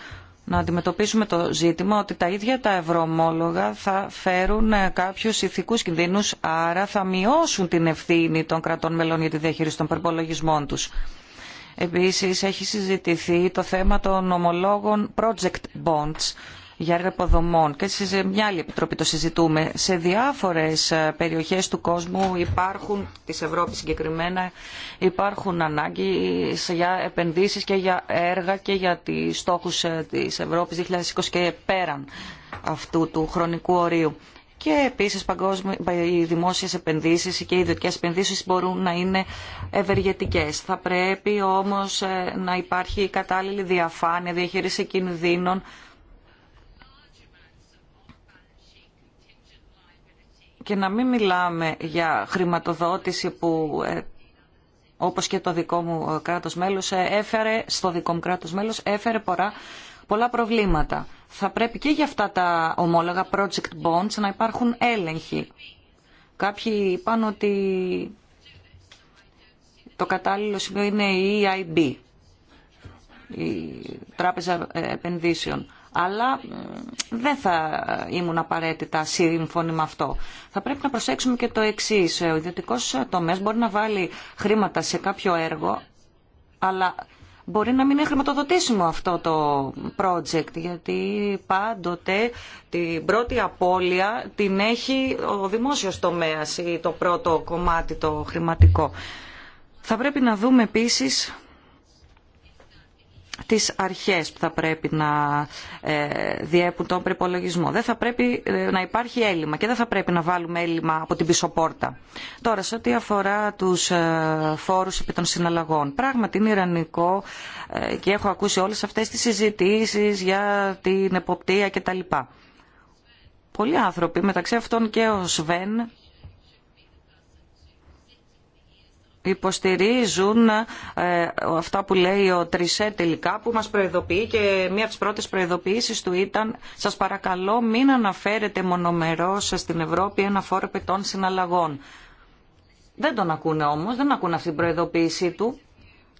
να αντιμετωπίσουμε το ζήτημα ότι τα ίδια τα ευρωομόλογα θα φέρουν κάποιους ηθικούς κινδύνους, άρα θα μειώσουν την ευθύνη των κρατών μελών για τη διαχείριση των προπολογισμών τους. Επίσης έχει συζητηθεί το θέμα των ομολόγων project bonds για έργα υποδομών και σε μια άλλη επιτροπή το συζητούμε. Σε διάφορες ε, περιοχές του κόσμου υπάρχουν, της Ευρώπη συγκεκριμένα, υπάρχουν ανάγκη για επενδύσεις και για έργα και για τι στόχους ε, της Ευρώπης 2020 και πέραν αυτού του χρονικού ορίου. Και επίση οι δημόσιε επενδύσει και οι ιδιωτικέ επενδύσει μπορούν να είναι ευεργετικέ. Θα πρέπει όμω ε, να υπάρχει κατάλληλη διαφάνεια, διαχείριση κινδύνων και να μην μιλάμε για χρηματοδότηση που ε, όπως και το δικό μου ε, κράτος μέλος ε, έφερε, στο δικό μου κράτος μέλος έφερε πολλά, πολλά προβλήματα. Θα πρέπει και για αυτά τα ομόλογα project bonds να υπάρχουν έλεγχοι. Κάποιοι είπαν ότι το κατάλληλο σημείο είναι η EIB, η Τράπεζα Επενδύσεων αλλά ε, δεν θα ήμουν απαραίτητα σύμφωνη με αυτό. Θα πρέπει να προσέξουμε και το εξή. Ο ιδιωτικό τομέα μπορεί να βάλει χρήματα σε κάποιο έργο, αλλά μπορεί να μην είναι χρηματοδοτήσιμο αυτό το project, γιατί πάντοτε την πρώτη απώλεια την έχει ο δημόσιος τομέας ή το πρώτο κομμάτι το χρηματικό. Θα πρέπει να δούμε επίσης τις αρχές που θα πρέπει να ε, διέπουν τον προπολογισμό. Δεν θα πρέπει ε, να υπάρχει έλλειμμα και δεν θα πρέπει να βάλουμε έλλειμμα από την πίσω πόρτα. Τώρα, σε ό,τι αφορά τους ε, φόρους επί των συναλλαγών, πράγματι είναι ιρανικό και έχω ακούσει όλες αυτές τις συζητήσεις για την εποπτεία κτλ. Πολλοί άνθρωποι, μεταξύ αυτών και ο Σβέν, υποστηρίζουν ε, αυτά που λέει ο Τρισέ τελικά που μας προειδοποιεί και μία από τις πρώτες προειδοποιήσεις του ήταν «Σας παρακαλώ μην αναφέρετε μονομερώς στην Ευρώπη ένα φόρο πετών συναλλαγών». Δεν τον ακούνε όμως, δεν ακούνε αυτή την προειδοποίησή του.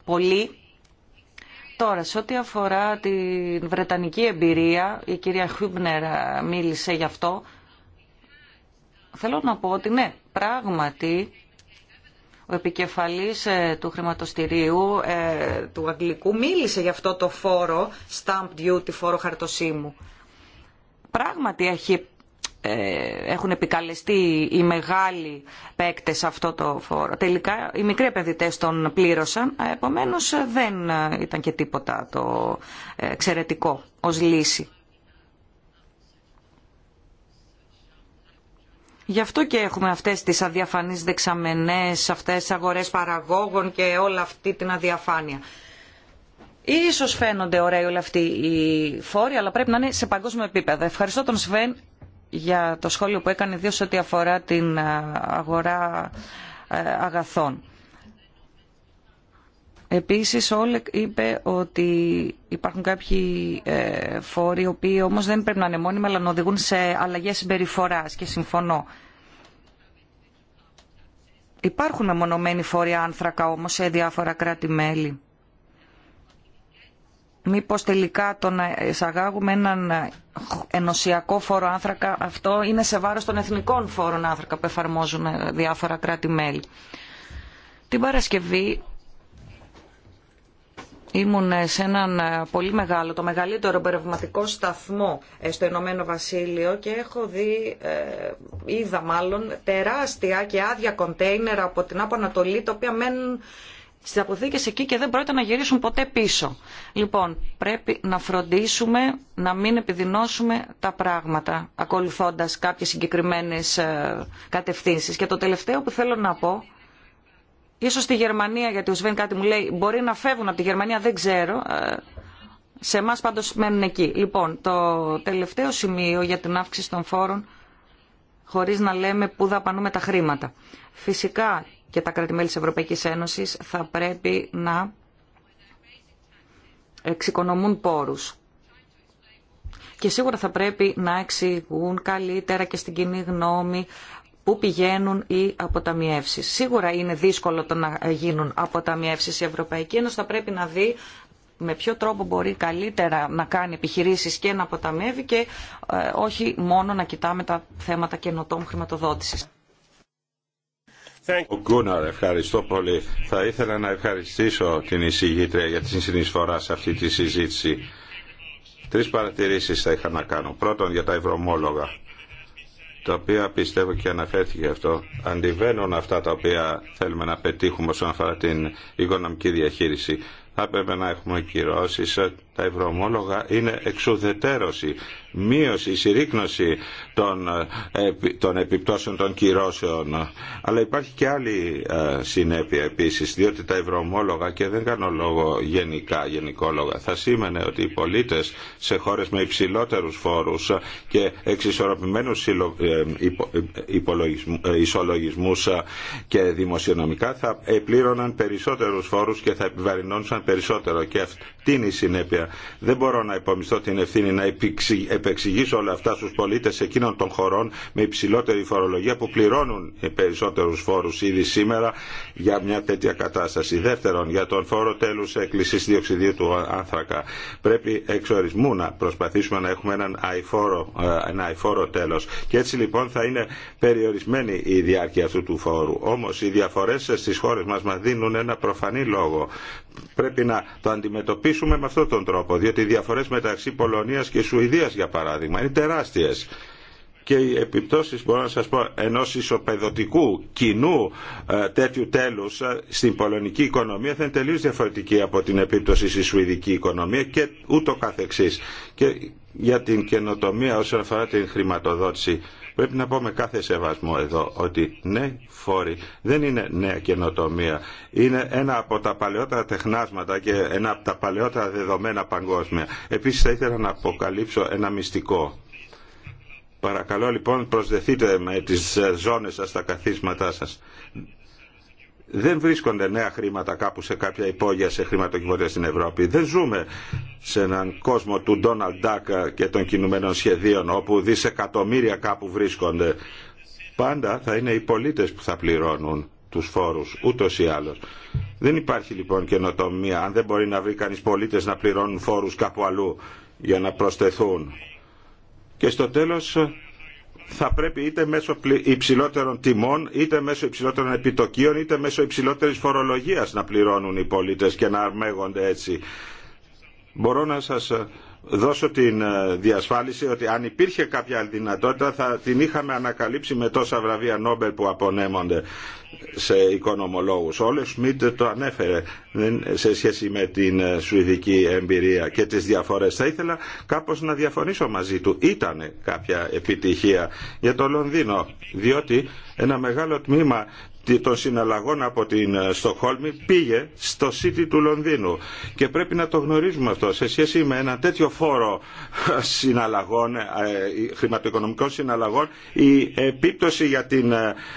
πολύ. Τώρα, σε ό,τι αφορά την Βρετανική εμπειρία, η κυρία Χούμπνερ ε, μίλησε γι' αυτό, θέλω να πω ότι ναι, πράγματι ο επικεφαλής ε, του χρηματοστηρίου ε, του Αγγλικού μίλησε για αυτό το φόρο, stamp duty, φόρο χαρτοσύμου. Πράγματι έχει, ε, έχουν επικαλεστεί οι μεγάλοι παίκτες αυτό το φόρο. Τελικά οι μικροί επενδυτές τον πλήρωσαν, επομένως δεν ήταν και τίποτα το εξαιρετικό ως λύση. Γι' αυτό και έχουμε αυτές τις αδιαφανείς δεξαμενές, αυτές τις αγορές παραγόγων και όλα αυτή την αδιαφάνεια. Ίσως φαίνονται ωραίοι όλοι αυτοί οι φόροι, αλλά πρέπει να είναι σε παγκόσμιο επίπεδο. Ευχαριστώ τον Σβέν για το σχόλιο που έκανε, ιδίως ό,τι αφορά την ε, αγορά ε, αγαθών. Επίσης, Όλεκ είπε ότι υπάρχουν κάποιοι ε, φόροι, οι οποίοι όμως δεν πρέπει να είναι μόνιμοι, αλλά να οδηγούν σε αλλαγές συμπεριφοράς και συμφωνώ. Υπάρχουν μεμονωμένοι φόροι άνθρακα όμως σε διάφορα κράτη-μέλη. Μήπως τελικά το να εισαγάγουμε έναν ενωσιακό φόρο άνθρακα, αυτό είναι σε βάρος των εθνικών φόρων άνθρακα που εφαρμόζουν ε, διάφορα κράτη-μέλη. Την Παρασκευή Ήμουν σε έναν ε, πολύ μεγάλο, το μεγαλύτερο εμπορευματικό σταθμό ε, στο Ηνωμένο Βασίλειο και έχω δει, ε, είδα μάλλον, τεράστια και άδεια κοντέινερ από την Άπο Ανατολή, τα οποία μένουν στι αποθήκε εκεί και δεν πρόκειται να γυρίσουν ποτέ πίσω. Λοιπόν, πρέπει να φροντίσουμε να μην επιδεινώσουμε τα πράγματα, ακολουθώντα κάποιε συγκεκριμένε κατευθύνσει Και το τελευταίο που θέλω να πω Ίσως στη Γερμανία, γιατί ο Σβέν κάτι μου λέει, μπορεί να φεύγουν από τη Γερμανία, δεν ξέρω. Ε, σε εμά πάντως μένουν εκεί. Λοιπόν, το τελευταίο σημείο για την αύξηση των φόρων, χωρίς να λέμε πού δαπανούμε τα χρήματα. Φυσικά και τα κρατημέλη της Ευρωπαϊκής Ένωσης θα πρέπει να εξοικονομούν πόρους. Και σίγουρα θα πρέπει να εξηγούν καλύτερα και στην κοινή γνώμη πού πηγαίνουν οι αποταμιεύσεις. Σίγουρα είναι δύσκολο το να γίνουν αποταμιεύσεις. Η Ευρωπαϊκή Ένωση θα πρέπει να δει με ποιο τρόπο μπορεί καλύτερα να κάνει επιχειρήσεις και να αποταμιεύει και ε, όχι μόνο να κοιτάμε τα θέματα καινοτόμου χρηματοδότησης. Ο Γκούναρ, ευχαριστώ πολύ. Θα ήθελα να ευχαριστήσω την εισηγήτρια για την συνεισφορά σε αυτή τη συζήτηση. Τρεις παρατηρήσεις θα είχα να κάνω. Πρώτον για τα ευρωμόλογα τα οποία πιστεύω και αναφέρθηκε αυτό, αντιβαίνουν αυτά τα οποία θέλουμε να πετύχουμε όσον αφορά την οικονομική διαχείριση. Θα πρέπει να έχουμε κυρώσει τα ευρωομόλογα είναι εξουδετέρωση, μείωση, συρρήκνωση των, ε, των επιπτώσεων των κυρώσεων. Αλλά υπάρχει και άλλη ε, συνέπεια επίσης, διότι τα ευρωομόλογα και δεν κάνω λόγο γενικά, γενικόλογα, θα σήμαινε ότι οι πολίτες σε χώρες με υψηλότερους φόρους και εξισορροπημένους ε, ισολογισμούς και δημοσιονομικά θα πλήρωναν περισσότερους φόρους και θα επιβαρυνόντουσαν περισσότερο. Και αυτή είναι η συνέπεια δεν μπορώ να υπομισθώ την ευθύνη να επεξηγήσω όλα αυτά στους πολίτες εκείνων των χωρών με υψηλότερη φορολογία που πληρώνουν περισσότερου περισσότερους φόρους ήδη σήμερα για μια τέτοια κατάσταση. Δεύτερον, για τον φόρο τέλους έκκλησης διοξιδίου του άνθρακα. Πρέπει εξ ορισμού να προσπαθήσουμε να έχουμε έναν αϊφόρο, ε, ένα αϊφόρο τέλος. Και έτσι λοιπόν θα είναι περιορισμένη η διάρκεια αυτού του φόρου. Όμως οι διαφορές στις χώρες μας μας δίνουν ένα προφανή λόγο πρέπει να το αντιμετωπίσουμε με αυτόν τον τρόπο, διότι οι διαφορές μεταξύ Πολωνίας και Σουηδίας, για παράδειγμα, είναι τεράστιες και οι επιπτώσεις μπορώ να σας πω ενός ισοπεδωτικού κοινού ε, τέτοιου τέλους ε, στην πολωνική οικονομία θα είναι τελείως διαφορετική από την επίπτωση στη σουηδική οικονομία και ούτω καθεξής. Και για την καινοτομία όσον αφορά την χρηματοδότηση Πρέπει να πω με κάθε σεβασμό εδώ ότι ναι, φόροι δεν είναι νέα καινοτομία. Είναι ένα από τα παλαιότερα τεχνάσματα και ένα από τα παλαιότερα δεδομένα παγκόσμια. Επίσης θα ήθελα να αποκαλύψω ένα μυστικό. Παρακαλώ λοιπόν προσδεθείτε με τις ζώνες σας, τα καθίσματά σας δεν βρίσκονται νέα χρήματα κάπου σε κάποια υπόγεια σε χρηματοκιβώτια στην Ευρώπη. Δεν ζούμε σε έναν κόσμο του Ντόναλντ Ντάκα και των κινουμένων σχεδίων όπου δισεκατομμύρια κάπου βρίσκονται. Πάντα θα είναι οι πολίτες που θα πληρώνουν τους φόρους, ούτως ή άλλως. Δεν υπάρχει λοιπόν καινοτομία αν δεν μπορεί να βρει κανείς πολίτες να πληρώνουν φόρους κάπου αλλού για να προσθεθούν. Και στο τέλος θα πρέπει είτε μέσω υψηλότερων τιμών, είτε μέσω υψηλότερων επιτοκίων, είτε μέσω υψηλότερης φορολογίας να πληρώνουν οι πολίτες και να αρμέγονται έτσι. Μπορώ να σας ε, δώσω την ε, διασφάλιση ότι αν υπήρχε κάποια δυνατότητα θα την είχαμε ανακαλύψει με τόσα βραβεία Νόμπελ που απονέμονται σε οικονομολόγους. Όλε Σμιτ το ανέφερε σε σχέση με την ε, σουηδική εμπειρία και τις διαφορές. Θα ήθελα κάπως να διαφωνήσω μαζί του. Ήταν κάποια επιτυχία για το Λονδίνο, διότι ένα μεγάλο τμήμα των συναλλαγών από την ε, Στοχόλμη πήγε στο City του Λονδίνου και πρέπει να το γνωρίζουμε αυτό σε σχέση με ένα τέτοιο φόρο ε, συναλλαγών, ε, χρηματοοικονομικών συναλλαγών η επίπτωση για την,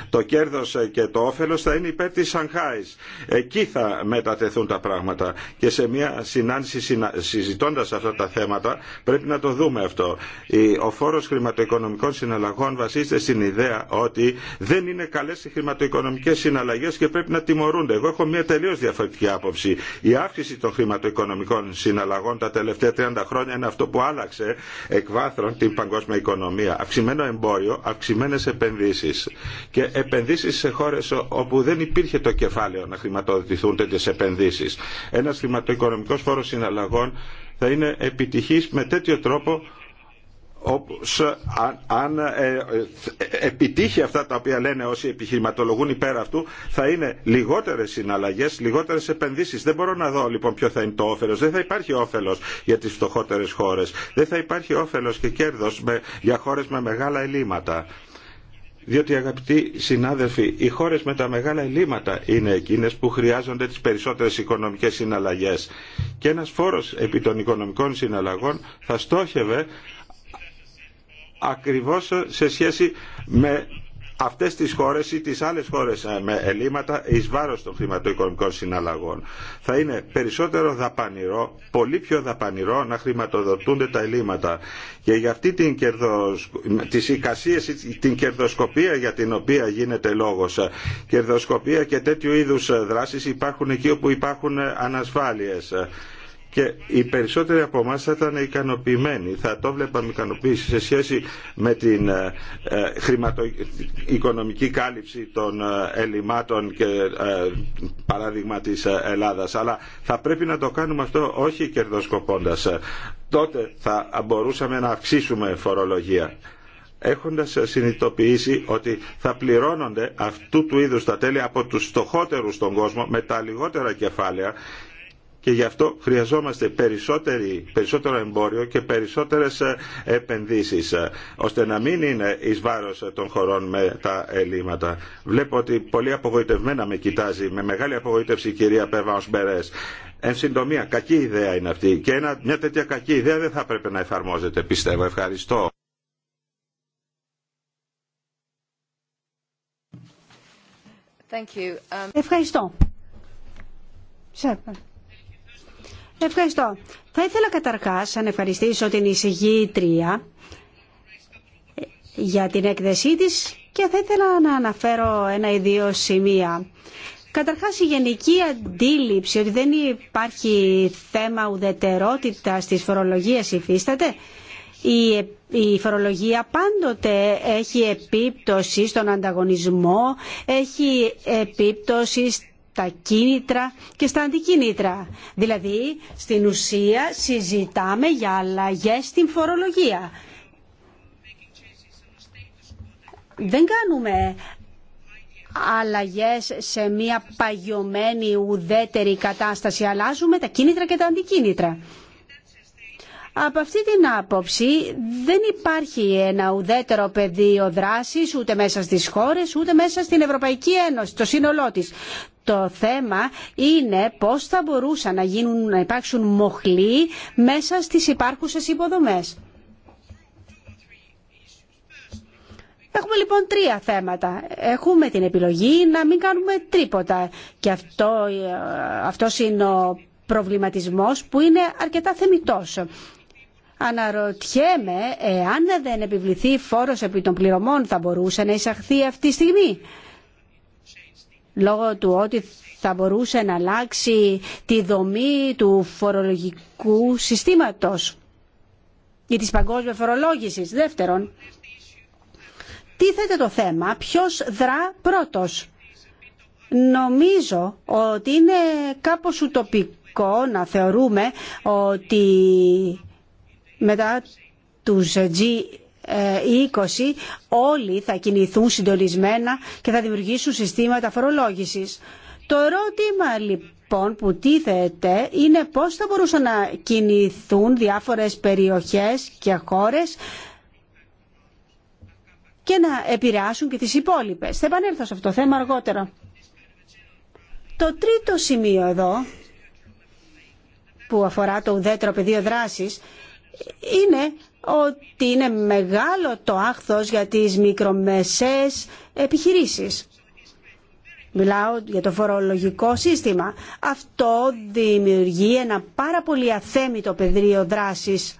το κέρδος και το όφελος θα είναι υπέρ της Σανχάης εκεί θα μετατεθούν τα πράγματα και σε μια συνάντηση συζητώντας αυτά τα θέματα πρέπει να το δούμε αυτό ο φόρος χρηματοοικονομικών συναλλαγών βασίζεται στην ιδέα ότι δεν είναι καλές οι χρηματοοικονομικές και συναλλαγές και πρέπει να τιμωρούνται. Εγώ έχω μια τελείως διαφορετική άποψη. Η αύξηση των χρηματοοικονομικών συναλλαγών τα τελευταία 30 χρόνια είναι αυτό που άλλαξε εκ βάθρων την παγκόσμια οικονομία. Αυξημένο εμπόριο, αυξημένες επενδύσεις και επενδύσεις σε χώρες όπου δεν υπήρχε το κεφάλαιο να χρηματοδοτηθούν τέτοιες επενδύσεις. Ένα χρηματοοικονομικός φόρος συναλλαγών θα είναι επιτυχής με τέτοιο τρόπο όπως αν ε, ε, επιτύχει αυτά τα οποία λένε όσοι επιχειρηματολογούν υπέρ αυτού θα είναι λιγότερες συναλλαγές, λιγότερες επενδύσεις. Δεν μπορώ να δω λοιπόν ποιο θα είναι το όφελος. Δεν θα υπάρχει όφελος για τις φτωχότερες χώρες. Δεν θα υπάρχει όφελος και κέρδος με, για χώρες με μεγάλα ελλείμματα. Διότι αγαπητοί συνάδελφοι, οι χώρες με τα μεγάλα ελλείμματα είναι εκείνες που χρειάζονται τις περισσότερες οικονομικές συναλλαγές. Και ένας φόρος επί των οικονομικών συναλλαγών θα στόχευε ακριβώς σε σχέση με αυτές τις χώρες ή τις άλλες χώρες ε, με ελλείμματα εις βάρος των χρηματοοικονομικών συναλλαγών. Θα είναι περισσότερο δαπανηρό, πολύ πιο δαπανηρό να χρηματοδοτούνται τα ελλείμματα. Και για αυτή την κερδοσ... την κερδοσκοπία για την οποία γίνεται λόγος, ε, κερδοσκοπία και τέτοιου είδους ε, δράσεις υπάρχουν εκεί όπου υπάρχουν ανασφάλειες και οι περισσότεροι από εμά θα ήταν ικανοποιημένοι, θα το βλέπαμε ικανοποίηση σε σχέση με την ε, ε, οικονομική κάλυψη των ε, ελλημάτων και παράδειγμα της Ελλάδας. Αλλά θα πρέπει να το κάνουμε αυτό όχι κερδοσκοπώντας. Τότε θα μπορούσαμε να αυξήσουμε φορολογία έχοντας συνειδητοποιήσει ότι θα πληρώνονται αυτού του είδους τα τέλη από τους στοχότερους στον κόσμο με τα λιγότερα κεφάλαια και γι' αυτό χρειαζόμαστε περισσότερο εμπόριο και περισσότερες ε, επενδύσεις ε, ώστε να μην είναι εις βάρος των χωρών με τα ελλείμματα. Βλέπω ότι πολύ απογοητευμένα με κοιτάζει, με μεγάλη απογοήτευση η κυρία Περβάνος Μπερές. Εν συντομία, κακή ιδέα είναι αυτή και ένα, μια τέτοια κακή ιδέα δεν θα έπρεπε να εφαρμόζεται πιστεύω. Ευχαριστώ. Thank you. Um, Ευχαριστώ. Ευχαριστώ. Θα ήθελα καταρχάς να ευχαριστήσω την εισηγήτρια για την έκθεσή της και θα ήθελα να αναφέρω ένα ή δύο σημεία. Καταρχάς η γενική αντίληψη ότι δεν υπάρχει θέμα ουδετερότητας της φορολογίας υφίσταται. Η φορολογία πάντοτε έχει επίπτωση στον ανταγωνισμό, έχει επίπτωση τα κίνητρα και στα αντικίνητρα. Δηλαδή, στην ουσία συζητάμε για αλλαγές στην φορολογία. Δεν κάνουμε αλλαγές σε μια παγιωμένη ουδέτερη κατάσταση. Αλλάζουμε τα κίνητρα και τα αντικίνητρα. Από αυτή την άποψη δεν υπάρχει ένα ουδέτερο πεδίο δράσης ούτε μέσα στις χώρες ούτε μέσα στην Ευρωπαϊκή Ένωση, το σύνολό της. Το θέμα είναι πώς θα μπορούσαν να, γίνουν, να υπάρξουν μοχλοί μέσα στις υπάρχουσες υποδομές. Έχουμε λοιπόν τρία θέματα. Έχουμε την επιλογή να μην κάνουμε τρίποτα Και αυτό, ε, αυτός είναι ο προβληματισμός που είναι αρκετά θεμητός. Αναρωτιέμαι εάν δεν επιβληθεί φόρος επί των πληρωμών θα μπορούσε να εισαχθεί αυτή τη στιγμή. Λόγω του ότι θα μπορούσε να αλλάξει τη δομή του φορολογικού συστήματος ή της παγκόσμιας φορολόγησης. Δεύτερον, τίθεται το θέμα ποιος δρά πρώτος. Νομίζω ότι είναι κάπως ουτοπικό να θεωρούμε ότι μετά τους G20 όλοι θα κινηθούν συντονισμένα και θα δημιουργήσουν συστήματα φορολόγησης. Το ερώτημα λοιπόν που τίθεται είναι πώς θα μπορούσαν να κινηθούν διάφορες περιοχές και χώρες και να επηρεάσουν και τις υπόλοιπες. Θα επανέλθω σε αυτό το θέμα αργότερα. Το τρίτο σημείο εδώ που αφορά το ουδέτερο πεδίο δράσης είναι ότι είναι μεγάλο το άχθος για τις μικρομεσαίες επιχειρήσεις. Μιλάω για το φορολογικό σύστημα. Αυτό δημιουργεί ένα πάρα πολύ αθέμητο πεδίο δράσης.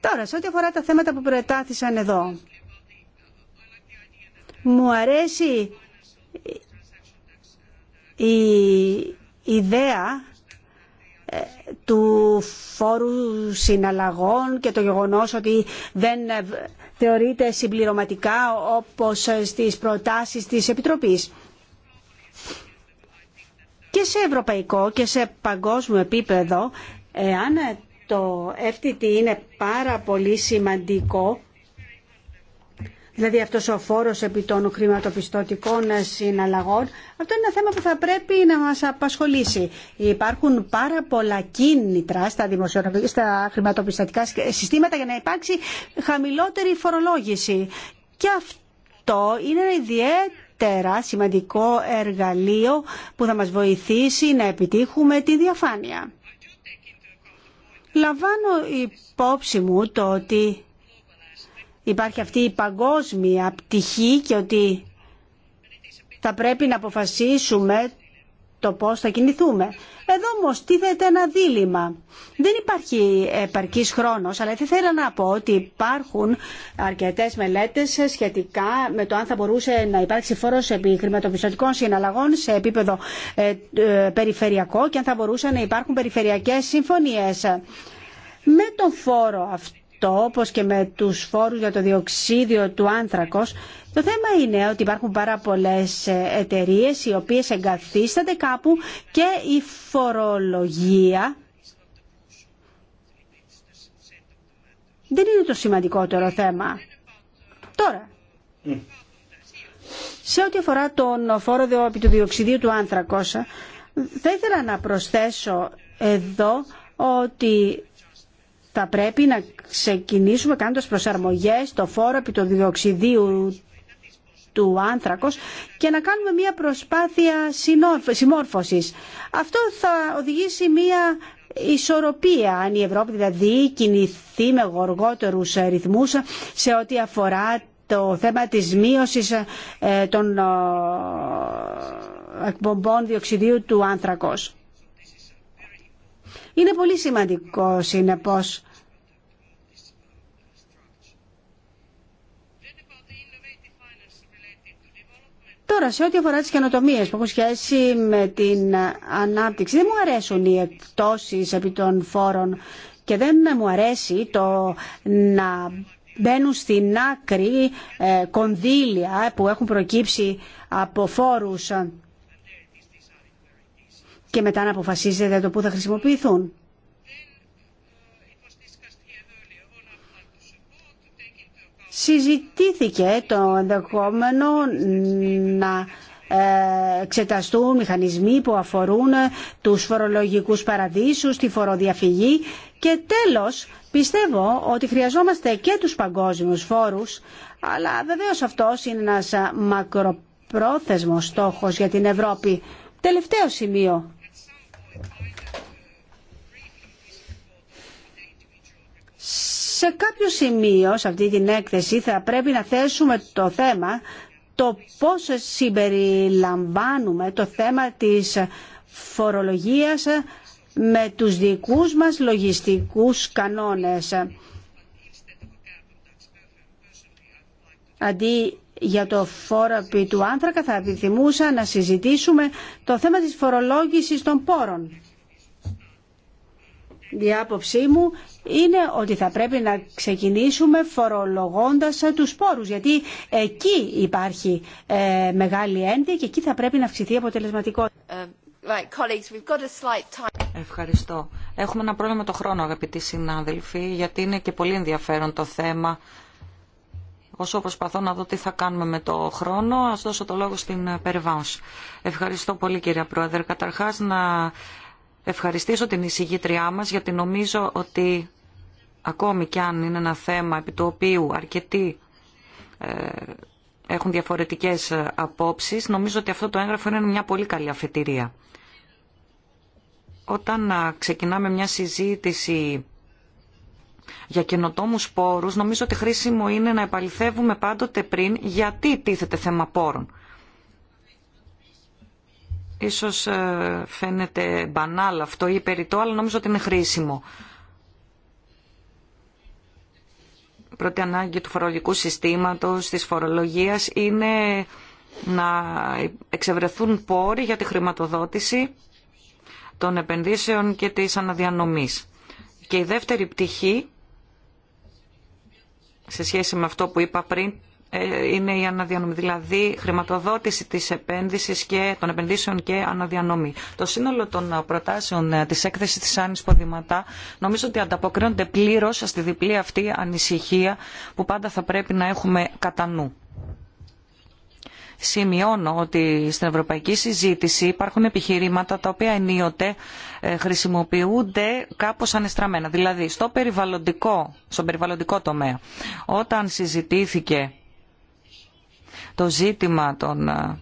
Τώρα, σε ό,τι αφορά τα θέματα που προετάθησαν εδώ. Μου αρέσει η ιδέα ε, του φόρου συναλλαγών και το γεγονός ότι δεν ε, θεωρείται συμπληρωματικά όπως στις προτάσεις της Επιτροπής. Και σε ευρωπαϊκό και σε παγκόσμιο επίπεδο, εάν το FTT είναι πάρα πολύ σημαντικό, δηλαδή αυτός ο φόρος επί των χρηματοπιστωτικών συναλλαγών, αυτό είναι ένα θέμα που θα πρέπει να μας απασχολήσει. Υπάρχουν πάρα πολλά κίνητρα στα, στα χρηματοπιστωτικά συστήματα για να υπάρξει χαμηλότερη φορολόγηση. Και αυτό είναι ένα ιδιαίτερα σημαντικό εργαλείο που θα μας βοηθήσει να επιτύχουμε τη διαφάνεια. Λαμβάνω υπόψη μου το ότι υπάρχει αυτή η παγκόσμια πτυχή και ότι θα πρέπει να αποφασίσουμε το πώς θα κινηθούμε. Εδώ όμω τίθεται ένα δίλημα. Δεν υπάρχει επαρκής χρόνος, αλλά ήθελα να πω ότι υπάρχουν αρκετές μελέτες σχετικά με το αν θα μπορούσε να υπάρξει φόρος επί χρηματοπιστωτικών συναλλαγών σε επίπεδο ε, ε, περιφερειακό και αν θα μπορούσαν να υπάρχουν περιφερειακές συμφωνίες. Με τον φόρο αυτό το όπως και με τους φόρους για το διοξίδιο του άνθρακος, το θέμα είναι ότι υπάρχουν πάρα πολλές ε, εταιρείε οι οποίες εγκαθίστανται κάπου και η φορολογία δεν είναι το σημαντικότερο θέμα. Τώρα, σε ό,τι αφορά τον φόρο επί του διοξιδίου του άνθρακος, ε, θα ήθελα να προσθέσω εδώ ότι θα πρέπει να ξεκινήσουμε κάνοντας προσαρμογές στο φόρο επί του διοξιδίου του άνθρακος και να κάνουμε μια προσπάθεια συμμόρφωσης. Αυτό θα οδηγήσει μια ισορροπία αν η Ευρώπη δηλαδή κινηθεί με γοργότερους ρυθμούς σε ό,τι αφορά το θέμα της μείωσης ε, των ε, εκπομπών διοξιδίου του άνθρακος. Είναι πολύ σημαντικό συνεπώ. Τώρα, σε ό,τι αφορά τι καινοτομίε που έχουν σχέση με την ανάπτυξη, δεν μου αρέσουν οι εκτόσει επί των φόρων και δεν μου αρέσει το να μπαίνουν στην άκρη ε, κονδύλια που έχουν προκύψει από φόρους και μετά να αποφασίζετε το πού θα χρησιμοποιηθούν. Συζητήθηκε το ενδεχόμενο να ε, εξεταστούν μηχανισμοί που αφορούν τους φορολογικούς παραδείσους, τη φοροδιαφυγή και τέλος πιστεύω ότι χρειαζόμαστε και τους παγκόσμιους φόρους αλλά βεβαίως αυτός είναι ένας μακροπρόθεσμος στόχος για την Ευρώπη. Τελευταίο σημείο. Σε κάποιο σημείο σε αυτή την έκθεση θα πρέπει να θέσουμε το θέμα το πώς συμπεριλαμβάνουμε το θέμα της φορολογίας με τους δικούς μας λογιστικούς κανόνες. Αντί για το φόρο του άνθρακα θα επιθυμούσα να συζητήσουμε το θέμα της φορολόγησης των πόρων. Η άποψή μου είναι ότι θα πρέπει να ξεκινήσουμε φορολογώντας τους σπόρους γιατί εκεί υπάρχει ε, μεγάλη ένδυα και εκεί θα πρέπει να αυξηθεί αποτελεσματικό. Ε, Ευχαριστώ. Έχουμε ένα πρόβλημα το χρόνο αγαπητοί συνάδελφοι γιατί είναι και πολύ ενδιαφέρον το θέμα. Όσο προσπαθώ να δω τι θα κάνουμε με το χρόνο, ας δώσω το λόγο στην ε, Περιβάνς. Ευχαριστώ πολύ κύριε Πρόεδρε. Καταρχάς να ευχαριστήσω την εισηγήτριά μας γιατί νομίζω ότι ακόμη κι αν είναι ένα θέμα επί του οποίου αρκετοί ε, έχουν διαφορετικές ε, απόψεις, νομίζω ότι αυτό το έγγραφο είναι μια πολύ καλή αφετηρία. Όταν ξεκινάμε μια συζήτηση για καινοτόμου πόρους, νομίζω ότι χρήσιμο είναι να επαληθεύουμε πάντοτε πριν γιατί τίθεται θέμα πόρων. Ίσως ε, φαίνεται μπανάλ αυτό ή περιττό, αλλά νομίζω ότι είναι χρήσιμο. πρώτη ανάγκη του φορολογικού συστήματος, της φορολογίας, είναι να εξευρεθούν πόροι για τη χρηματοδότηση των επενδύσεων και της αναδιανομής. Και η δεύτερη πτυχή, σε σχέση με αυτό που είπα πριν, ε, είναι η αναδιανομή, δηλαδή χρηματοδότηση της επένδυσης και των επενδύσεων και αναδιανομή. Το σύνολο των προτάσεων ε, της έκθεσης της Άννης Ποδηματά νομίζω ότι ανταποκρίνονται πλήρως στη διπλή αυτή ανησυχία που πάντα θα πρέπει να έχουμε κατά νου. Σημειώνω ότι στην ευρωπαϊκή συζήτηση υπάρχουν επιχειρήματα τα οποία ενίοτε ε, χρησιμοποιούνται κάπως ανεστραμμένα. Δηλαδή στο περιβαλλοντικό, στον περιβαλλοντικό τομέα. Όταν συζητήθηκε το ζήτημα των ε,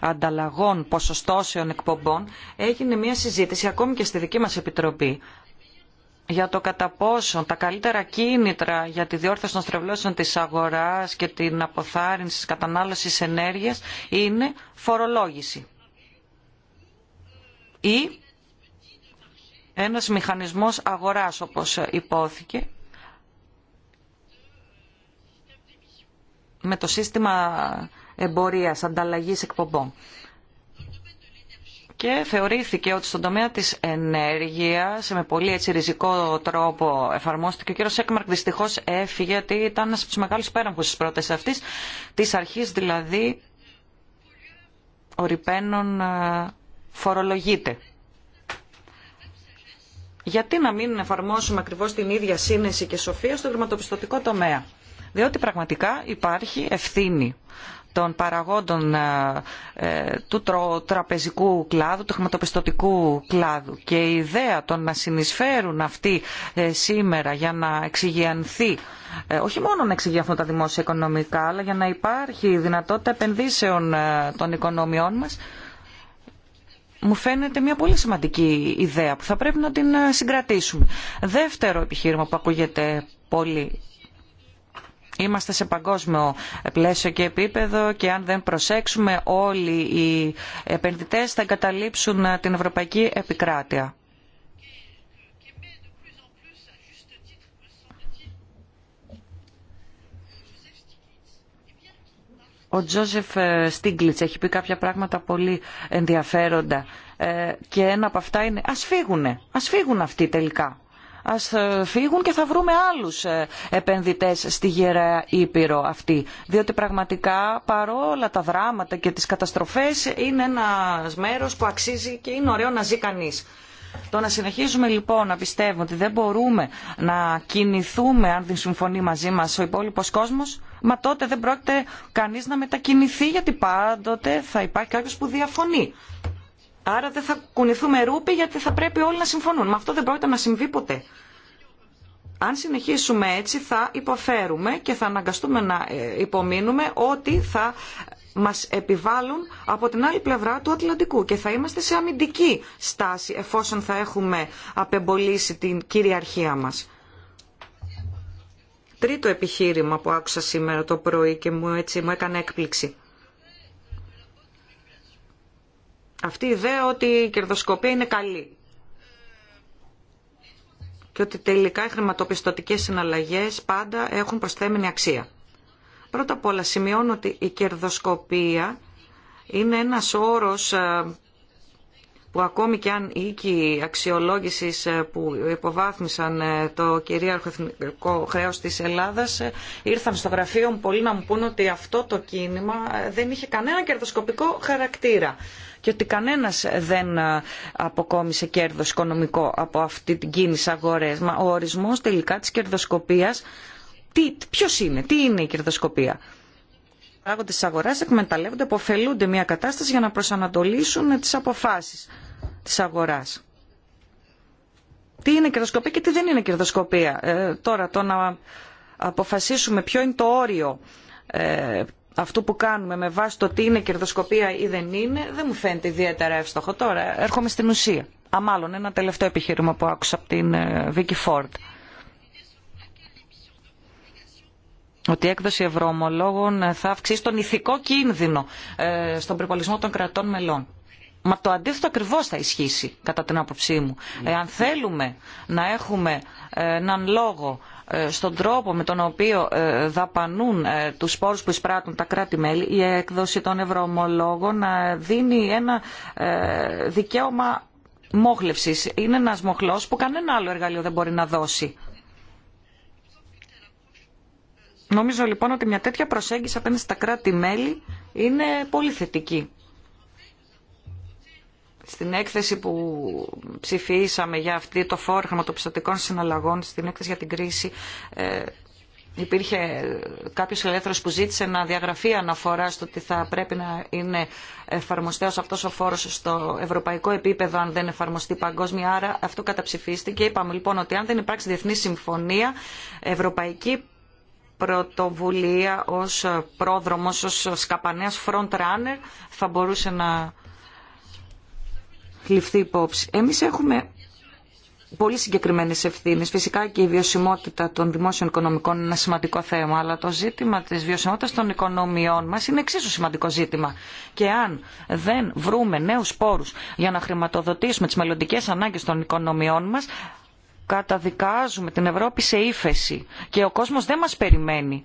ανταλλαγών ποσοστώσεων εκπομπών έγινε μια συζήτηση ακόμη και στη δική μας επιτροπή για το κατά πόσο τα καλύτερα κίνητρα για τη διόρθωση των στρεβλώσεων της αγοράς και την αποθάρρυνση της κατανάλωσης ενέργειας είναι φορολόγηση ή ένας μηχανισμός αγοράς όπως υπόθηκε με το σύστημα εμπορίας, ανταλλαγής εκπομπών. Και θεωρήθηκε ότι στον τομέα της ενέργειας, με πολύ έτσι ριζικό τρόπο εφαρμόστηκε, ο κύριος Σέκμαρκ δυστυχώς έφυγε, γιατί ήταν ένας από τους μεγάλους πέραμπους της πρότασης αυτής, της αρχής δηλαδή οριπένων ε, φορολογείται. Γιατί να μην εφαρμόσουμε ακριβώς την ίδια σύνεση και σοφία στο χρηματοπιστωτικό τομέα διότι πραγματικά υπάρχει ευθύνη των παραγόντων ε, ε, του τραπεζικού κλάδου, του χρηματοπιστωτικού κλάδου. Και η ιδέα των να συνεισφέρουν αυτοί ε, σήμερα για να εξηγιανθεί, όχι μόνο να εξηγιανθούν τα δημόσια οικονομικά, αλλά για να υπάρχει δυνατότητα επενδύσεων των οικονομιών μας, μου φαίνεται μια πολύ σημαντική ιδέα που θα πρέπει να την συγκρατήσουμε. Δεύτερο επιχείρημα που ακούγεται πολύ Είμαστε σε παγκόσμιο πλαίσιο και επίπεδο και αν δεν προσέξουμε όλοι οι επενδυτές θα εγκαταλείψουν ε, την ευρωπαϊκή επικράτεια. Ο Τζόζεφ ε, Στίγκλιτς έχει πει κάποια πράγματα πολύ ενδιαφέροντα ε, και ένα από αυτά είναι ας φύγουνε, ας φύγουν αυτοί τελικά ας ε, φύγουν και θα βρούμε άλλους ε, επενδυτές στη γεραία Ήπειρο αυτή. Διότι πραγματικά παρόλα τα δράματα και τις καταστροφές είναι ένας μέρος που αξίζει και είναι ωραίο να ζει κανείς. Το να συνεχίζουμε λοιπόν να πιστεύουμε ότι δεν μπορούμε να κινηθούμε αν δεν συμφωνεί μαζί μας ο υπόλοιπο κόσμος, μα τότε δεν πρόκειται κανείς να μετακινηθεί γιατί πάντοτε θα υπάρχει κάποιος που διαφωνεί. Άρα δεν θα κουνηθούμε ρούπι γιατί θα πρέπει όλοι να συμφωνούν. Με αυτό δεν πρόκειται να συμβεί ποτέ. Αν συνεχίσουμε έτσι θα υποφέρουμε και θα αναγκαστούμε να ε, υπομείνουμε ότι θα μας επιβάλλουν από την άλλη πλευρά του Ατλαντικού και θα είμαστε σε αμυντική στάση εφόσον θα έχουμε απεμπολίσει την κυριαρχία μας. Τρίτο επιχείρημα που άκουσα σήμερα το πρωί και μου, έτσι, μου έκανε έκπληξη. Αυτή η ιδέα ότι η κερδοσκοπία είναι καλή και ότι τελικά οι χρηματοπιστωτικές συναλλαγές πάντα έχουν προσθέμενη αξία. Πρώτα απ' όλα σημειώνω ότι η κερδοσκοπία είναι ένας όρος ε, που ακόμη και αν οι οίκοι αξιολόγησης ε, που υποβάθμισαν ε, το κυρίαρχο εθνικό χρέος της Ελλάδας ε, ήρθαν στο γραφείο μου πολλοί να μου πούνε ότι αυτό το κίνημα δεν είχε κανένα κερδοσκοπικό χαρακτήρα και ότι κανένας δεν αποκόμισε κέρδος οικονομικό από αυτή την κίνηση αγορές. Μα ο ορισμός τελικά της κερδοσκοπίας, τι, ποιος είναι, τι είναι η κερδοσκοπία παράγοντες της αγοράς εκμεταλλεύονται, αποφελούνται μια κατάσταση για να προσανατολίσουν τις αποφάσεις της αγοράς. Τι είναι κερδοσκοπία και τι δεν είναι κερδοσκοπία. Ε, τώρα το να αποφασίσουμε ποιο είναι το όριο ε, αυτού που κάνουμε με βάση το τι είναι κερδοσκοπία ή δεν είναι, δεν μου φαίνεται ιδιαίτερα εύστοχο. Τώρα έρχομαι στην ουσία. Α, ένα τελευταίο επιχείρημα που άκουσα από την Βίκη ε, Φόρτ. ότι η έκδοση ευρωομολόγων ε, θα αυξήσει τον ηθικό κίνδυνο ε, στον προπολισμό των κρατών μελών. Μα το αντίθετο ακριβώς θα ισχύσει, κατά την άποψή μου. Αν θέλουμε να έχουμε ε, έναν λόγο στον τρόπο με τον οποίο δαπανούν τους σπόρους που εισπράττουν τα κράτη-μέλη, η έκδοση των ευρωομολόγων δίνει ένα δικαίωμα μόχλευσης. Είναι ένας μοχλός που κανένα άλλο εργαλείο δεν μπορεί να δώσει. Νομίζω λοιπόν ότι μια τέτοια προσέγγιση απέναντι στα κράτη-μέλη είναι πολύ θετική. Στην έκθεση που ψηφίσαμε για αυτή το φόρο χρηματοπιστωτικών συναλλαγών, στην έκθεση για την κρίση, ε, υπήρχε κάποιος ελεύθερος που ζήτησε να διαγραφεί αναφορά στο ότι θα πρέπει να είναι εφαρμοστέως αυτός ο φόρος στο ευρωπαϊκό επίπεδο αν δεν εφαρμοστεί παγκόσμια. Άρα αυτό καταψηφίστηκε. Είπαμε λοιπόν ότι αν δεν υπάρξει διεθνή συμφωνία ευρωπαϊκή πρωτοβουλία ως πρόδρομος, ως σκαπανέας front runner θα μπορούσε να ληφθεί υπόψη. Εμείς έχουμε πολύ συγκεκριμένες ευθύνες. Φυσικά και η βιωσιμότητα των δημόσιων οικονομικών είναι ένα σημαντικό θέμα, αλλά το ζήτημα της βιωσιμότητας των οικονομιών μας είναι εξίσου σημαντικό ζήτημα. Και αν δεν βρούμε νέους πόρους για να χρηματοδοτήσουμε τις μελλοντικές ανάγκες των οικονομιών μας, καταδικάζουμε την Ευρώπη σε ύφεση και ο κόσμος δεν μας περιμένει.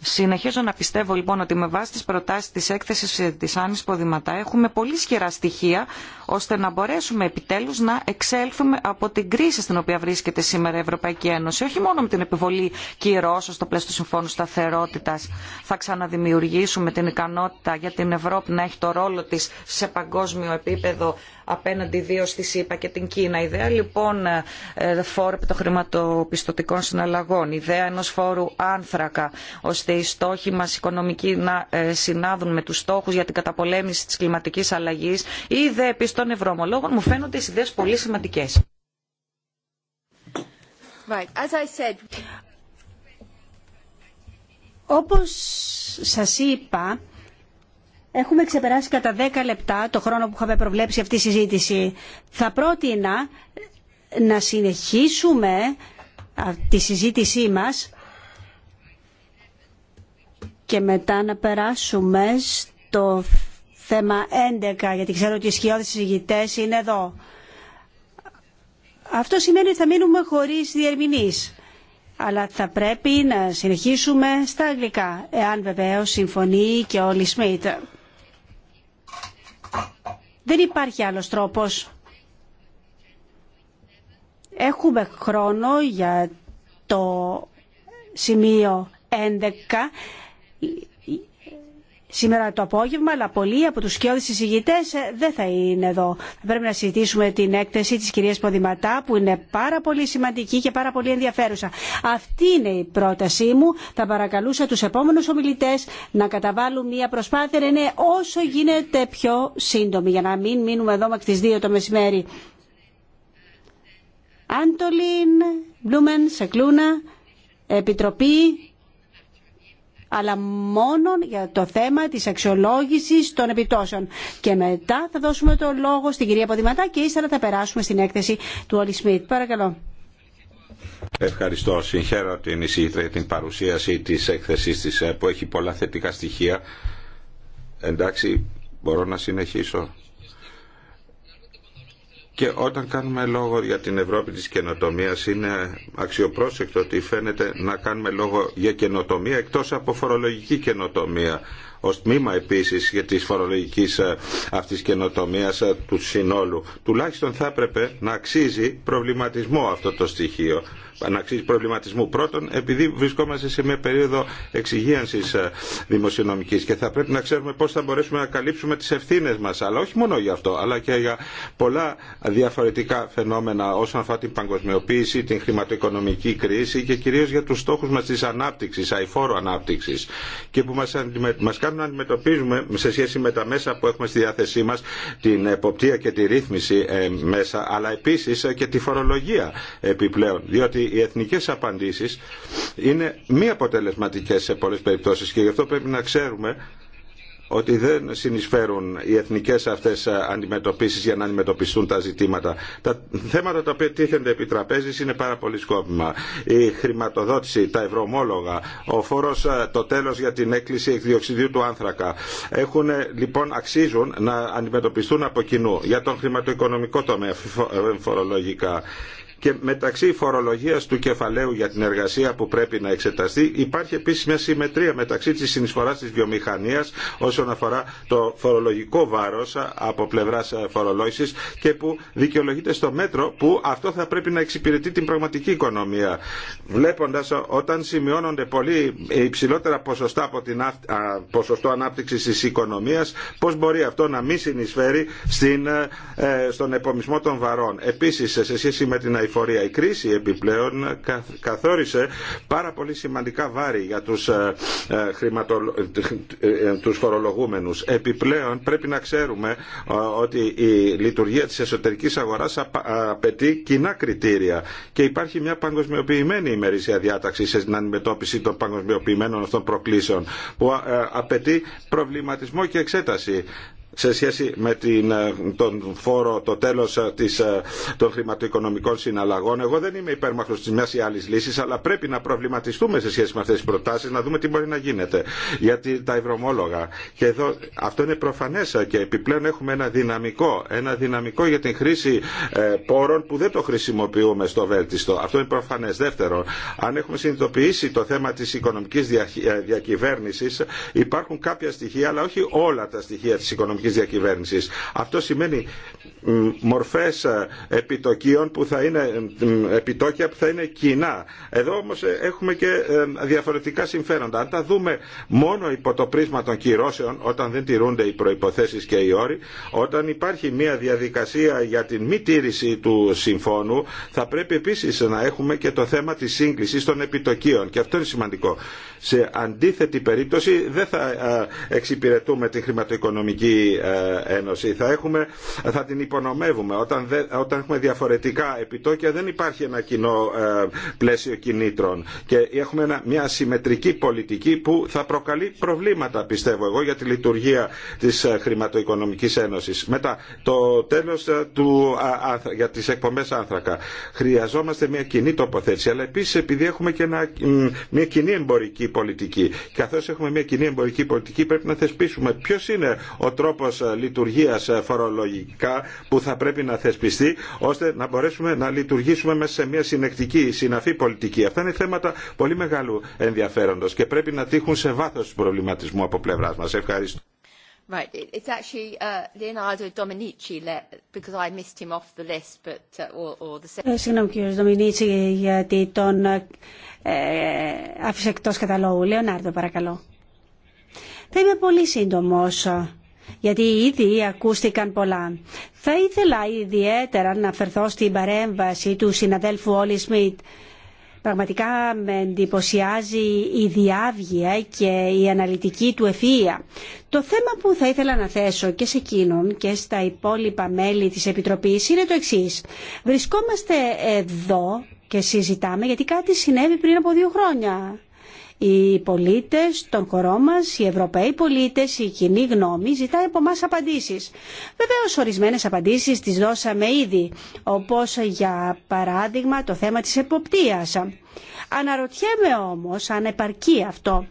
Συνεχίζω να πιστεύω λοιπόν ότι με βάση τις προτάσεις της έκθεσης της Άννης Ποδηματά έχουμε πολύ σκερά στοιχεία ώστε να μπορέσουμε επιτέλους να εξέλθουμε από την κρίση στην οποία βρίσκεται σήμερα η Ευρωπαϊκή Ένωση. Όχι μόνο με την επιβολή κυρώσεως στο πλαίσιο του Συμφώνου Σταθερότητας θα ξαναδημιουργήσουμε την ικανότητα για την Ευρώπη να έχει το ρόλο της σε παγκόσμιο επίπεδο απέναντι ιδίω στη ΣΥΠΑ και την Κίνα. ιδέα λοιπόν ε, φόρου επί των χρηματοπιστωτικών συναλλαγών, η ιδέα ενό φόρου άνθρακα, ώστε οι στόχοι μας οικονομικοί να ε, συνάδουν με τους στόχους για την καταπολέμηση της κλιματικής αλλαγή η ιδέα επίστον των ευρωομολόγων μου φαίνονται οι ιδέες πολύ σημαντικέ. As I said... Όπως σας είπα, Έχουμε ξεπεράσει κατά 10 λεπτά το χρόνο που είχαμε προβλέψει αυτή η συζήτηση. Θα πρότεινα να συνεχίσουμε τη συζήτησή μας και μετά να περάσουμε στο θέμα 11, γιατί ξέρω ότι οι σκιώδεις συζητητές είναι εδώ. Αυτό σημαίνει ότι θα μείνουμε χωρίς διερμηνείς, αλλά θα πρέπει να συνεχίσουμε στα αγγλικά, εάν βεβαίως συμφωνεί και όλοι Σμίτ. Δεν υπάρχει άλλος τρόπος. Έχουμε χρόνο για το σημείο 11 σήμερα το απόγευμα, αλλά πολλοί από τους σκιώδεις εισηγητές ε, δεν θα είναι εδώ. Θα πρέπει να συζητήσουμε την έκθεση της κυρίας Ποδηματά που είναι πάρα πολύ σημαντική και πάρα πολύ ενδιαφέρουσα. Αυτή είναι η πρότασή μου. Θα παρακαλούσα τους επόμενους ομιλητές να καταβάλουν μια προσπάθεια να είναι όσο γίνεται πιο σύντομη για να μην μείνουμε εδώ μέχρι τις 2 το μεσημέρι. Άντολιν, Μπλούμεν, Σεκλούνα, Επιτροπή, αλλά μόνο για το θέμα της αξιολόγησης των επιτόσεων. Και μετά θα δώσουμε το λόγο στην κυρία Ποδηματά και ύστερα θα περάσουμε στην έκθεση του Όλι Σμιτ. Παρακαλώ. Ευχαριστώ. Συγχαίρω την εισηγήτρια για την παρουσίαση της έκθεσης της ε, που έχει πολλά θετικά στοιχεία. Εντάξει, μπορώ να συνεχίσω. Και όταν κάνουμε λόγο για την Ευρώπη της καινοτομίας είναι αξιοπρόσεκτο ότι φαίνεται να κάνουμε λόγο για καινοτομία εκτός από φορολογική καινοτομία ως τμήμα επίσης για της φορολογικής ε, αυτής καινοτομίας ε, του συνόλου. Τουλάχιστον θα έπρεπε να αξίζει προβληματισμό αυτό το στοιχείο να αξίζει προβληματισμού. Πρώτον, επειδή βρισκόμαστε σε μια περίοδο εξυγίανσης ε, δημοσιονομικής και θα πρέπει να ξέρουμε πώς θα μπορέσουμε να καλύψουμε τις ευθύνε μας Αλλά όχι μόνο για αυτό, αλλά και για πολλά διαφορετικά φαινόμενα όσον αφορά την παγκοσμιοποίηση, την χρηματοοικονομική κρίση και κυρίω για του στόχου μα τη ανάπτυξη, αηφόρου ανάπτυξη. Και που μας να αντιμετωπίζουμε σε σχέση με τα μέσα που έχουμε στη διάθεσή μας την εποπτεία και τη ρύθμιση ε, μέσα αλλά επίσης και τη φορολογία επιπλέον διότι οι εθνικές απαντήσεις είναι μη αποτελεσματικές σε πολλές περιπτώσεις και γι' αυτό πρέπει να ξέρουμε ότι δεν συνεισφέρουν οι εθνικές αυτές αντιμετωπίσεις για να αντιμετωπιστούν τα ζητήματα. Τα θέματα τα οποία τίθενται επί τραπέζης είναι πάρα πολύ σκόπιμα. Η χρηματοδότηση, τα ευρωμόλογα, ο φόρος το τέλος για την έκκληση εκδιοξιδίου του άνθρακα έχουν λοιπόν αξίζουν να αντιμετωπιστούν από κοινού για τον χρηματοοικονομικό τομέα ε, φορολογικά. Και μεταξύ φορολογίας του κεφαλαίου για την εργασία που πρέπει να εξεταστεί υπάρχει επίσης μια συμμετρία μεταξύ της συνεισφοράς της βιομηχανίας όσον αφορά το φορολογικό βάρος από πλευράς φορολόγησης και που δικαιολογείται στο μέτρο που αυτό θα πρέπει να εξυπηρετεί την πραγματική οικονομία. Βλέποντας όταν σημειώνονται πολύ υψηλότερα ποσοστά από την ποσοστό ανάπτυξης της οικονομίας πώς μπορεί αυτό να μην συνεισφέρει στην, ε, στον επομισμό των βαρών. Επίσης σε σχέση με την η κρίση επιπλέον καθόρισε πάρα πολύ σημαντικά βάρη για τους, ε, ε, ε, τους φορολογούμενους. Επιπλέον πρέπει να ξέρουμε ότι η λειτουργία της εσωτερικής αγοράς απαιτεί κοινά κριτήρια και υπάρχει μια παγκοσμιοποιημένη ημερήσια διάταξη την αντιμετώπιση των παγκοσμιοποιημένων αυτών προκλήσεων που απαιτεί προβληματισμό και εξέταση σε σχέση με την, ε, τον φόρο, το τέλο ε, ε, των χρηματοοικονομικών συναλλαγών. Εγώ δεν είμαι υπέρμαχο τη μια ή άλλη λύσης, αλλά πρέπει να προβληματιστούμε σε σχέση με αυτέ τι προτάσει, να δούμε τι μπορεί να γίνεται. Γιατί τα ευρωμόλογα. Και εδώ αυτό είναι προφανέ. και επιπλέον έχουμε ένα δυναμικό, ένα δυναμικό για την χρήση πόρων που δεν το χρησιμοποιούμε στο βέλτιστο. Αυτό είναι προφανέ. Δεύτερον, αν έχουμε συνειδητοποιήσει το θέμα τη οικονομική διακυβέρνηση, υπάρχουν κάποια στοιχεία, αλλά όχι όλα τα στοιχεία τη οικονομική διακυβέρνησης. Αυτό σημαίνει μορφές ε, επιτοκίων που θα είναι επιτόκια που θα είναι κοινά. Εδώ όμως ε, έχουμε και ε, διαφορετικά συμφέροντα. Αν τα δούμε μόνο υπό το πρίσμα των κυρώσεων όταν δεν τηρούνται οι προϋποθέσεις και οι όροι, όταν υπάρχει μια διαδικασία για την μη τήρηση του συμφώνου, θα πρέπει επίσης να έχουμε και το θέμα της σύγκλησης των επιτοκίων και αυτό είναι σημαντικό. Σε αντίθετη περίπτωση δεν θα εξυπηρετούμε την χρηματοοικονομική ε, Ένωση. Θα, έχουμε, θα την υπονομεύουμε. Όταν, όταν έχουμε διαφορετικά επιτόκια δεν υπάρχει ένα κοινό ε, πλαίσιο κινήτρων. Και έχουμε μια συμμετρική πολιτική που θα προκαλεί προβλήματα, πιστεύω εγώ, για τη λειτουργία της ε, Χρηματοοικονομικής Ένωσης. Μετά, το τέλος του, για τις εκπομπές άνθρακα. Χρειαζόμαστε μια κοινή τοποθέτηση, αλλά επίσης επειδή έχουμε και ένα, μια κοινή εμπορική πολιτική. Καθώς έχουμε μια κοινή εμπορική πολιτική πρέπει να θεσπίσουμε ποιο είναι ο τρόπο τρόπος ε, λειτουργίας ε, φορολογικά που θα πρέπει να θεσπιστεί ώστε να μπορέσουμε να λειτουργήσουμε μέσα σε μια συνεκτική, συναφή πολιτική. Αυτά είναι θέματα πολύ μεγάλου ενδιαφέροντος και πρέπει να τύχουν σε βάθος του προβληματισμού από πλευράς μας. Ευχαριστώ. Right, it's actually uh, Leonardo because I missed him off the list, but uh, or, the. Ε, συγγνώμη κύριε Δομινίτσι γιατί τον άφησε εκτός καταλόγου. Λεωνάρδο παρακαλώ. Θα είμαι πολύ σύντομος γιατί ήδη ακούστηκαν πολλά. Θα ήθελα ιδιαίτερα να φερθώ στην παρέμβαση του συναδέλφου Όλη Σμιτ. Πραγματικά με εντυπωσιάζει η διάβγεια και η αναλυτική του ευφυΐα. Το θέμα που θα ήθελα να θέσω και σε εκείνον και στα υπόλοιπα μέλη της Επιτροπής είναι το εξής. Βρισκόμαστε εδώ και συζητάμε γιατί κάτι συνέβη πριν από δύο χρόνια. Οι πολίτες τον χωρών μας, οι Ευρωπαίοι πολίτες, η κοινή γνώμη ζητάει από εμά απαντήσεις. Βεβαίως ορισμένες απαντήσεις τις δώσαμε ήδη, όπως για παράδειγμα το θέμα της εποπτείας. Αναρωτιέμαι όμως αν επαρκεί αυτό.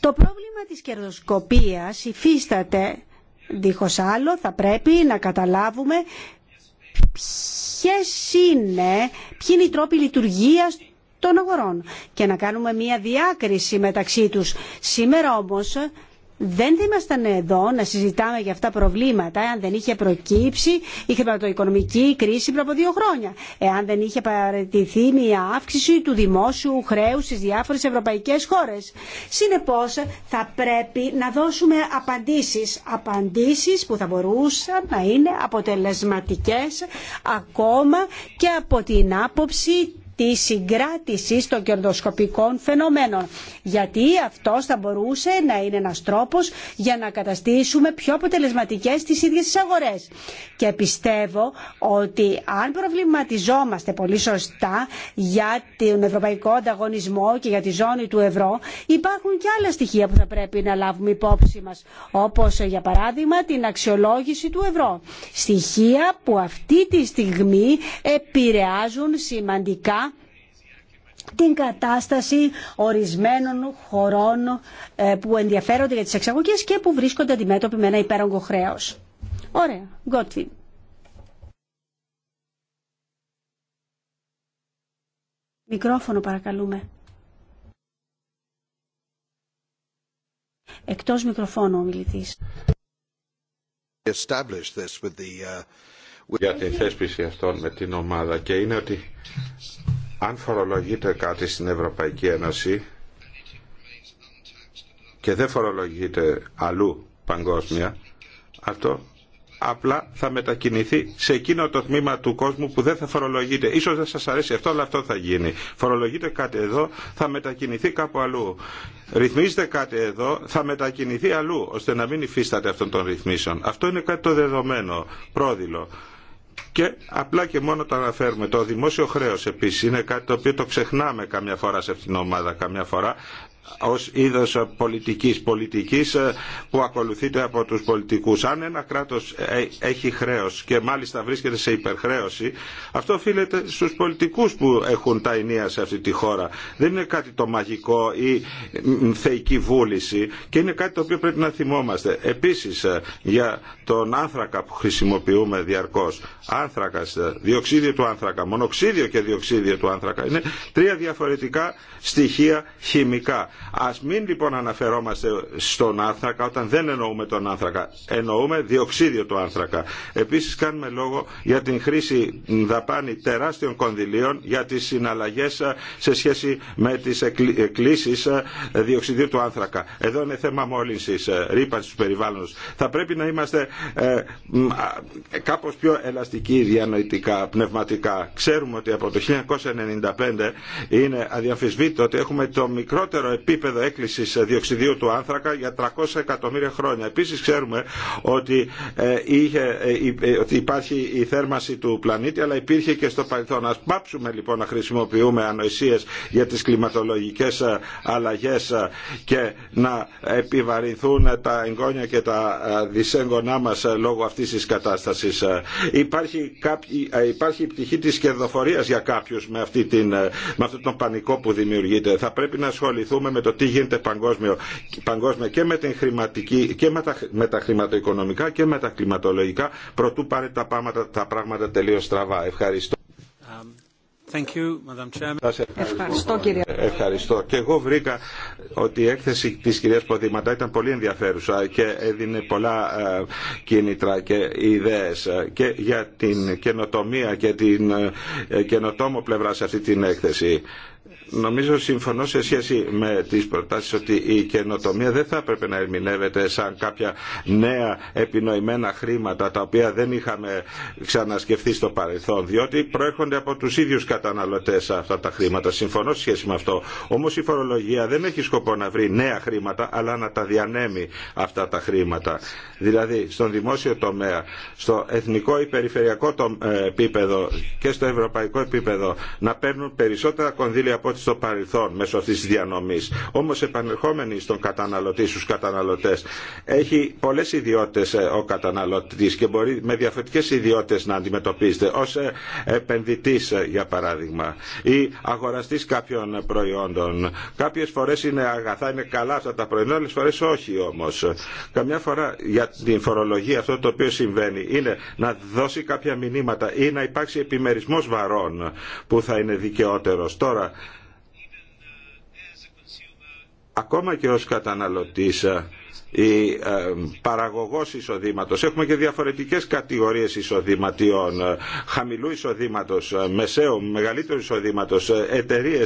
Το πρόβλημα της κερδοσκοπίας υφίσταται δίχως άλλο θα πρέπει να καταλάβουμε ποιες είναι, ποιοι είναι οι τρόποι λειτουργίας των αγορών και να κάνουμε μια διάκριση μεταξύ τους. Σήμερα όμως δεν θα ήμασταν εδώ να συζητάμε για αυτά προβλήματα αν δεν είχε προκύψει η χρηματοοικονομική κρίση πριν από δύο χρόνια. Εάν δεν είχε παρατηθεί μια αύξηση του δημόσιου χρέου στις διάφορες ευρωπαϊκές χώρες. Συνεπώς θα πρέπει να δώσουμε απαντήσεις, απαντήσεις που θα μπορούσαν να είναι αποτελεσματικές ακόμα και από την άποψη τη συγκράτηση των κερδοσκοπικών φαινομένων. Γιατί αυτός θα μπορούσε να είναι ένας τρόπο για να καταστήσουμε πιο αποτελεσματικές τις ίδιε τι αγορέ. Και πιστεύω ότι αν προβληματιζόμαστε πολύ σωστά για τον ευρωπαϊκό ανταγωνισμό και για τη ζώνη του ευρώ, υπάρχουν και άλλα στοιχεία που θα πρέπει να λάβουμε υπόψη μα. όπως για παράδειγμα την αξιολόγηση του ευρώ. Στοιχεία που αυτή τη στιγμή επηρεάζουν σημαντικά την κατάσταση ορισμένων χωρών ε, που ενδιαφέρονται για τις εξαγωγές και που βρίσκονται αντιμέτωποι με ένα υπέρογκο χρέο. Ωραία. Γκότφιν. Μικρόφωνο παρακαλούμε. Εκτός μικροφώνου ο μιλητής. Uh, για τη θέσπιση αυτών με την ομάδα και είναι ότι αν φορολογείται κάτι στην Ευρωπαϊκή Ένωση και δεν φορολογείται αλλού παγκόσμια, αυτό απλά θα μετακινηθεί σε εκείνο το τμήμα του κόσμου που δεν θα φορολογείται. Ίσως δεν σας αρέσει αυτό, αλλά αυτό θα γίνει. Φορολογείται κάτι εδώ, θα μετακινηθεί κάπου αλλού. Ρυθμίζεται κάτι εδώ, θα μετακινηθεί αλλού, ώστε να μην υφίσταται αυτών των ρυθμίσεων. Αυτό είναι κάτι το δεδομένο, πρόδειλο. Και απλά και μόνο το αναφέρουμε. Το δημόσιο χρέο επίση είναι κάτι το οποίο το ξεχνάμε καμιά φορά σε αυτήν την ομάδα. Καμιά φορά ως είδος πολιτικής πολιτικής ε, που ακολουθείται από τους πολιτικούς. Αν ένα κράτος ε, έχει χρέος και μάλιστα βρίσκεται σε υπερχρέωση, αυτό οφείλεται στους πολιτικούς που έχουν τα ενία σε αυτή τη χώρα. Δεν είναι κάτι το μαγικό ή θεϊκή βούληση και είναι κάτι το οποίο πρέπει να θυμόμαστε. Επίσης ε, για τον άνθρακα που χρησιμοποιούμε διαρκώς, άνθρακας, διοξίδιο του άνθρακα, μονοξίδιο και διοξίδιο του άνθρακα, είναι τρία διαφορετικά στοιχεία χημικά Ας μην λοιπόν αναφερόμαστε στον άνθρακα όταν δεν εννοούμε τον άνθρακα. Εννοούμε διοξίδιο του άνθρακα. Επίσης κάνουμε λόγο για την χρήση δαπάνη τεράστιων κονδυλίων για τις συναλλαγές ε, σε σχέση με τις εκκλήσεις ε, διοξιδίου του άνθρακα. Εδώ είναι θέμα μόλυνσης, ε, ρήπανσης του περιβάλλοντος. Θα πρέπει να είμαστε ε, κάπως πιο ελαστικοί διανοητικά, πνευματικά. Ξέρουμε ότι από το 1995 είναι αδιαμφισβήτητο ότι έχουμε το μικρότερο επίπεδο έκκληση ε, διοξιδίου του άνθρακα για 300 εκατομμύρια χρόνια. Επίση ξέρουμε ότι, ε, είχε, ε, ότι υπάρχει η θέρμανση του πλανήτη αλλά υπήρχε και στο παρελθόν. Ας πάψουμε λοιπόν να χρησιμοποιούμε ανοησίε για τι κλιματολογικέ αλλαγέ και να επιβαρυνθούν τα εγγόνια και τα δυσέγγονά μα λόγω αυτή τη κατάσταση. Υπάρχει, υπάρχει η πτυχή τη κερδοφορία για κάποιους με, με αυτόν τον πανικό που δημιουργείται. Θα πρέπει να ασχοληθούμε με το τι γίνεται παγκόσμιο, και με, την χρηματική, και με τα, με χρηματοοικονομικά και με τα κλιματολογικά προτού πάρει τα, πράγματα, τα πράγματα τελείως στραβά. Ευχαριστώ. Um, thank you, Madam Chairman. Ευχαριστώ, κύριε. Ευχαριστώ. Και εγώ βρήκα ότι η έκθεση της κυρίας Ποδηματά ήταν πολύ ενδιαφέρουσα και έδινε πολλά ε, κίνητρα και ιδέες ε, και για την καινοτομία και την ε, καινοτόμο πλευρά σε αυτή την έκθεση. Νομίζω συμφωνώ σε σχέση με τις προτάσεις ότι η καινοτομία δεν θα έπρεπε να ερμηνεύεται σαν κάποια νέα επινοημένα χρήματα τα οποία δεν είχαμε ξανασκεφτεί στο παρελθόν διότι προέρχονται από τους ίδιους καταναλωτές αυτά τα χρήματα. Συμφωνώ σε σχέση με αυτό. Όμως η φορολογία δεν έχει σκοπό να βρει νέα χρήματα αλλά να τα διανέμει αυτά τα χρήματα. Δηλαδή στον δημόσιο τομέα, στο εθνικό ή περιφερειακό ε, επίπεδο και στο ευρωπαϊκό επίπεδο να παίρνουν περισσότερα κονδύλια περισσότεροι από ό,τι στο παρελθόν μέσω αυτής της διανομής. Όμως επανερχόμενοι στον καταναλωτή, στους καταναλωτές, έχει πολλές ιδιότητες ε, ο καταναλωτής και μπορεί με διαφορετικές ιδιότητες να αντιμετωπίζεται ως ε, επενδυτής ε, για παράδειγμα ή αγοραστής κάποιων προϊόντων. Κάποιες φορές είναι αγαθά, είναι καλά αυτά τα προϊόντα, άλλες φορές όχι όμως. Καμιά φορά για την φορολογία αυτό το οποίο συμβαίνει είναι να δώσει κάποια μηνύματα ή να υπάρξει επιμερισμός βαρών που θα είναι δικαιότερος. Τώρα ακόμα και ως καταναλωτής ή ε, ε, παραγωγός εισοδήματος. Έχουμε και διαφορετικές κατηγορίες εισοδηματιών, ε, χαμηλού εισοδήματος, μεσαίου, μεγαλύτερου εισοδήματος, εταιρείε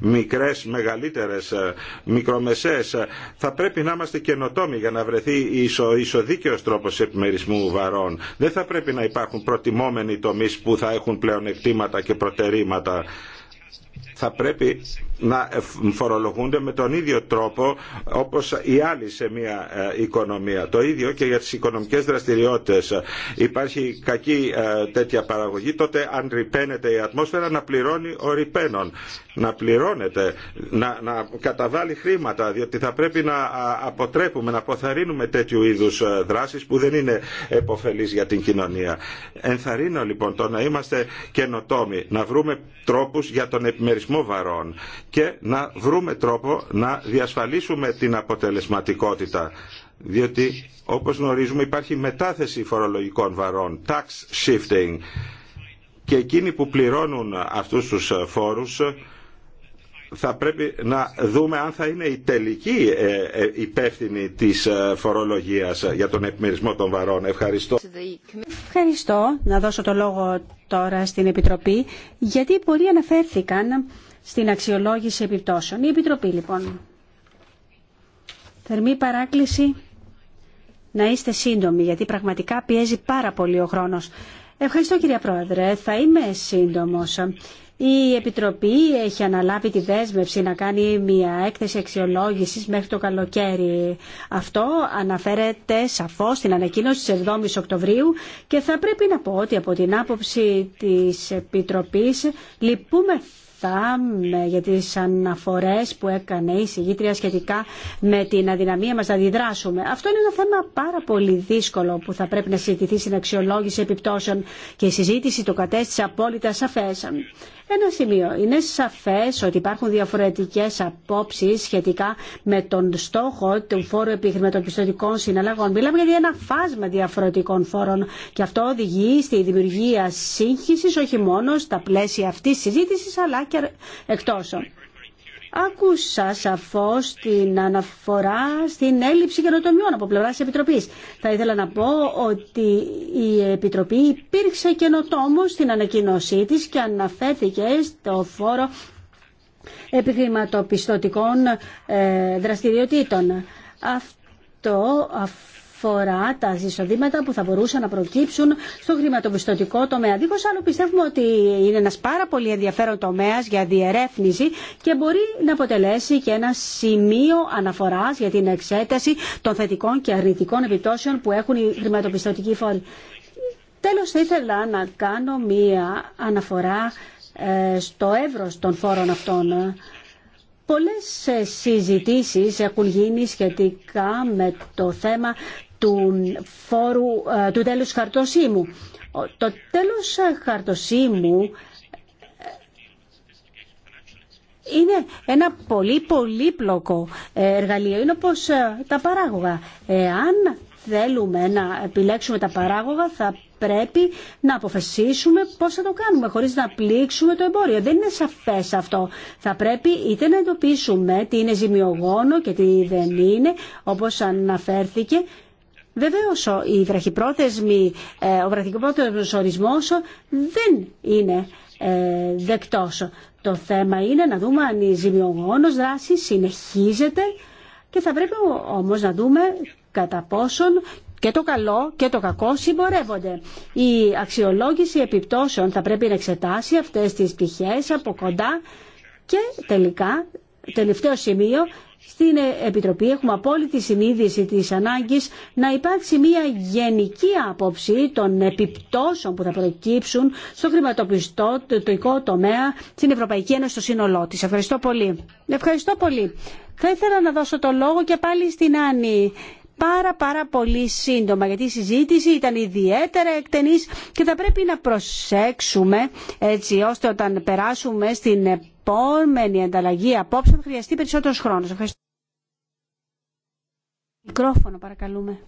μικρές, μεγαλύτερες, μικρομεσαίες. Θα πρέπει να είμαστε καινοτόμοι για να βρεθεί ισο, ισοδίκαιος τρόπος επιμερισμού βαρών. Δεν θα πρέπει να υπάρχουν προτιμόμενοι τομείς που θα έχουν πλέον και προτερήματα θα πρέπει να φορολογούνται με τον ίδιο τρόπο όπως οι άλλοι σε μια ε, οικονομία. Το ίδιο και για τις οικονομικές δραστηριότητες. Υπάρχει κακή ε, τέτοια παραγωγή, τότε αν ρηπαίνεται η ατμόσφαιρα να πληρώνει ο ρηπαίνων. Να πληρώνεται, να, να καταβάλει χρήματα, διότι θα πρέπει να αποτρέπουμε, να αποθαρρύνουμε τέτοιου είδους ε, δράσεις που δεν είναι επωφελείς για την κοινωνία. Ενθαρρύνω λοιπόν το να είμαστε καινοτόμοι, να βρούμε τρόπους για τον επιμερισμό βαρών και να βρούμε τρόπο να διασφαλίσουμε την αποτελεσματικότητα διότι όπως γνωρίζουμε υπάρχει μετάθεση φορολογικών βαρών, tax shifting και εκείνοι που πληρώνουν αυτούς τους φόρους θα πρέπει να δούμε αν θα είναι η τελική ε, ε, υπεύθυνη της ε, φορολογίας για τον επιμερισμό των βαρών. Ευχαριστώ. Ευχαριστώ. Να δώσω το λόγο τώρα στην Επιτροπή γιατί πολλοί αναφέρθηκαν στην αξιολόγηση επιπτώσεων. Η Επιτροπή λοιπόν. Θερμή παράκληση να είστε σύντομοι γιατί πραγματικά πιέζει πάρα πολύ ο χρόνος. Ευχαριστώ κυρία Πρόεδρε. Θα είμαι σύντομος. Η Επιτροπή έχει αναλάβει τη δέσμευση να κάνει μια έκθεση αξιολόγησης μέχρι το καλοκαίρι. Αυτό αναφέρεται σαφώς στην ανακοίνωση της 7ης Οκτωβρίου και θα πρέπει να πω ότι από την άποψη της Επιτροπής λυπούμε αυτά για τις αναφορές που έκανε η συγγήτρια σχετικά με την αδυναμία μας να αντιδράσουμε. Αυτό είναι ένα θέμα πάρα πολύ δύσκολο που θα πρέπει να συζητηθεί στην αξιολόγηση επιπτώσεων και η συζήτηση το κατέστησε απόλυτα σαφές. Ένα σημείο. Είναι σαφές ότι υπάρχουν διαφορετικές απόψεις σχετικά με τον στόχο του φόρου επιχειρηματοπιστωτικών συναλλαγών. Μιλάμε για ένα φάσμα διαφορετικών φόρων και αυτό οδηγεί στη δημιουργία σύγχυσης όχι μόνο στα πλαίσια αυτής τη συζήτησης αλλά και εκτός. Άκουσα σαφώ την αναφορά στην έλλειψη καινοτομιών από πλευρά τη Επιτροπή. Θα ήθελα να πω ότι η Επιτροπή υπήρξε καινοτόμο στην ανακοίνωσή τη και αναφέρθηκε στο φόρο επιχειρηματοπιστωτικών ε, δραστηριοτήτων. Αυτό αφορά τα εισοδήματα που θα μπορούσαν να προκύψουν στο χρηματοπιστωτικό τομέα. Δίχω άλλο πιστεύουμε ότι είναι ένα πάρα πολύ ενδιαφέρον τομέα για διερεύνηση και μπορεί να αποτελέσει και ένα σημείο αναφορά για την εξέταση των θετικών και αρνητικών επιπτώσεων που έχουν οι χρηματοπιστωτικοί φόροι. Τέλο, θα ήθελα να κάνω μία αναφορά ε, στο εύρο των φόρων αυτών. Πολλές ε, συζητήσεις έχουν γίνει σχετικά με το θέμα του, φόρου, ε, του τέλους χαρτοσύμου. Το τέλος ε, χαρτοσύμου ε, είναι ένα πολύ πολύπλοκο εργαλείο. Είναι όπως τα παράγωγα. Εάν θέλουμε να επιλέξουμε τα παράγωγα θα πρέπει να αποφασίσουμε πώς θα το κάνουμε χωρίς να πλήξουμε το εμπόριο. Δεν είναι σαφές αυτό. Θα πρέπει είτε να εντοπίσουμε τι είναι ζημιογόνο και τι δεν είναι όπως αναφέρθηκε Βεβαίω ε, ο βραχυπρόθεσμος ορισμό δεν είναι ε, δεκτός. Το θέμα είναι να δούμε αν η ζημιογόνος δράση συνεχίζεται και θα πρέπει όμως να δούμε κατά πόσον και το καλό και το κακό συμπορεύονται. Η αξιολόγηση επιπτώσεων θα πρέπει να εξετάσει αυτές τις πτυχές από κοντά και τελικά, τελευταίο σημείο, στην Επιτροπή έχουμε απόλυτη συνείδηση της ανάγκης να υπάρξει μια γενική άποψη των επιπτώσεων που θα προκύψουν στο χρηματοπιστωτικό τομέα στην Ευρωπαϊκή Ένωση στο σύνολό της. Ευχαριστώ πολύ. Ευχαριστώ πολύ. Θα ήθελα να δώσω το λόγο και πάλι στην Άννη πάρα πάρα πολύ σύντομα γιατί η συζήτηση ήταν ιδιαίτερα εκτενής και θα πρέπει να προσέξουμε έτσι ώστε όταν περάσουμε στην επόμενη ανταλλαγή απόψε χρειαστεί περισσότερο χρόνο. Ευχαριστώ. Μικρόφωνο παρακαλούμε.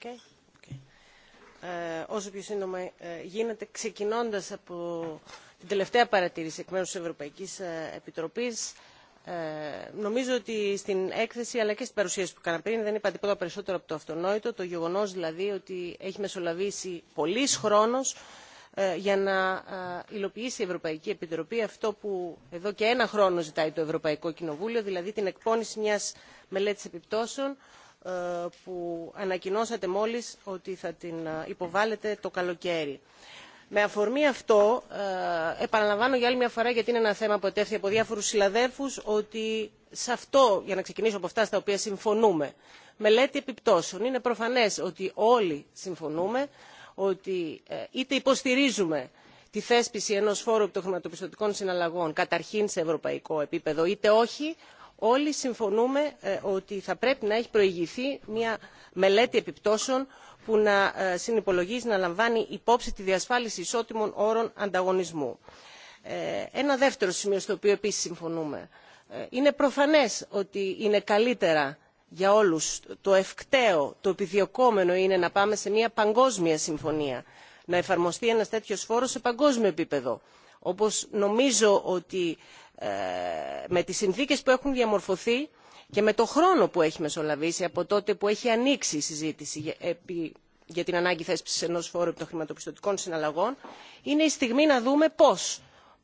Okay. Okay. Ε, όσο πιο σύντομα ε, γίνεται, ξεκινώντα από την τελευταία παρατήρηση εκ τη Ευρωπαϊκή Ευρωπαϊκής ε, Επιτροπής, ε, νομίζω ότι στην έκθεση αλλά και στην παρουσίαση που έκανα πριν δεν είπα τίποτα περισσότερο από το αυτονόητο, το γεγονό δηλαδή ότι έχει μεσολαβήσει πολλή χρόνο. Ε, για να ε, υλοποιήσει η Ευρωπαϊκή Επιτροπή αυτό που εδώ και ένα χρόνο ζητάει το Ευρωπαϊκό Κοινοβούλιο, δηλαδή την εκπώνηση μιας μελέτης επιπτώσεων ε, που ανακοινώσατε μόλις ότι θα την υποβάλλετε το καλοκαίρι. Με αφορμή αυτό, επαναλαμβάνω για άλλη μια φορά, γιατί είναι ένα θέμα που ετέθη από διάφορους συλλαδέρφους, ότι σε αυτό, για να ξεκινήσω από αυτά στα οποία συμφωνούμε, μελέτη επιπτώσεων, είναι προφανές ότι όλοι συμφωνούμε ότι ε, είτε υποστηρίζουμε τη θέσπιση ενός φόρου από των χρηματοπιστωτικών συναλλαγών καταρχήν σε ευρωπαϊκό επίπεδο είτε όχι όλοι συμφωνούμε ε, ότι θα πρέπει να έχει προηγηθεί μια μελέτη επιπτώσεων που να ε, συνυπολογίζει να λαμβάνει υπόψη τη διασφάλιση ισότιμων όρων ανταγωνισμού. ένα δεύτερο σημείο στο οποίο επίσης συμφωνούμε είναι προφανές ότι είναι καλύτερα για όλους το ευκταίο το επιδιωκόμενο είναι να πάμε σε μια παγκόσμια συμφωνία να εφαρμοστεί ένας τέτοιος φόρος σε παγκόσμιο επίπεδο όπως νομίζω ότι ε, με τις συνθήκες που έχουν διαμορφωθεί και με το χρόνο που έχει μεσολαβήσει από τότε που έχει ανοίξει η συζήτηση για, την ανάγκη θέσπισης ενός φόρου επί των χρηματοπιστωτικών συναλλαγών είναι η στιγμή να δούμε πώς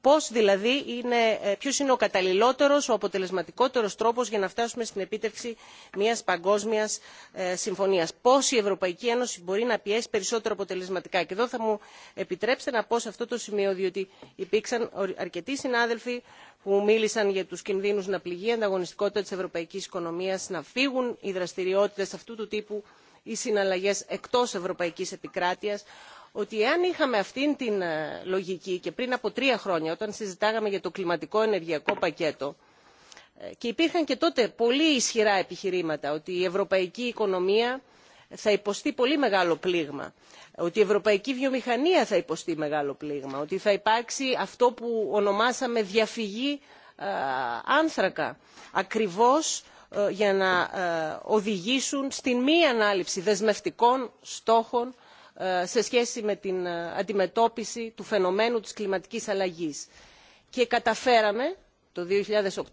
πώς δηλαδή είναι, ε, ποιος είναι ο καταλληλότερος, ο αποτελεσματικότερος τρόπος για να φτάσουμε στην επίτευξη μιας παγκόσμιας ε, συμφωνίας. Πώς η Ευρωπαϊκή Ένωση μπορεί να πιέσει περισσότερο αποτελεσματικά. Και εδώ θα μου επιτρέψετε να πω σε αυτό το σημείο, διότι υπήρξαν αρκετοί συνάδελφοι που μίλησαν για τους κινδύνους να πληγεί η ανταγωνιστικότητα της ευρωπαϊκής οικονομίας, να φύγουν οι δραστηριότητες αυτού του τύπου οι συναλλαγές εκτός ευρωπαϊκής επικράτειας ότι εάν είχαμε αυτήν την ε, λογική και πριν από τρία χρόνια όταν συζητάγαμε για το κλιματικό ενεργειακό πακέτο ε, και υπήρχαν και τότε πολύ ισχυρά επιχειρήματα ότι η ευρωπαϊκή οικονομία θα υποστεί πολύ μεγάλο πλήγμα ότι η ευρωπαϊκή βιομηχανία θα υποστεί μεγάλο πλήγμα ότι θα υπάρξει αυτό που ονομάσαμε διαφυγή ε, άνθρακα ακριβώς για να οδηγήσουν στην μη ανάληψη δεσμευτικών στόχων ε, σε σχέση με την ε, αντιμετώπιση του φαινομένου της κλιματικής αλλαγής. Και καταφέραμε το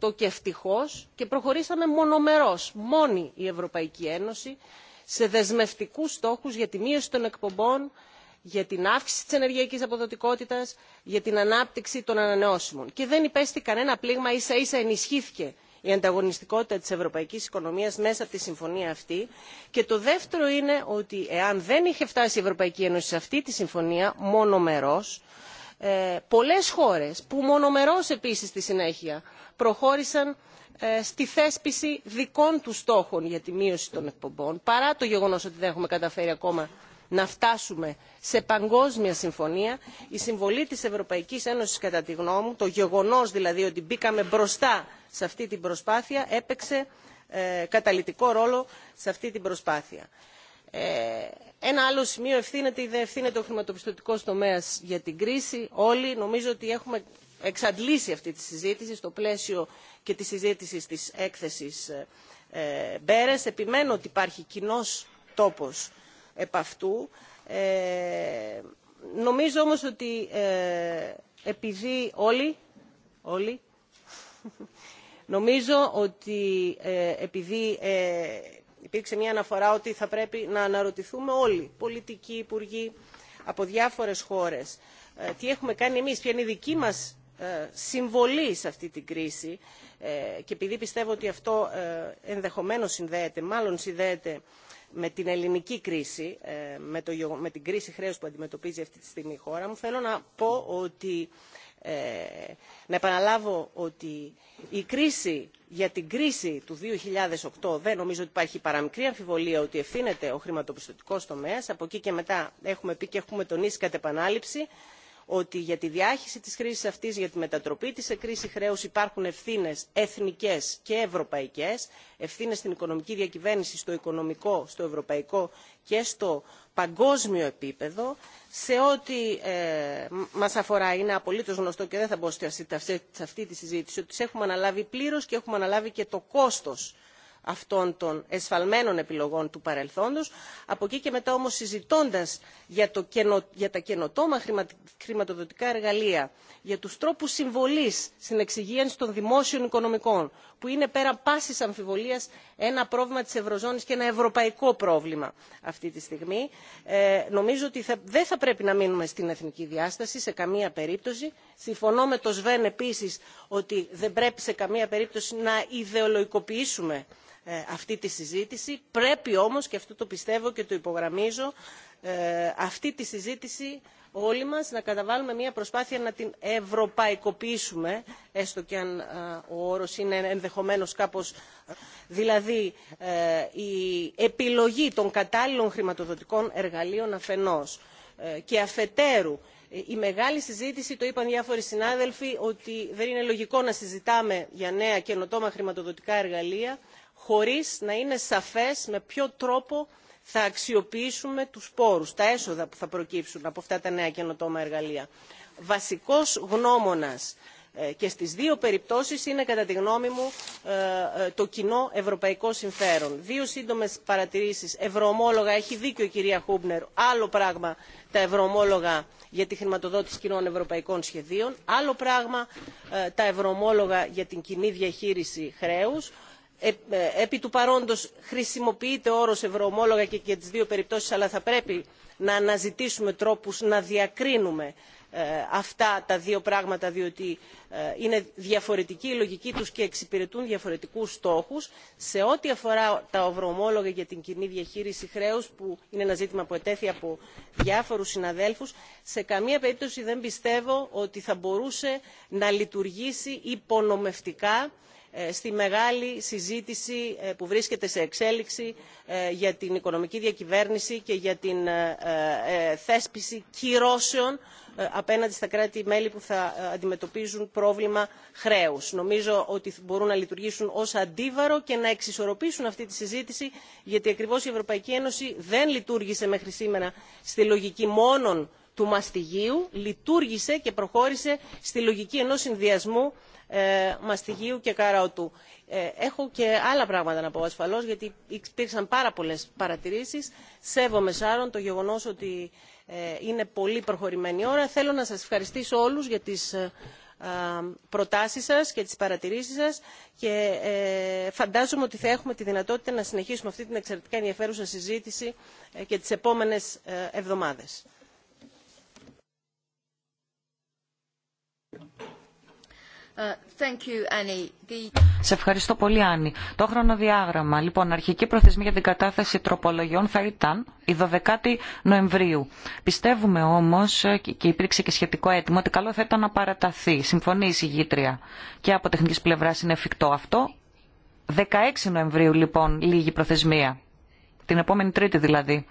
2008 και ευτυχώς και προχωρήσαμε μονομερός, μόνη η Ευρωπαϊκή Ένωση, σε δεσμευτικούς στόχους για τη μείωση των εκπομπών, για την αύξηση της ενεργειακής αποδοτικότητας, για την ανάπτυξη των ανανεώσιμων. Και δεν υπέστη κανένα πλήγμα, ίσα ίσα ενισχύθηκε η ανταγωνιστικότητα της ευρωπαϊκής οικονομίας μέσα από τη συμφωνία αυτή και το δεύτερο είναι ότι εάν δεν είχε φτάσει η ευρωπαϊκή ένωση σε αυτή τη συμφωνία μόνομερώς ε, πολλές χώρες που μονομερώς επίσης στη συνέχεια προχώρησαν ε, στη θέσπιση δικών τους στόχων για τη μείωση των εκπομπών παρά το γεγονός ότι δεν έχουμε καταφέρει ακόμα να φτάσουμε σε παγκόσμια συμφωνία. Η συμβολή της Ευρωπαϊκής Ένωσης κατά τη γνώμη μου, το γεγονός δηλαδή ότι μπήκαμε μπροστά σε αυτή την προσπάθεια έπαιξε καταλυτικό ε, καταλητικό ρόλο σε αυτή την προσπάθεια. Ε, ένα άλλο σημείο ευθύνεται ή δεν ευθύνεται ο χρηματοπιστωτικό τομέα για την κρίση. Όλοι νομίζω ότι έχουμε εξαντλήσει αυτή τη συζήτηση στο πλαίσιο και τη συζήτηση τη έκθεση ε, ε Μπέρε. Επιμένω ότι υπάρχει κοινό τόπο επ' αυτού. Ε, νομίζω όμως ότι ε, επειδή όλοι, όλοι νομίζω ότι ε, επειδή ε, υπήρξε μια αναφορά ότι θα πρέπει να αναρωτηθούμε όλοι, πολιτικοί, υπουργοί από διάφορες χώρες, τι έχουμε κάνει εμείς, ποια είναι η δική μας συμβολή σε αυτή την κρίση και επειδή πιστεύω ότι αυτό ενδεχομένως συνδέεται, μάλλον συνδέεται με την ελληνική κρίση, ε, με, με την κρίση χρέους που αντιμετωπίζει αυτή τη στιγμή η χώρα μου, θέλω να πω ότι, ε, να επαναλάβω ότι η κρίση για την κρίση του 2008 δεν νομίζω ότι υπάρχει παραμικρή αμφιβολία ότι ευθύνεται ο χρηματοπιστωτικός τομέας. Από εκεί και μετά έχουμε πει και έχουμε τονίσει κατ' επανάληψη ότι για τη διάχυση της κρίσης αυτής για τη μετατροπή της σε κρίση χρέους υπάρχουν ευθύνες εθνικές και ευρωπαϊκές ευθύνες στην οικονομική διακυβέρνηση στο οικονομικό στο ευρωπαϊκό και στο παγκόσμιο επίπεδο σε ό,τι ε, μας αφορά είναι απολύτως γνωστό και δεν θα μπω σε αυτή τη συζήτηση ότι τις έχουμε αναλάβει πλήρως και έχουμε αναλάβει και το κόστος αυτών των εσφαλμένων επιλογών του παρελθόντος. Από εκεί και μετά όμως συζητώντας για, τα καινοτόμα χρηματοδοτικά εργαλεία, για τους τρόπους συμβολής στην εξυγίανση των δημόσιων οικονομικών, που είναι πέρα πάσης αμφιβολίας ένα πρόβλημα της Ευρωζώνης και ένα ευρωπαϊκό πρόβλημα αυτή τη στιγμή, ε, νομίζω ότι δεν θα πρέπει να μείνουμε στην εθνική διάσταση σε καμία περίπτωση. Συμφωνώ με τον Σβέν επίσης ότι δεν πρέπει σε καμία περίπτωση να ιδεολογικοποιήσουμε ε, αυτή τη συζήτηση. Πρέπει όμως, και αυτό το πιστεύω και το υπογραμμίζω, ε, αυτή τη συζήτηση όλοι μας να καταβάλουμε μια προσπάθεια να την ευρωπαϊκοποιήσουμε έστω και αν ε, ο όρος είναι ενδεχομένως κάπως δηλαδή η επιλογή των κατάλληλων χρηματοδοτικών εργαλείων αφενός και αφετέρου η μεγάλη συζήτηση το είπαν διάφοροι συνάδελφοι ότι δεν είναι λογικό να συζητάμε για νέα καινοτόμα χρηματοδοτικά εργαλεία χωρίς να είναι σαφές με ποιο τρόπο θα αξιοποιήσουμε τους πόρους, τα έσοδα που θα προκύψουν από αυτά τα νέα καινοτόμα εργαλεία. Βασικός γνώμονας ε, και στις δύο περιπτώσεις είναι κατά τη γνώμη μου ε, ε, το κοινό ευρωπαϊκό συμφέρον. Δύο σύντομες παρατηρήσεις. Ευρωομόλογα, έχει δίκιο η κυρία Χούμπνερ, άλλο πράγμα τα ευρωομόλογα για τη χρηματοδότηση κοινών ευρωπαϊκών σχεδίων, άλλο πράγμα τα ευρωομόλογα για την κοινή διαχείριση χρέους επί του παρόντος χρησιμοποιείται ο όρος ευρωομόλογα και για τις δύο περιπτώσεις αλλά θα πρέπει να αναζητήσουμε τρόπους να διακρίνουμε ε, αυτά τα δύο πράγματα διότι ε, είναι διαφορετική η λογική τους και εξυπηρετούν διαφορετικούς στόχους. Σε ό,τι αφορά τα ευρωομόλογα για την κοινή διαχείριση χρέους που είναι ένα ζήτημα που ετέθη από διάφορους συναδέλφους σε καμία περίπτωση δεν πιστεύω ότι θα μπορούσε να λειτουργήσει υπονομευτικά ε, στη μεγάλη συζήτηση ε, που βρίσκεται σε εξέλιξη ε, για την οικονομική διακυβέρνηση και για την θέσπιση κυρώσεων απέναντι στα κράτη μέλη που θα αντιμετωπίζουν πρόβλημα χρέους. νομίζω ότι μπορούν να λειτουργήσουν ως αντίβαρο και να εξισορροπήσουν αυτή τη συζήτηση γιατί ακριβώς η ευρωπαϊκή ένωση δεν λειτουργήσε μέχρι σήμερα στη λογική μόνον του μαστιγίου λειτουργήσε και προχώρησε στη λογική ενός συνδυασμού ε, μαστιγίου και καρότου. Ε, έχω και άλλα πράγματα να πω ασφαλώς γιατί υπήρξαν πάρα πολλέ παρατηρήσεις. Σέβομαι Σάρων το γεγονός ότι ε, είναι πολύ προχωρημένη ώρα. Θέλω να σας ευχαριστήσω όλους για τις προτάσεις σας και τις παρατηρήσεις σας και φαντάζομαι ότι θα έχουμε τη δυνατότητα να συνεχίσουμε αυτή την εξαιρετικά ενδιαφέρουσα συζήτηση και τις επόμενες εβδομάδες. Σε ευχαριστώ πολύ, Άννη. Το χρονοδιάγραμμα. Λοιπόν, αρχική προθεσμία για την κατάθεση τροπολογιών θα ήταν η 12η Νοεμβρίου. Πιστεύουμε όμω, ε, και υπήρξε και σχετικό αίτημα, ότι καλό θα ήταν να παραταθεί. Συμφωνεί η συγγήτρια. Και από τεχνική πλευρά είναι εφικτό αυτό. 16 Νοεμβρίου, λοιπόν, λίγη προθεσμία. Την επόμενη Τρίτη δηλαδή.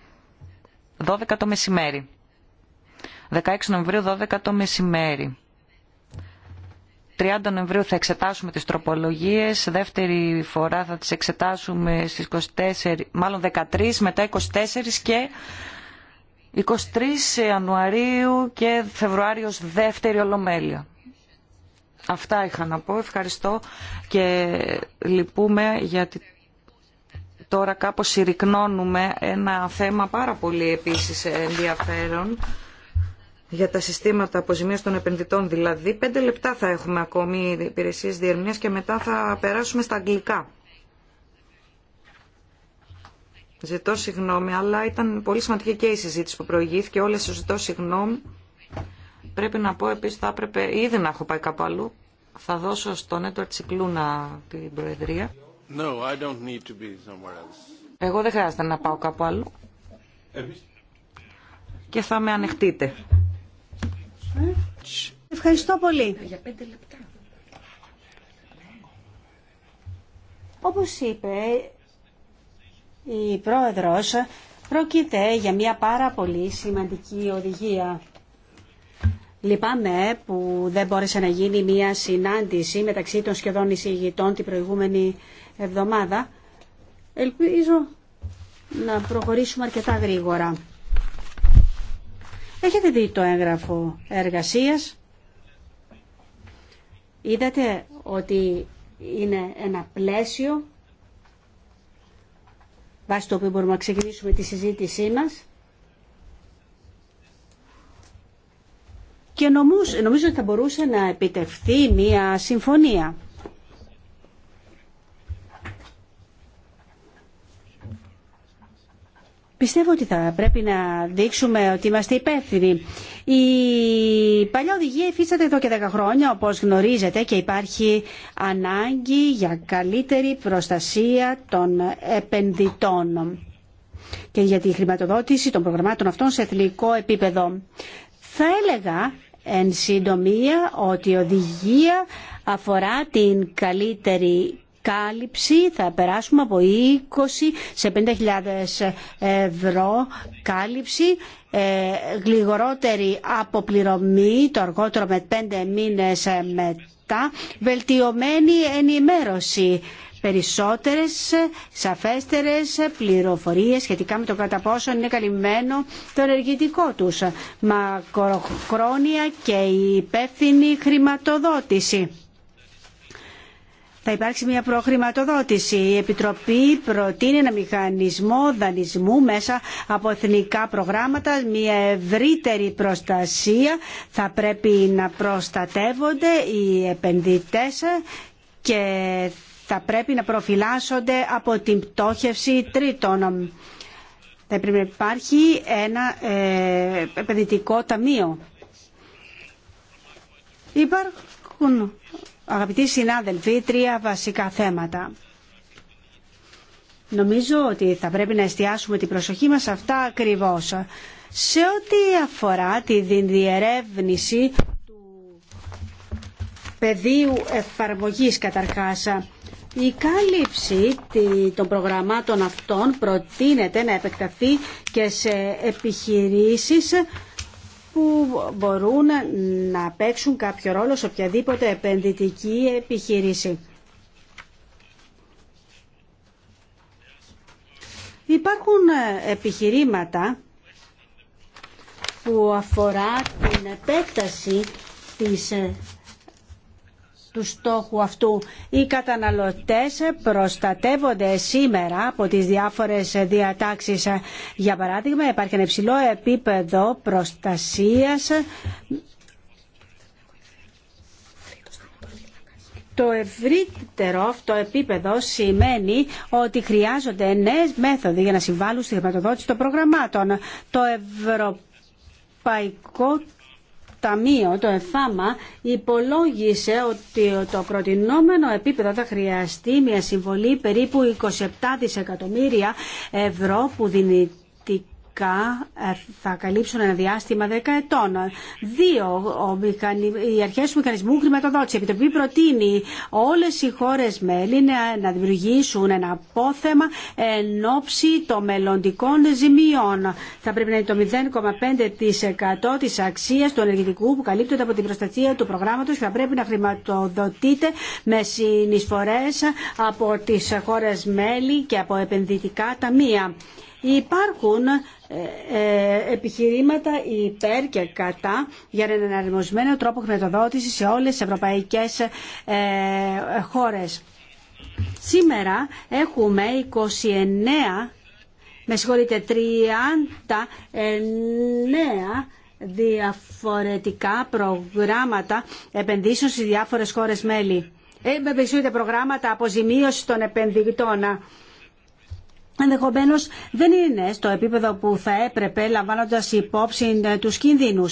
12 το μεσημέρι. 16 Νοεμβρίου, 12 το μεσημέρι. 30 Νοεμβρίου θα εξετάσουμε τις τροπολογίες, δεύτερη φορά θα τις εξετάσουμε στις 24, μάλλον 13, μετά 24 και 23 Ιανουαρίου και Φεβρουάριος δεύτερη Ολομέλεια. Αυτά είχα να πω. Ευχαριστώ και λυπούμε γιατί τώρα κάπως συρρυκνώνουμε ένα θέμα πάρα πολύ επίσης ενδιαφέρον για τα συστήματα αποζημίωσης των επενδυτών δηλαδή. Πέντε λεπτά θα έχουμε ακόμη υπηρεσίες διερμηνίας και μετά θα περάσουμε στα αγγλικά. Ζητώ συγγνώμη, αλλά ήταν πολύ σημαντική και η συζήτηση που προηγήθηκε. Όλες σα ζητώ συγγνώμη. Πρέπει να πω επίση θα έπρεπε ήδη να έχω πάει κάπου αλλού. Θα δώσω στον Έντουαρτ Τσικλούνα την Προεδρία. No, I don't need to be somewhere else. Εγώ δεν χρειάζεται να πάω κάπου αλλού. Και θα με ανεχτείτε. Ευχαριστώ πολύ. Για Όπως είπε η πρόεδρος, πρόκειται για μια πάρα πολύ σημαντική οδηγία. Λυπάμαι που δεν μπόρεσε να γίνει μια συνάντηση μεταξύ των σχεδόν εισηγητών την προηγούμενη εβδομάδα. Ελπίζω να προχωρήσουμε αρκετά γρήγορα. Έχετε δει το έγγραφο εργασίας. Είδατε ότι είναι ένα πλαίσιο βάσει το οποίο μπορούμε να ξεκινήσουμε τη συζήτησή μας. Και νομίζω, νομίζω ότι θα μπορούσε να επιτευχθεί μια συμφωνία. Πιστεύω ότι θα πρέπει να δείξουμε ότι είμαστε υπεύθυνοι. Η παλιά οδηγία υφίσταται εδώ και 10 χρόνια, όπως γνωρίζετε, και υπάρχει ανάγκη για καλύτερη προστασία των επενδυτών και για τη χρηματοδότηση των προγραμμάτων αυτών σε εθνικό επίπεδο. Θα έλεγα, εν συντομία, ότι η οδηγία αφορά την καλύτερη κάλυψη θα περάσουμε από 20 σε 50.000 ευρώ κάλυψη από ε, αποπληρωμή το αργότερο με 5 μήνες μετά βελτιωμένη ενημέρωση περισσότερες σαφέστερες πληροφορίες σχετικά με το κατά πόσο είναι καλυμμένο το ενεργητικό τους μακροχρόνια και η υπεύθυνη χρηματοδότηση θα υπάρξει μια προχρηματοδότηση. Η Επιτροπή προτείνει ένα μηχανισμό δανεισμού μέσα από εθνικά προγράμματα, μια ευρύτερη προστασία. Θα πρέπει να προστατεύονται οι επενδυτές και θα πρέπει να προφυλάσσονται από την πτώχευση τρίτων. Θα πρέπει να υπάρχει ένα ε, επενδυτικό ταμείο. Υπάρχουν Αγαπητοί συνάδελφοι, τρία βασικά θέματα. Νομίζω ότι θα πρέπει να εστιάσουμε την προσοχή μας αυτά ακριβώς. Σε ό,τι αφορά τη διερεύνηση του πεδίου εφαρμογής καταρχάς, η κάλυψη των προγραμμάτων αυτών προτείνεται να επεκταθεί και σε επιχειρήσεις που μπορούν να παίξουν κάποιο ρόλο σε οποιαδήποτε επενδυτική επιχείρηση. Υπάρχουν ε, επιχειρήματα που αφορά την επέκταση της ε, του στόχου αυτού. Οι καταναλωτές προστατεύονται σήμερα από τις διάφορες διατάξεις. Για παράδειγμα υπάρχει ένα υψηλό επίπεδο προστασίας Το ευρύτερο αυτό επίπεδο σημαίνει ότι χρειάζονται νέες μέθοδοι για να συμβάλλουν στη χρηματοδότηση των προγραμμάτων. Το ευρωπαϊκό Ταμείο, το ΕΦΑΜΑ, υπολόγισε ότι το προτινόμενο επίπεδο θα χρειαστεί μια συμβολή περίπου 27 δισεκατομμύρια ευρώ που δυνητικά τελικά ε, θα καλύψουν ένα διάστημα 10 ετών. Δύο, οι αρχέ του μηχανισμού χρηματοδότηση. Η Επιτροπή προτείνει όλε οι χώρε μέλη να δημιουργήσουν ένα απόθεμα εν ώψη των μελλοντικών ζημιών. Θα πρέπει να είναι το 0,5% τη αξία του ενεργητικού που καλύπτεται από την προστασία του προγράμματο και θα πρέπει να χρηματοδοτείται με συνεισφορέ από τι χώρε μέλη και από επενδυτικά ταμεία. Υπάρχουν ε, ε, επιχειρήματα υπέρ και κατά για έναν εναρμοσμένο τρόπο χρηματοδότηση σε όλες τις ευρωπαϊκές ε, χώρες. Σήμερα έχουμε 29 με συγχωρείτε, 39 διαφορετικά προγράμματα επενδύσεων στις διάφορες χώρες μέλη. Ε, με προγράμματα αποζημίωσης των επενδυτών. Ενδεχομένω δεν είναι στο επίπεδο που θα έπρεπε λαμβάνοντα υπόψη ε, του κίνδυνου.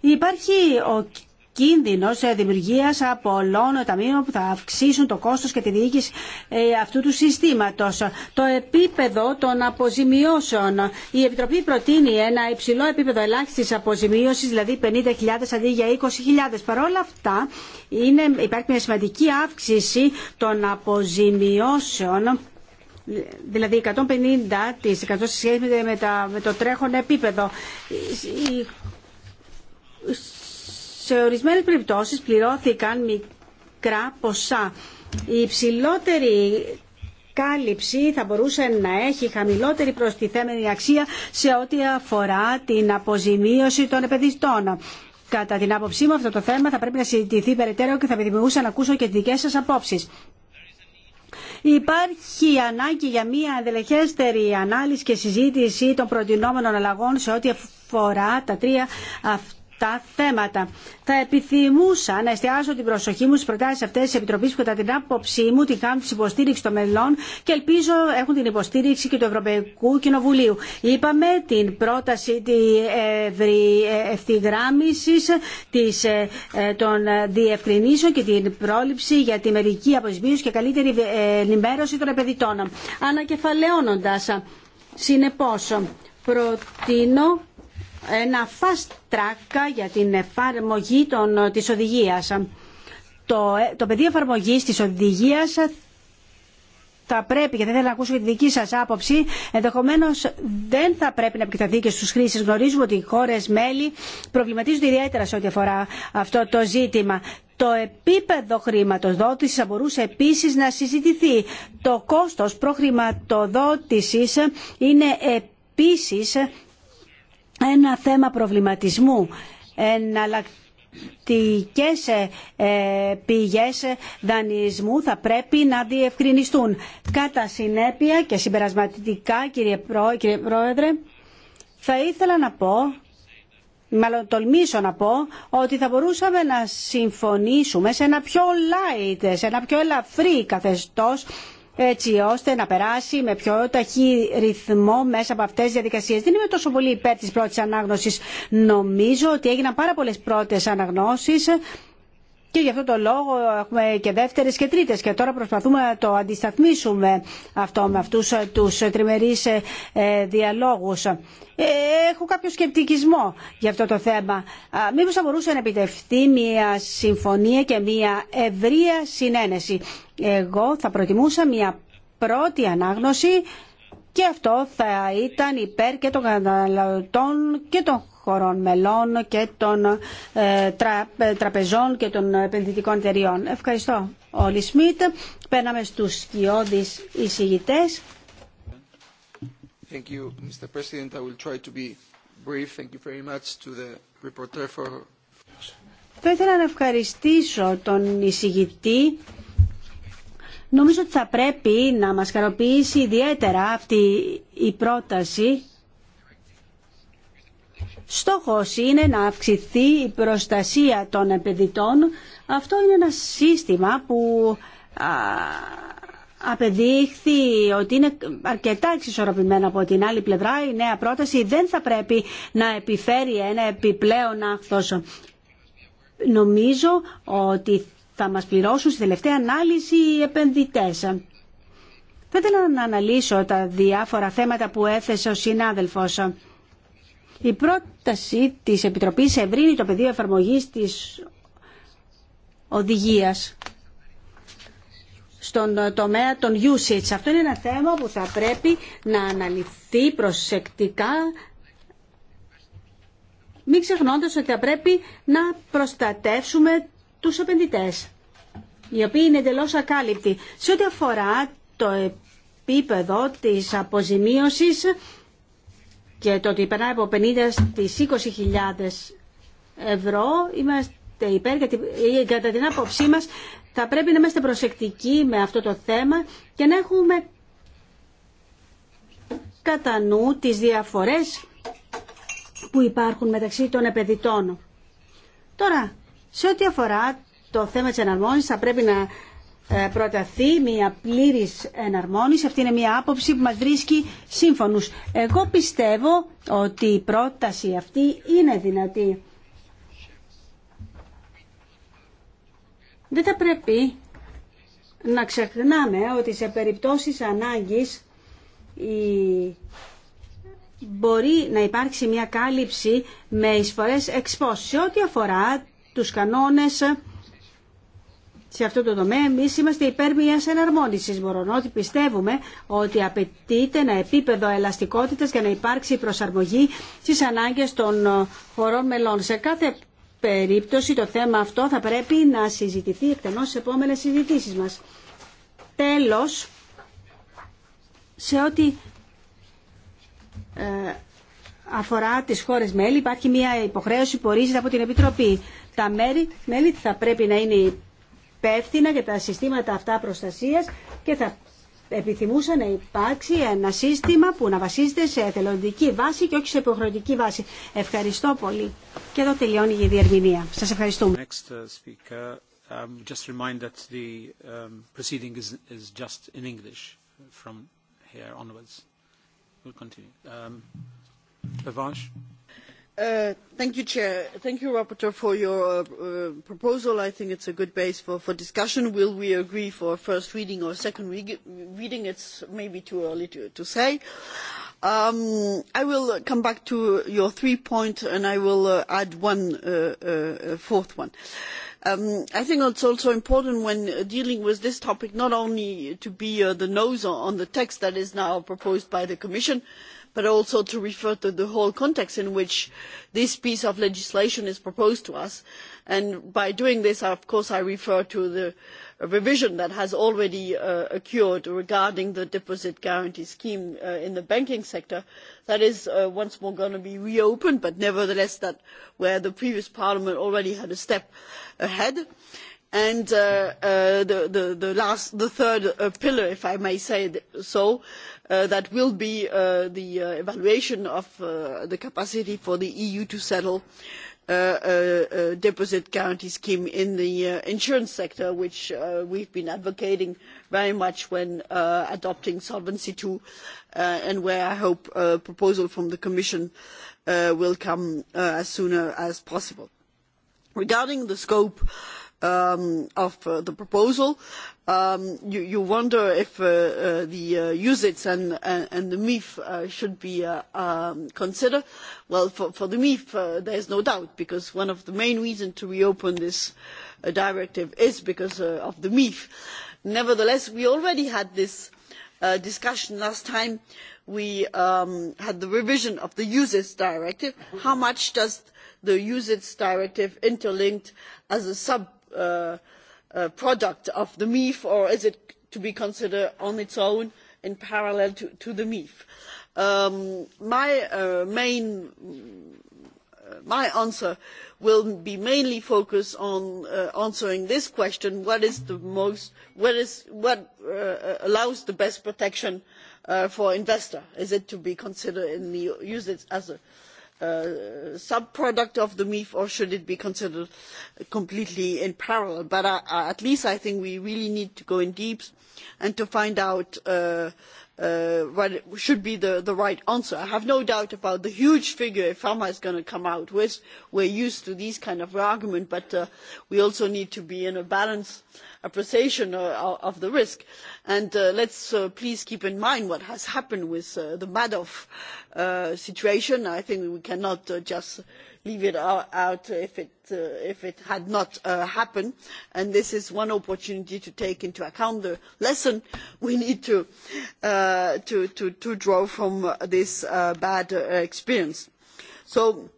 Υπάρχει ο κίνδυνος ε, δημιουργίας απολών ταμείων που θα αυξήσουν το κόστο και τη διοίκηση ε, αυτού του συστήματο. Το επίπεδο των αποζημιώσεων. Η Επιτροπή προτείνει ένα υψηλό επίπεδο ελάχιστη αποζημίωση, δηλαδή 50.000 αντί για 20.000. Παρ' όλα αυτά υπάρχει μια σημαντική αύξηση των αποζημιώσεων δηλαδή 150% σε σχέση με, με το τρέχον επίπεδο. Σε ορισμένες περιπτώσεις πληρώθηκαν μικρά ποσά. Η υψηλότερη κάλυψη θα μπορούσε να έχει χαμηλότερη προστιθέμενη αξία σε ό,τι αφορά την αποζημίωση των επενδυτών. Κατά την άποψή μου αυτό το θέμα θα πρέπει να συζητηθεί περαιτέρω και θα επιθυμούσα να ακούσω και τις δικές σας απόψεις. Υπάρχει ανάγκη για μια δελεχέστερη ανάλυση και συζήτηση των προτινόμενων αλλαγών σε ό,τι αφορά τα τρία αυτά τα θέματα. Θα επιθυμούσα να εστιάσω την προσοχή μου στι προτάσει αυτέ τη Επιτροπή που, κατά την άποψή μου, την κάνουν τη υποστήριξη των μελών και ελπίζω έχουν την υποστήριξη και του Ευρωπαϊκού Κοινοβουλίου. Είπαμε την πρόταση τη ε, ευθυγράμμιση ε, ε, των διευκρινήσεων και την πρόληψη για τη μερική αποσμίωση και καλύτερη ενημέρωση των επενδυτών. Ανακεφαλαιώνοντα, συνεπώ, προτείνω ένα fast track για την εφαρμογή των, της οδηγίας. Το, το πεδίο εφαρμογής της οδηγίας θα πρέπει, γιατί θέλω να ακούσω τη δική σας άποψη, ενδεχομένω δεν θα πρέπει να επεκταθεί και στους χρήσεις. Γνωρίζουμε ότι οι χώρε μέλη προβληματίζονται ιδιαίτερα σε ό,τι αφορά αυτό το ζήτημα. Το επίπεδο χρηματοδότησης θα μπορούσε επίσης να συζητηθεί. Το κόστος προχρηματοδότησης είναι επίσης ένα θέμα προβληματισμού, εναλλακτικές ε, πηγές δανεισμού θα πρέπει να διευκρινιστούν. Κατά συνέπεια και συμπερασματικά, κύριε Πρόεδρε, θα ήθελα να πω μάλλον τολμήσω να πω, ότι θα μπορούσαμε να συμφωνήσουμε σε ένα πιο light, σε ένα πιο ελαφρύ καθεστώς έτσι ώστε να περάσει με πιο ταχύ ρυθμό μέσα από αυτέ τι διαδικασίες. Δεν είμαι τόσο πολύ υπέρ τη πρώτη ανάγνωση. Νομίζω ότι έγιναν πάρα πολλέ πρώτε αναγνώσει. Και γι' αυτό το λόγο έχουμε και δεύτερες και τρίτες και τώρα προσπαθούμε να το αντισταθμίσουμε αυτό με αυτούς ε, τους ε, τριμερείς ε, διαλόγους. Έχω κάποιο σκεπτικισμό για αυτό το θέμα. Μήπως θα μπορούσε να επιτευχθεί μια συμφωνία και μια ευρεία συνένεση. Εγώ θα προτιμούσα μια πρώτη ανάγνωση και αυτό θα ήταν υπέρ και των καταναλωτών και των χωρών μελών και των ε, ε, τραπεζών και των επενδυτικών εταιριών. Ευχαριστώ όλοι Σμιτ. Παίρναμε στους σκιώδεις εισηγητές. Θα ήθελα να ευχαριστήσω τον εισηγητή. Νομίζω ότι θα πρέπει να μας χαροποιήσει ιδιαίτερα αυτή η πρόταση Στόχος είναι να αυξηθεί η προστασία των επενδυτών. Αυτό είναι ένα σύστημα που απεδείχθη ότι είναι αρκετά εξισορροπημένο από την άλλη πλευρά. Η νέα πρόταση δεν θα πρέπει να επιφέρει ένα επιπλέον άχθος. Νομίζω ότι θα μας πληρώσουν στη τελευταία ανάλυση οι επενδυτές. Θα ήθελα να αναλύσω τα διάφορα θέματα που έθεσε ο συνάδελφος. Η πρόταση της Επιτροπής ευρύνει το πεδίο εφαρμογής της οδηγίας στον τομέα των usage. Αυτό είναι ένα θέμα που θα πρέπει να αναλυθεί προσεκτικά μην ξεχνώντας ότι θα πρέπει να προστατεύσουμε τους επενδυτές, οι οποίοι είναι εντελώς ακάλυπτοι. Σε ό,τι αφορά το επίπεδο της αποζημίωσης, και το ότι περνάει από 50 στις 20.000 ευρώ είμαστε υπέρ γιατί κατά την άποψή μας θα πρέπει να είμαστε προσεκτικοί με αυτό το θέμα και να έχουμε κατά νου τις διαφορές που υπάρχουν μεταξύ των επενδυτών. Τώρα, σε ό,τι αφορά το θέμα της εναρμόνισης θα πρέπει να ε, προταθεί μια πλήρης εναρμόνιση. Αυτή είναι μια άποψη που μας βρίσκει σύμφωνους. Εγώ πιστεύω ότι η πρόταση αυτή είναι δυνατή. Δεν θα πρέπει να ξεχνάμε ότι σε περιπτώσεις ανάγκης μπορεί να υπάρξει μια κάλυψη με εισφορές εξπόσεις. Σε ό,τι αφορά τους κανόνες σε αυτό το τομέα εμεί είμαστε υπέρ μια εναρμόνιση. Μπορώ ότι πιστεύουμε ότι απαιτείται ένα επίπεδο ελαστικότητα για να υπάρξει προσαρμογή στι ανάγκε των ε, χωρών μελών. Σε κάθε περίπτωση το θέμα αυτό θα πρέπει να συζητηθεί εκτενώς στι επόμενε συζητήσει μας. Τέλος, σε ό,τι ε, αφορά τις χώρες μέλη υπάρχει μια υποχρέωση που ορίζεται από την Επιτροπή. Τα μέλη θα πρέπει να είναι υπεύθυνα για τα συστήματα αυτά προστασίας και θα επιθυμούσα να υπάρξει ένα σύστημα που να βασίζεται σε εθελοντική βάση και όχι σε υποχρεωτική βάση. Ευχαριστώ πολύ. Και εδώ τελειώνει η διερμηνία. Σας ευχαριστούμε. Next Thank you, Thank you, Rapporteur, for your proposal. I think it is a good base for discussion. Will we agree for first reading or second reading? It's maybe too early to say. I will come back to your three points, and I will add one fourth one. I think it is also important when dealing with this topic not only to be the nose on the text that is now proposed by the Commission, but also to refer to the whole context in which this piece of legislation is proposed to us. And by doing this, of course, I refer to the revision that has already occurred regarding the deposit guarantee scheme in the banking sector. That is once more going to be reopened, but nevertheless, that where the previous Parliament already had a step ahead. And the third pillar, if I may say so, that will be the evaluation of the capacity for the eu to settle a deposit guarantee scheme in the insurance sector which we have been advocating very much when adopting solvency ii and where i hope a proposal from the commission will come as soon as possible. regarding the scope of the proposal you wonder if the USITS and the MIF should be considered. Well, for the MIF, there is no doubt, because one of the main reasons to reopen this directive is because of the MIF. Nevertheless, we already had this discussion last time we had the revision of the USITS directive. How much does the USITS directive interlinked as a sub product of the MIF or is it to be considered on its own in parallel to the MIF? My answer will be mainly focused on answering this question what is the most what allows the best protection for investors? Is it to be considered in the as a sub product of the mif or should it be considered completely in parallel but at least i think we really need to go in deep and to find out what should be the right answer. i have no doubt about the huge figure Pharma is going to come out with. we are used to these kind of arguments but we also need to be in a balance appreciation of the risk. And let's please keep in mind what has happened with the Madoff situation. I think we cannot just leave it out if it had not happened. And this is one opportunity to take into account the lesson we need to draw from this bad experience. So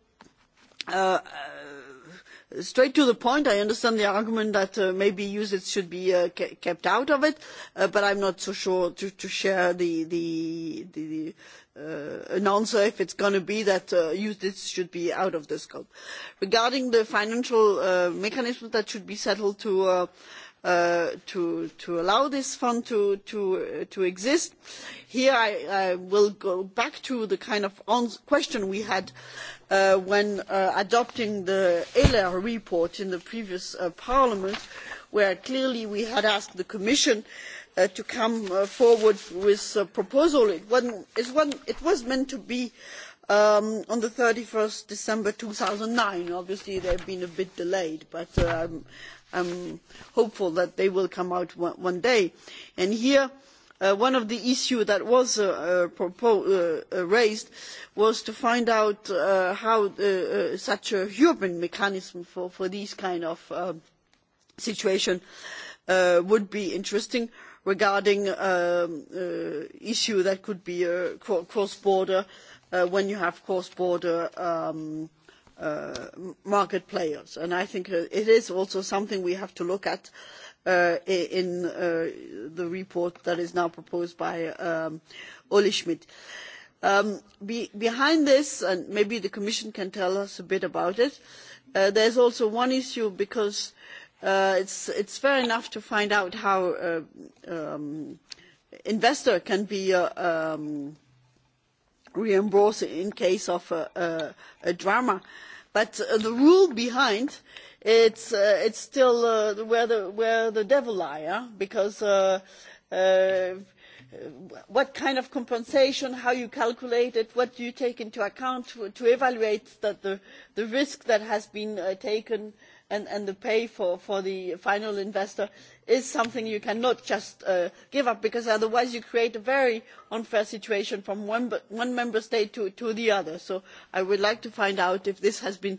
straight to the point i understand the argument that maybe ucits should be kept out of it but i'm not so sure to share the an answer if it's going to be that ucits should be out of the scope. regarding the financial mechanisms that should be settled to allow this fund to exist here i will go back to the kind of question we had when adopting the ehler report in the previous parliament where clearly we had asked the commission to come forward with a proposal. it was meant to be on thirty one december two thousand and nine obviously they have been a bit delayed but i am hopeful that they will come out one day. And here one of the issues that was raised was to find out how such a human mechanism for these kind of situations would be interesting regarding an issue that could be cross border when you have cross border market players and i think it is also something we have to look at in the report that is now proposed by Ole Schmidt. Behind this, and maybe the Commission can tell us a bit about it, there is also one issue because it's is fair enough to find out how investor can be reimbursed in case of a drama, but the rule behind it's it's still where the where the devil lies because what kind of compensation how you calculate it what do you take into account to evaluate the risk that has been taken and the pay for the final investor is something you cannot just give up because otherwise you create a very unfair situation from one member state to the other. so i would like to find out if this has been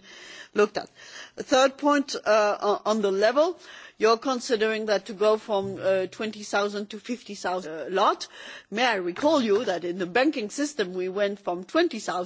looked at. the third point on the level you are considering that to go from twenty to fifty zero lot. may i recall you that in the banking system we went from twenty zero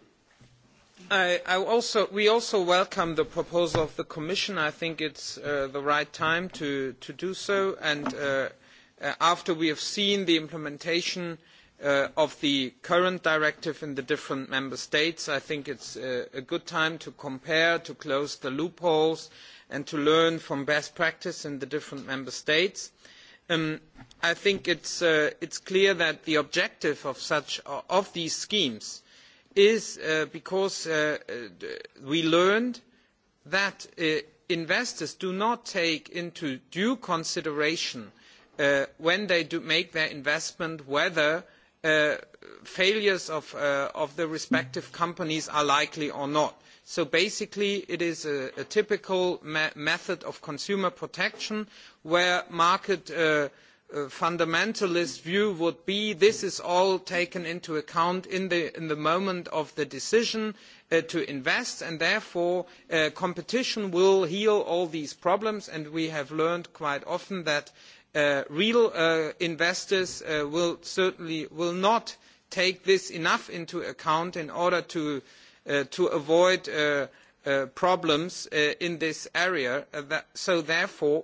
we also welcome the proposal of the commission. i think it is the right time to do so and after we have seen the implementation of the current directive in the different member states i think it is a good time to compare to close the loopholes and to learn from best practice in the different member states. i think it is clear that the objective of these schemes is because we learned that investors do not take into due consideration when they make their investment whether failures of the respective companies are likely or not. So basically it is a typical method of consumer protection where market fundamentalist view would be this is all taken into account in the moment of the decision to invest and therefore competition will heal all these problems and we have learned quite often that real investors will certainly not take this enough into account in order to avoid problems in this area so therefore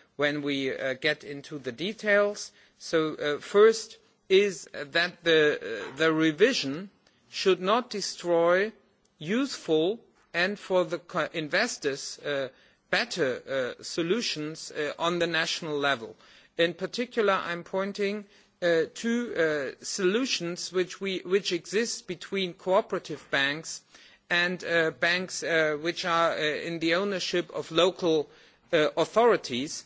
when we get into the details. So first is that the revision should not destroy useful and for the investors better solutions on the national level. In particular, I am pointing to solutions which exist between cooperative banks and banks which are in the ownership of local authorities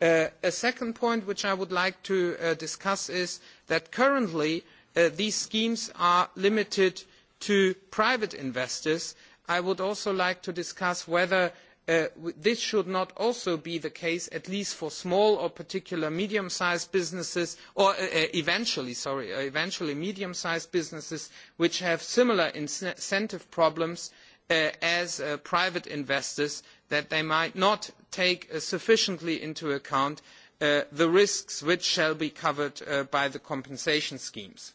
A second point which I would like to discuss is that currently these schemes are limited to private investors. I would also like to discuss whether this should not also be the case, at least for small or particular medium-sized businesses, or eventually sorry, eventually medium-sized businesses, which have similar incentive problems as private investors that they might not take sufficiently into account the risks which shall be covered by the compensation schemes.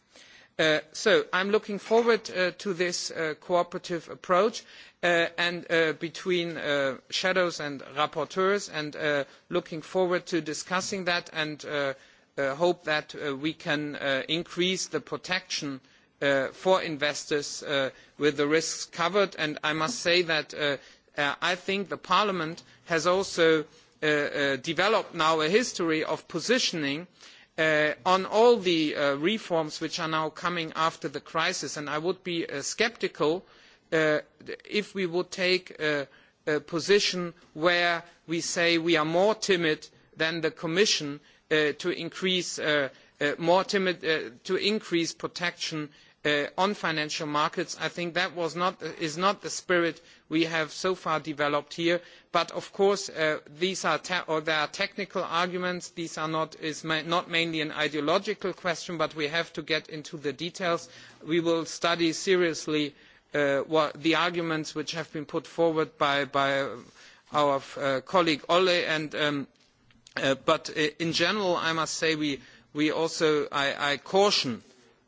So I am looking forward to this cooperative approach and between shadows and rapporteurs and looking forward to discussing that and hope that we can increase the protection for investors with the risks covered and I must say that I think the Parliament has also developed now a history of positioning on all the reforms which are now coming after the crisis, and I would be sceptical if we would take a position where we say we are more timid than the Commission to increase protection on financial markets i think that is not the spirit we have so far developed here but of course there are technical arguments these are not mainly an ideological question but we have to get into the details. we will study seriously the arguments which have been put forward by our colleague olle but in general i must say we i caution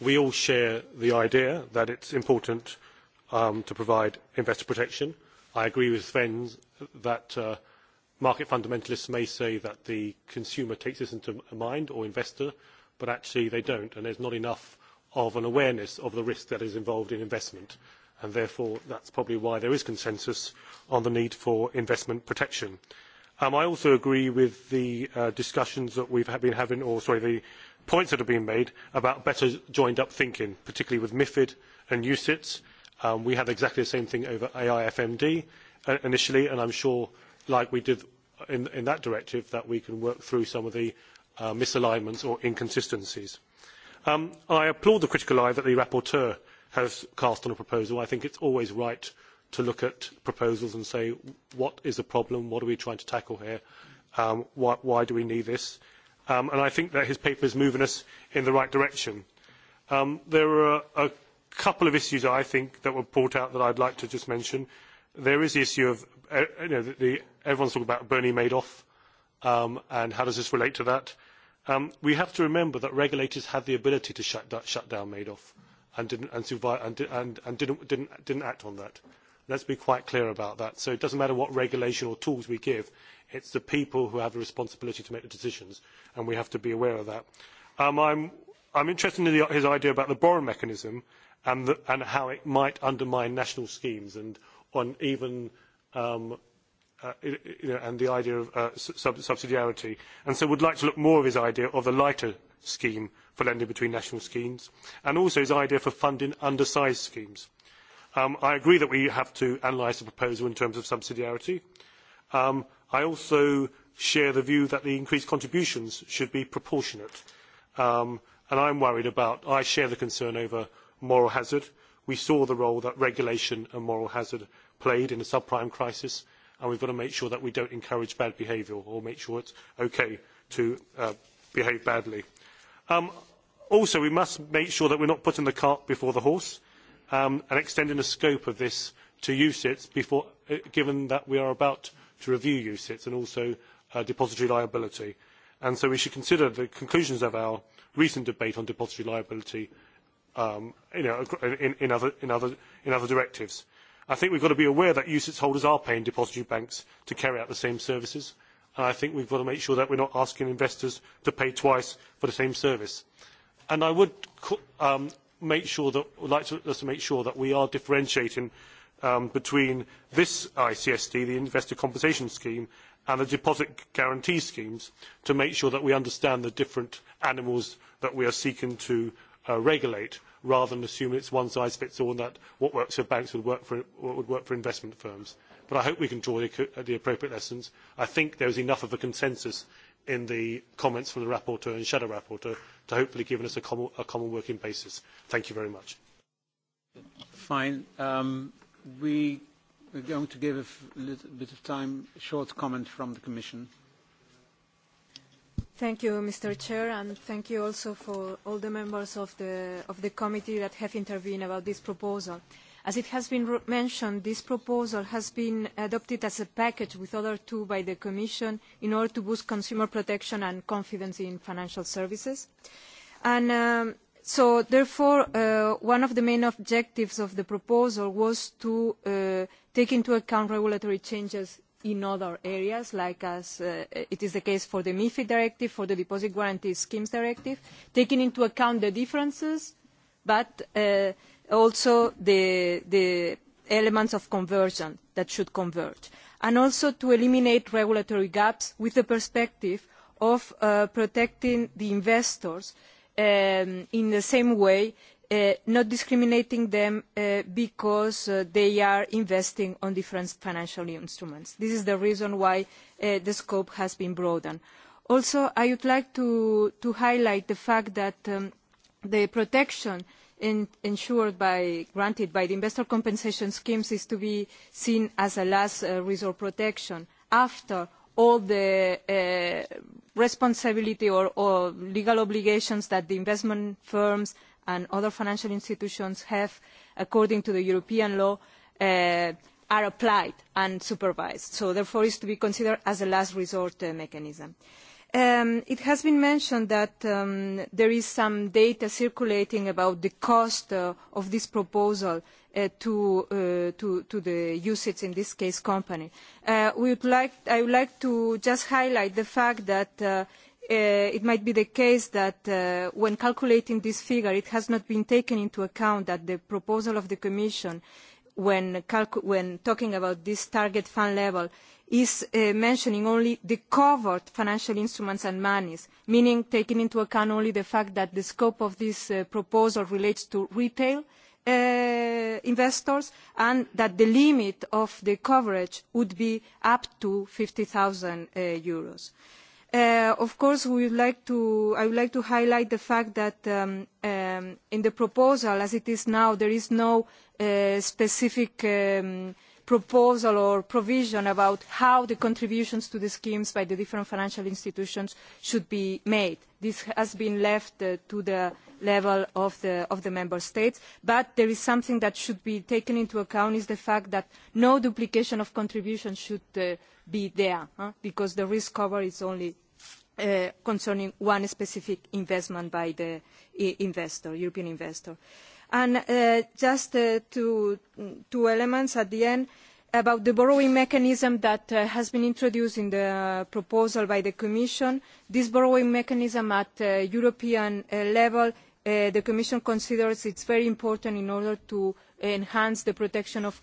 we all share the idea that it is important to provide investor protection. I agree with Sven that market fundamentalists may say that the consumer takes this into mind or investor, but actually they don't, and there is not enough of an awareness of the risk that is involved in investment, and therefore that is probably why there is consensus on the need for investment protection. I also agree with the discussions that we have been having, or sorry, the points that have been made about better joined up thinking, particularly with MIFID and UCITS. We had exactly the same thing over AIFMD initially, and I'm sure, like we did in that directive, that we can work through some of the misalignments or inconsistencies. I applaud the critical eye that the rapporteur has cast on a proposal. I think it's always right to look at proposals and say, what is the problem? What are we trying to tackle here? Why do we need this? and I think that his paper is moving us in the right direction. There are a couple of issues I think that were brought out that I'd like to just mention. There is the issue of you know everyone's talking about Bernie Madoff and how does this relate to that. We have to remember that regulators had the ability to shut down Madoff and didn't act on that. Let's be quite clear about that. So it doesn't matter what regulation or tools we give. It's the people who have the responsibility to make the decisions, and we have to be aware of that. I'm interested in his idea about the borrowing mechanism and how it might undermine national schemes and on and the idea of subsidiarity. And so would like to look more of his idea of a lighter scheme for lending between national schemes and also his idea for funding undersized schemes. I agree that we have to analyse the proposal in terms of subsidiarity. I also share the view that the increased contributions should be proportionate, and I am worried about. I share the concern over moral hazard. We saw the role that regulation and moral hazard played in the subprime crisis, and we've got to make sure that we don't encourage bad behaviour or make sure it's okay to behave badly. Also, we must make sure that we're not putting the cart before the horse and extending the scope of this to UCITS, given that we are about to review UCITS and also depository liability. And so we should consider the conclusions of our recent debate on depository liability in other directives. I think we've got to be aware that UCITS holders are paying depository banks to carry out the same services. And I think we've got to make sure that we're not asking investors to pay twice for the same service. And I would make sure would like to make sure that we are differentiating between this ICSD, the Investor Compensation Scheme, and the Deposit Guarantee Schemes to make sure that we understand the different animals that we are seeking to regulate rather than assume it's one size fits all and that what works for banks would work for investment firms. But I hope we can draw the appropriate lessons. I think there is enough of a consensus in the comments from the rapporteur and shadow rapporteur to hopefully give us a common working basis. Thank you very much. Fine. We are going to give a little bit of time, a short comment from the Commission. Thank you, Mr. Chair, and thank you also for all the members of the committee that have intervened about this proposal. As it has been mentioned, this proposal has been adopted as a package with other two by the Commission in order to boost consumer protection and confidence in financial services. And So therefore, one of the main objectives of the proposal was to take into account regulatory changes in other areas, like as it is the case for the MIFID directive, for the Deposit Guarantee Schemes directive, taking into account the differences, but also the elements of conversion that should converge, and also to eliminate regulatory gaps with the perspective of protecting the investors in the same way, not discriminating them because they are investing on different financial instruments. This is the reason why the scope has been broadened. Also, I would like to highlight the fact that the protection ensured by granted by the investor compensation schemes is to be seen as a last resort protection after all the responsibility or legal obligations that the investment firms and other financial institutions have according to the European law are applied and supervised. So therefore it is to be considered as a last resort mechanism. It has been mentioned that there is some data circulating about the cost of this proposal to the usage, in this case, company. I would like to just highlight the fact that it might be the case that when calculating this figure, it has not been taken into account that the proposal of the Commission when talking about this target fund level is mentioning only the covered financial instruments and monies, meaning taking into account only the fact that the scope of this proposal relates to retail investors and that the limit of the coverage would be up to 50,000 euros. Of course, I would like to highlight the fact that in the proposal, as it is now, there is no specific proposal or provision about how the contributions to the schemes by the different financial institutions should be made. This has been left to the level of the member states but there is something that should be taken into account is the fact that no duplication of contribution should be there because the risk cover is only concerning one specific investment by the investor european investor and just two elements at the end about the borrowing mechanism that has been introduced in the proposal by the commission this borrowing mechanism at european level the Commission considers it very important in order to enhance the protection of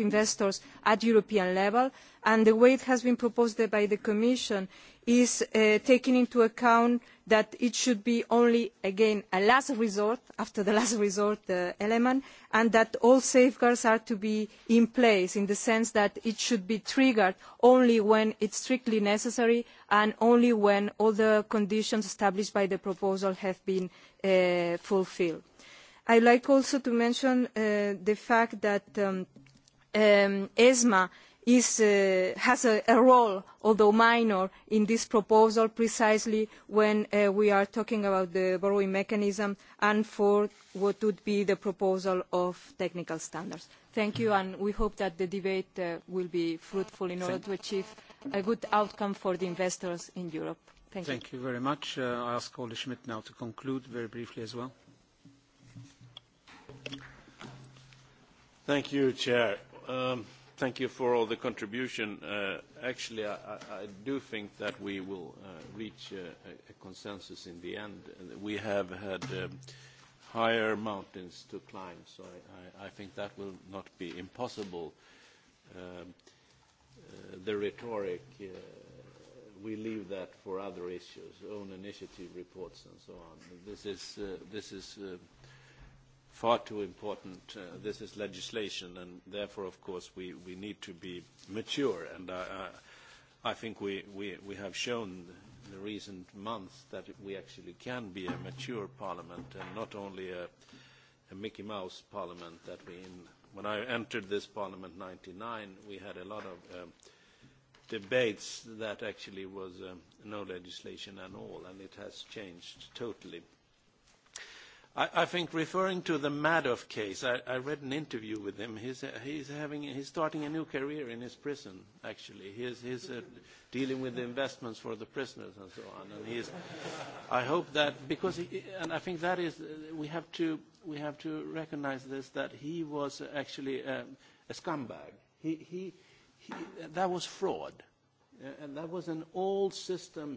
investors at European level, and the way it has been proposed by the Commission is taking into account that it should be only again a last resort after the last resort element and that all safeguards are to be in place in the sense that it should be triggered only when it is strictly necessary and only when all the conditions established by the proposal have been fulfilled. i would like also to mention the fact that esma has a role, although minor, in this proposal precisely when we are talking about the borrowing mechanism and for what would be the proposal of technical standards. Thank you, and we hope that the debate will be fruitful in order to achieve a good outcome for the investors in Europe. Thank you. Thank you very much. I ask Ole Schmidt now to conclude very briefly as well. Thank you, Chair. Thank you for all the contribution. Actually, I do think that we will reach a consensus in the end. We have had higher mountains to climb, so I think that will not be impossible. The rhetoric, we leave that for other issues, own initiative reports and so on. This is far too important. This is legislation, and therefore, of course, we we need to be mature. And I think we we we have shown in the recent months that we actually can be a mature parliament and not only a Mickey Mouse parliament that we in. When I entered this parliament in 99, we had a lot of debates that actually was no legislation at all, and it has changed totally. I think referring to the Madoff case, I read an interview with him. He's having, he's starting a new career in his prison. Actually, he's dealing with the investments for the prisoners and so on. And he's, I hope that because, and I think that is, we have to we have to recognize this that he was actually a scumbag. He he that was fraud, and that was an old system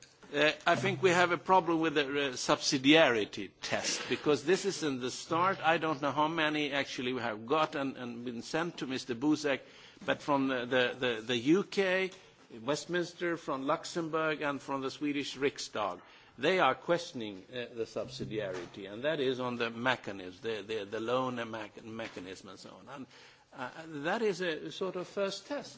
I think we have a problem with the subsidiarity test because this is in the start. I don't know how many actually we have got and been sent to Mr. Buzek, but from the UK, Westminster, from Luxembourg, and from the Swedish Riksdag. They are questioning the subsidiarity, and that is on the mechanism, the loan mechanism and so on. And That is a sort of first test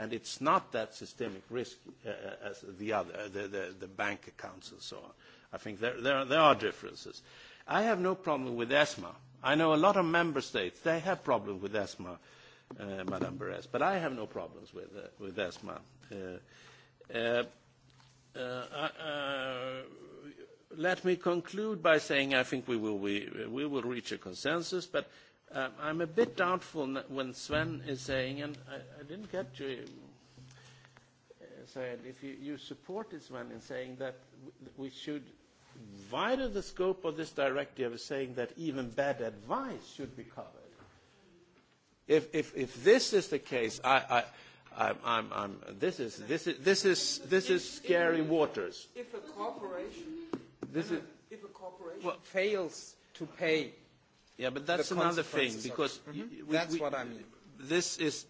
and it's not that systemic risk as the other, the bank accounts and so on. I think there are differences. I have no problem with ESMA. I know a lot of member states, they have problems with ESMA, Madame Beres, but I have no problems with ESMA. Let me conclude by saying I think we will reach a consensus, but I'm a bit doubtful when Sven is saying, and I didn't get you, Sven, if you supported Sven in saying that we should widen the scope of this directive, saying that even bad advice should be covered. If this is the case, this is this is this is this is scary waters. If a corporation fails to pay Yeah, but that's another thing because that's what This is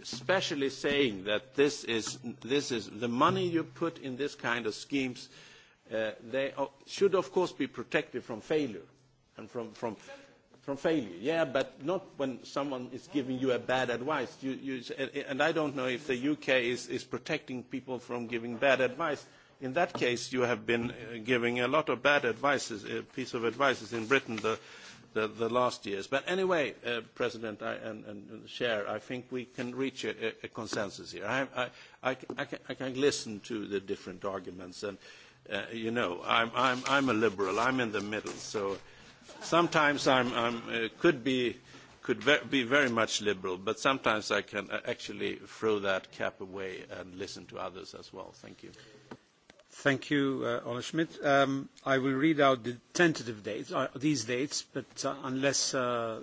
especially saying that this is this is the money you put in this kind of schemes. They should of course be protected from failure and from from from failure. Yeah, but not when someone is giving you a bad advice. And I don't know if the UK is is protecting people from giving bad advice. In that case, you have been giving a lot of bad advices, piece of advices in Britain. The the last years. But anyway, President and Chair, I think we can reach a consensus here. I can listen to the different arguments, and you know, I'm a liberal. I'm in the middle, so sometimes I could be very much liberal, but sometimes I can actually throw that cap away and listen to others as well. Thank you. Thank you, Ola Schmidt. I will read out the tentative dates, these dates, but unless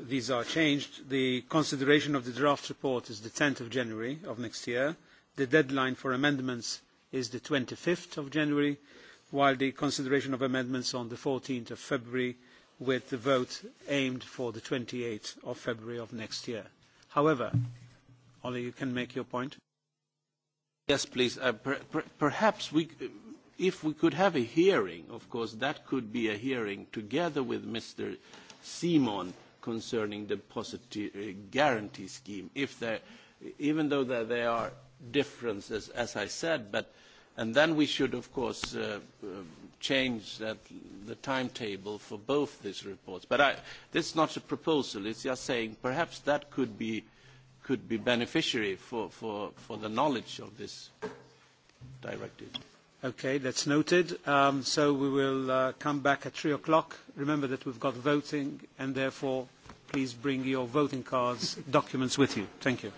these are changed, the consideration of the draft report is the 10th of January of next year. The deadline for amendments is the 25th of January, while the consideration of amendments on the 14th of February, with the vote aimed for the 28th of February of next year. However, Ola, you can make your point. Yes, please. Perhaps we if we could have a hearing, of course, that could be a hearing together with Mr. Simon concerning the deposit guarantee scheme, even though there are differences, as I said, but and then we should, of course, change the timetable for both these reports. But this is not a proposal. It's just saying perhaps that could be beneficiary for the knowledge of this directive. Okay, that's noted. So we will come back at 3 o'clock. Remember that we've got voting, and therefore, please bring your voting cards, documents with you. Thank you.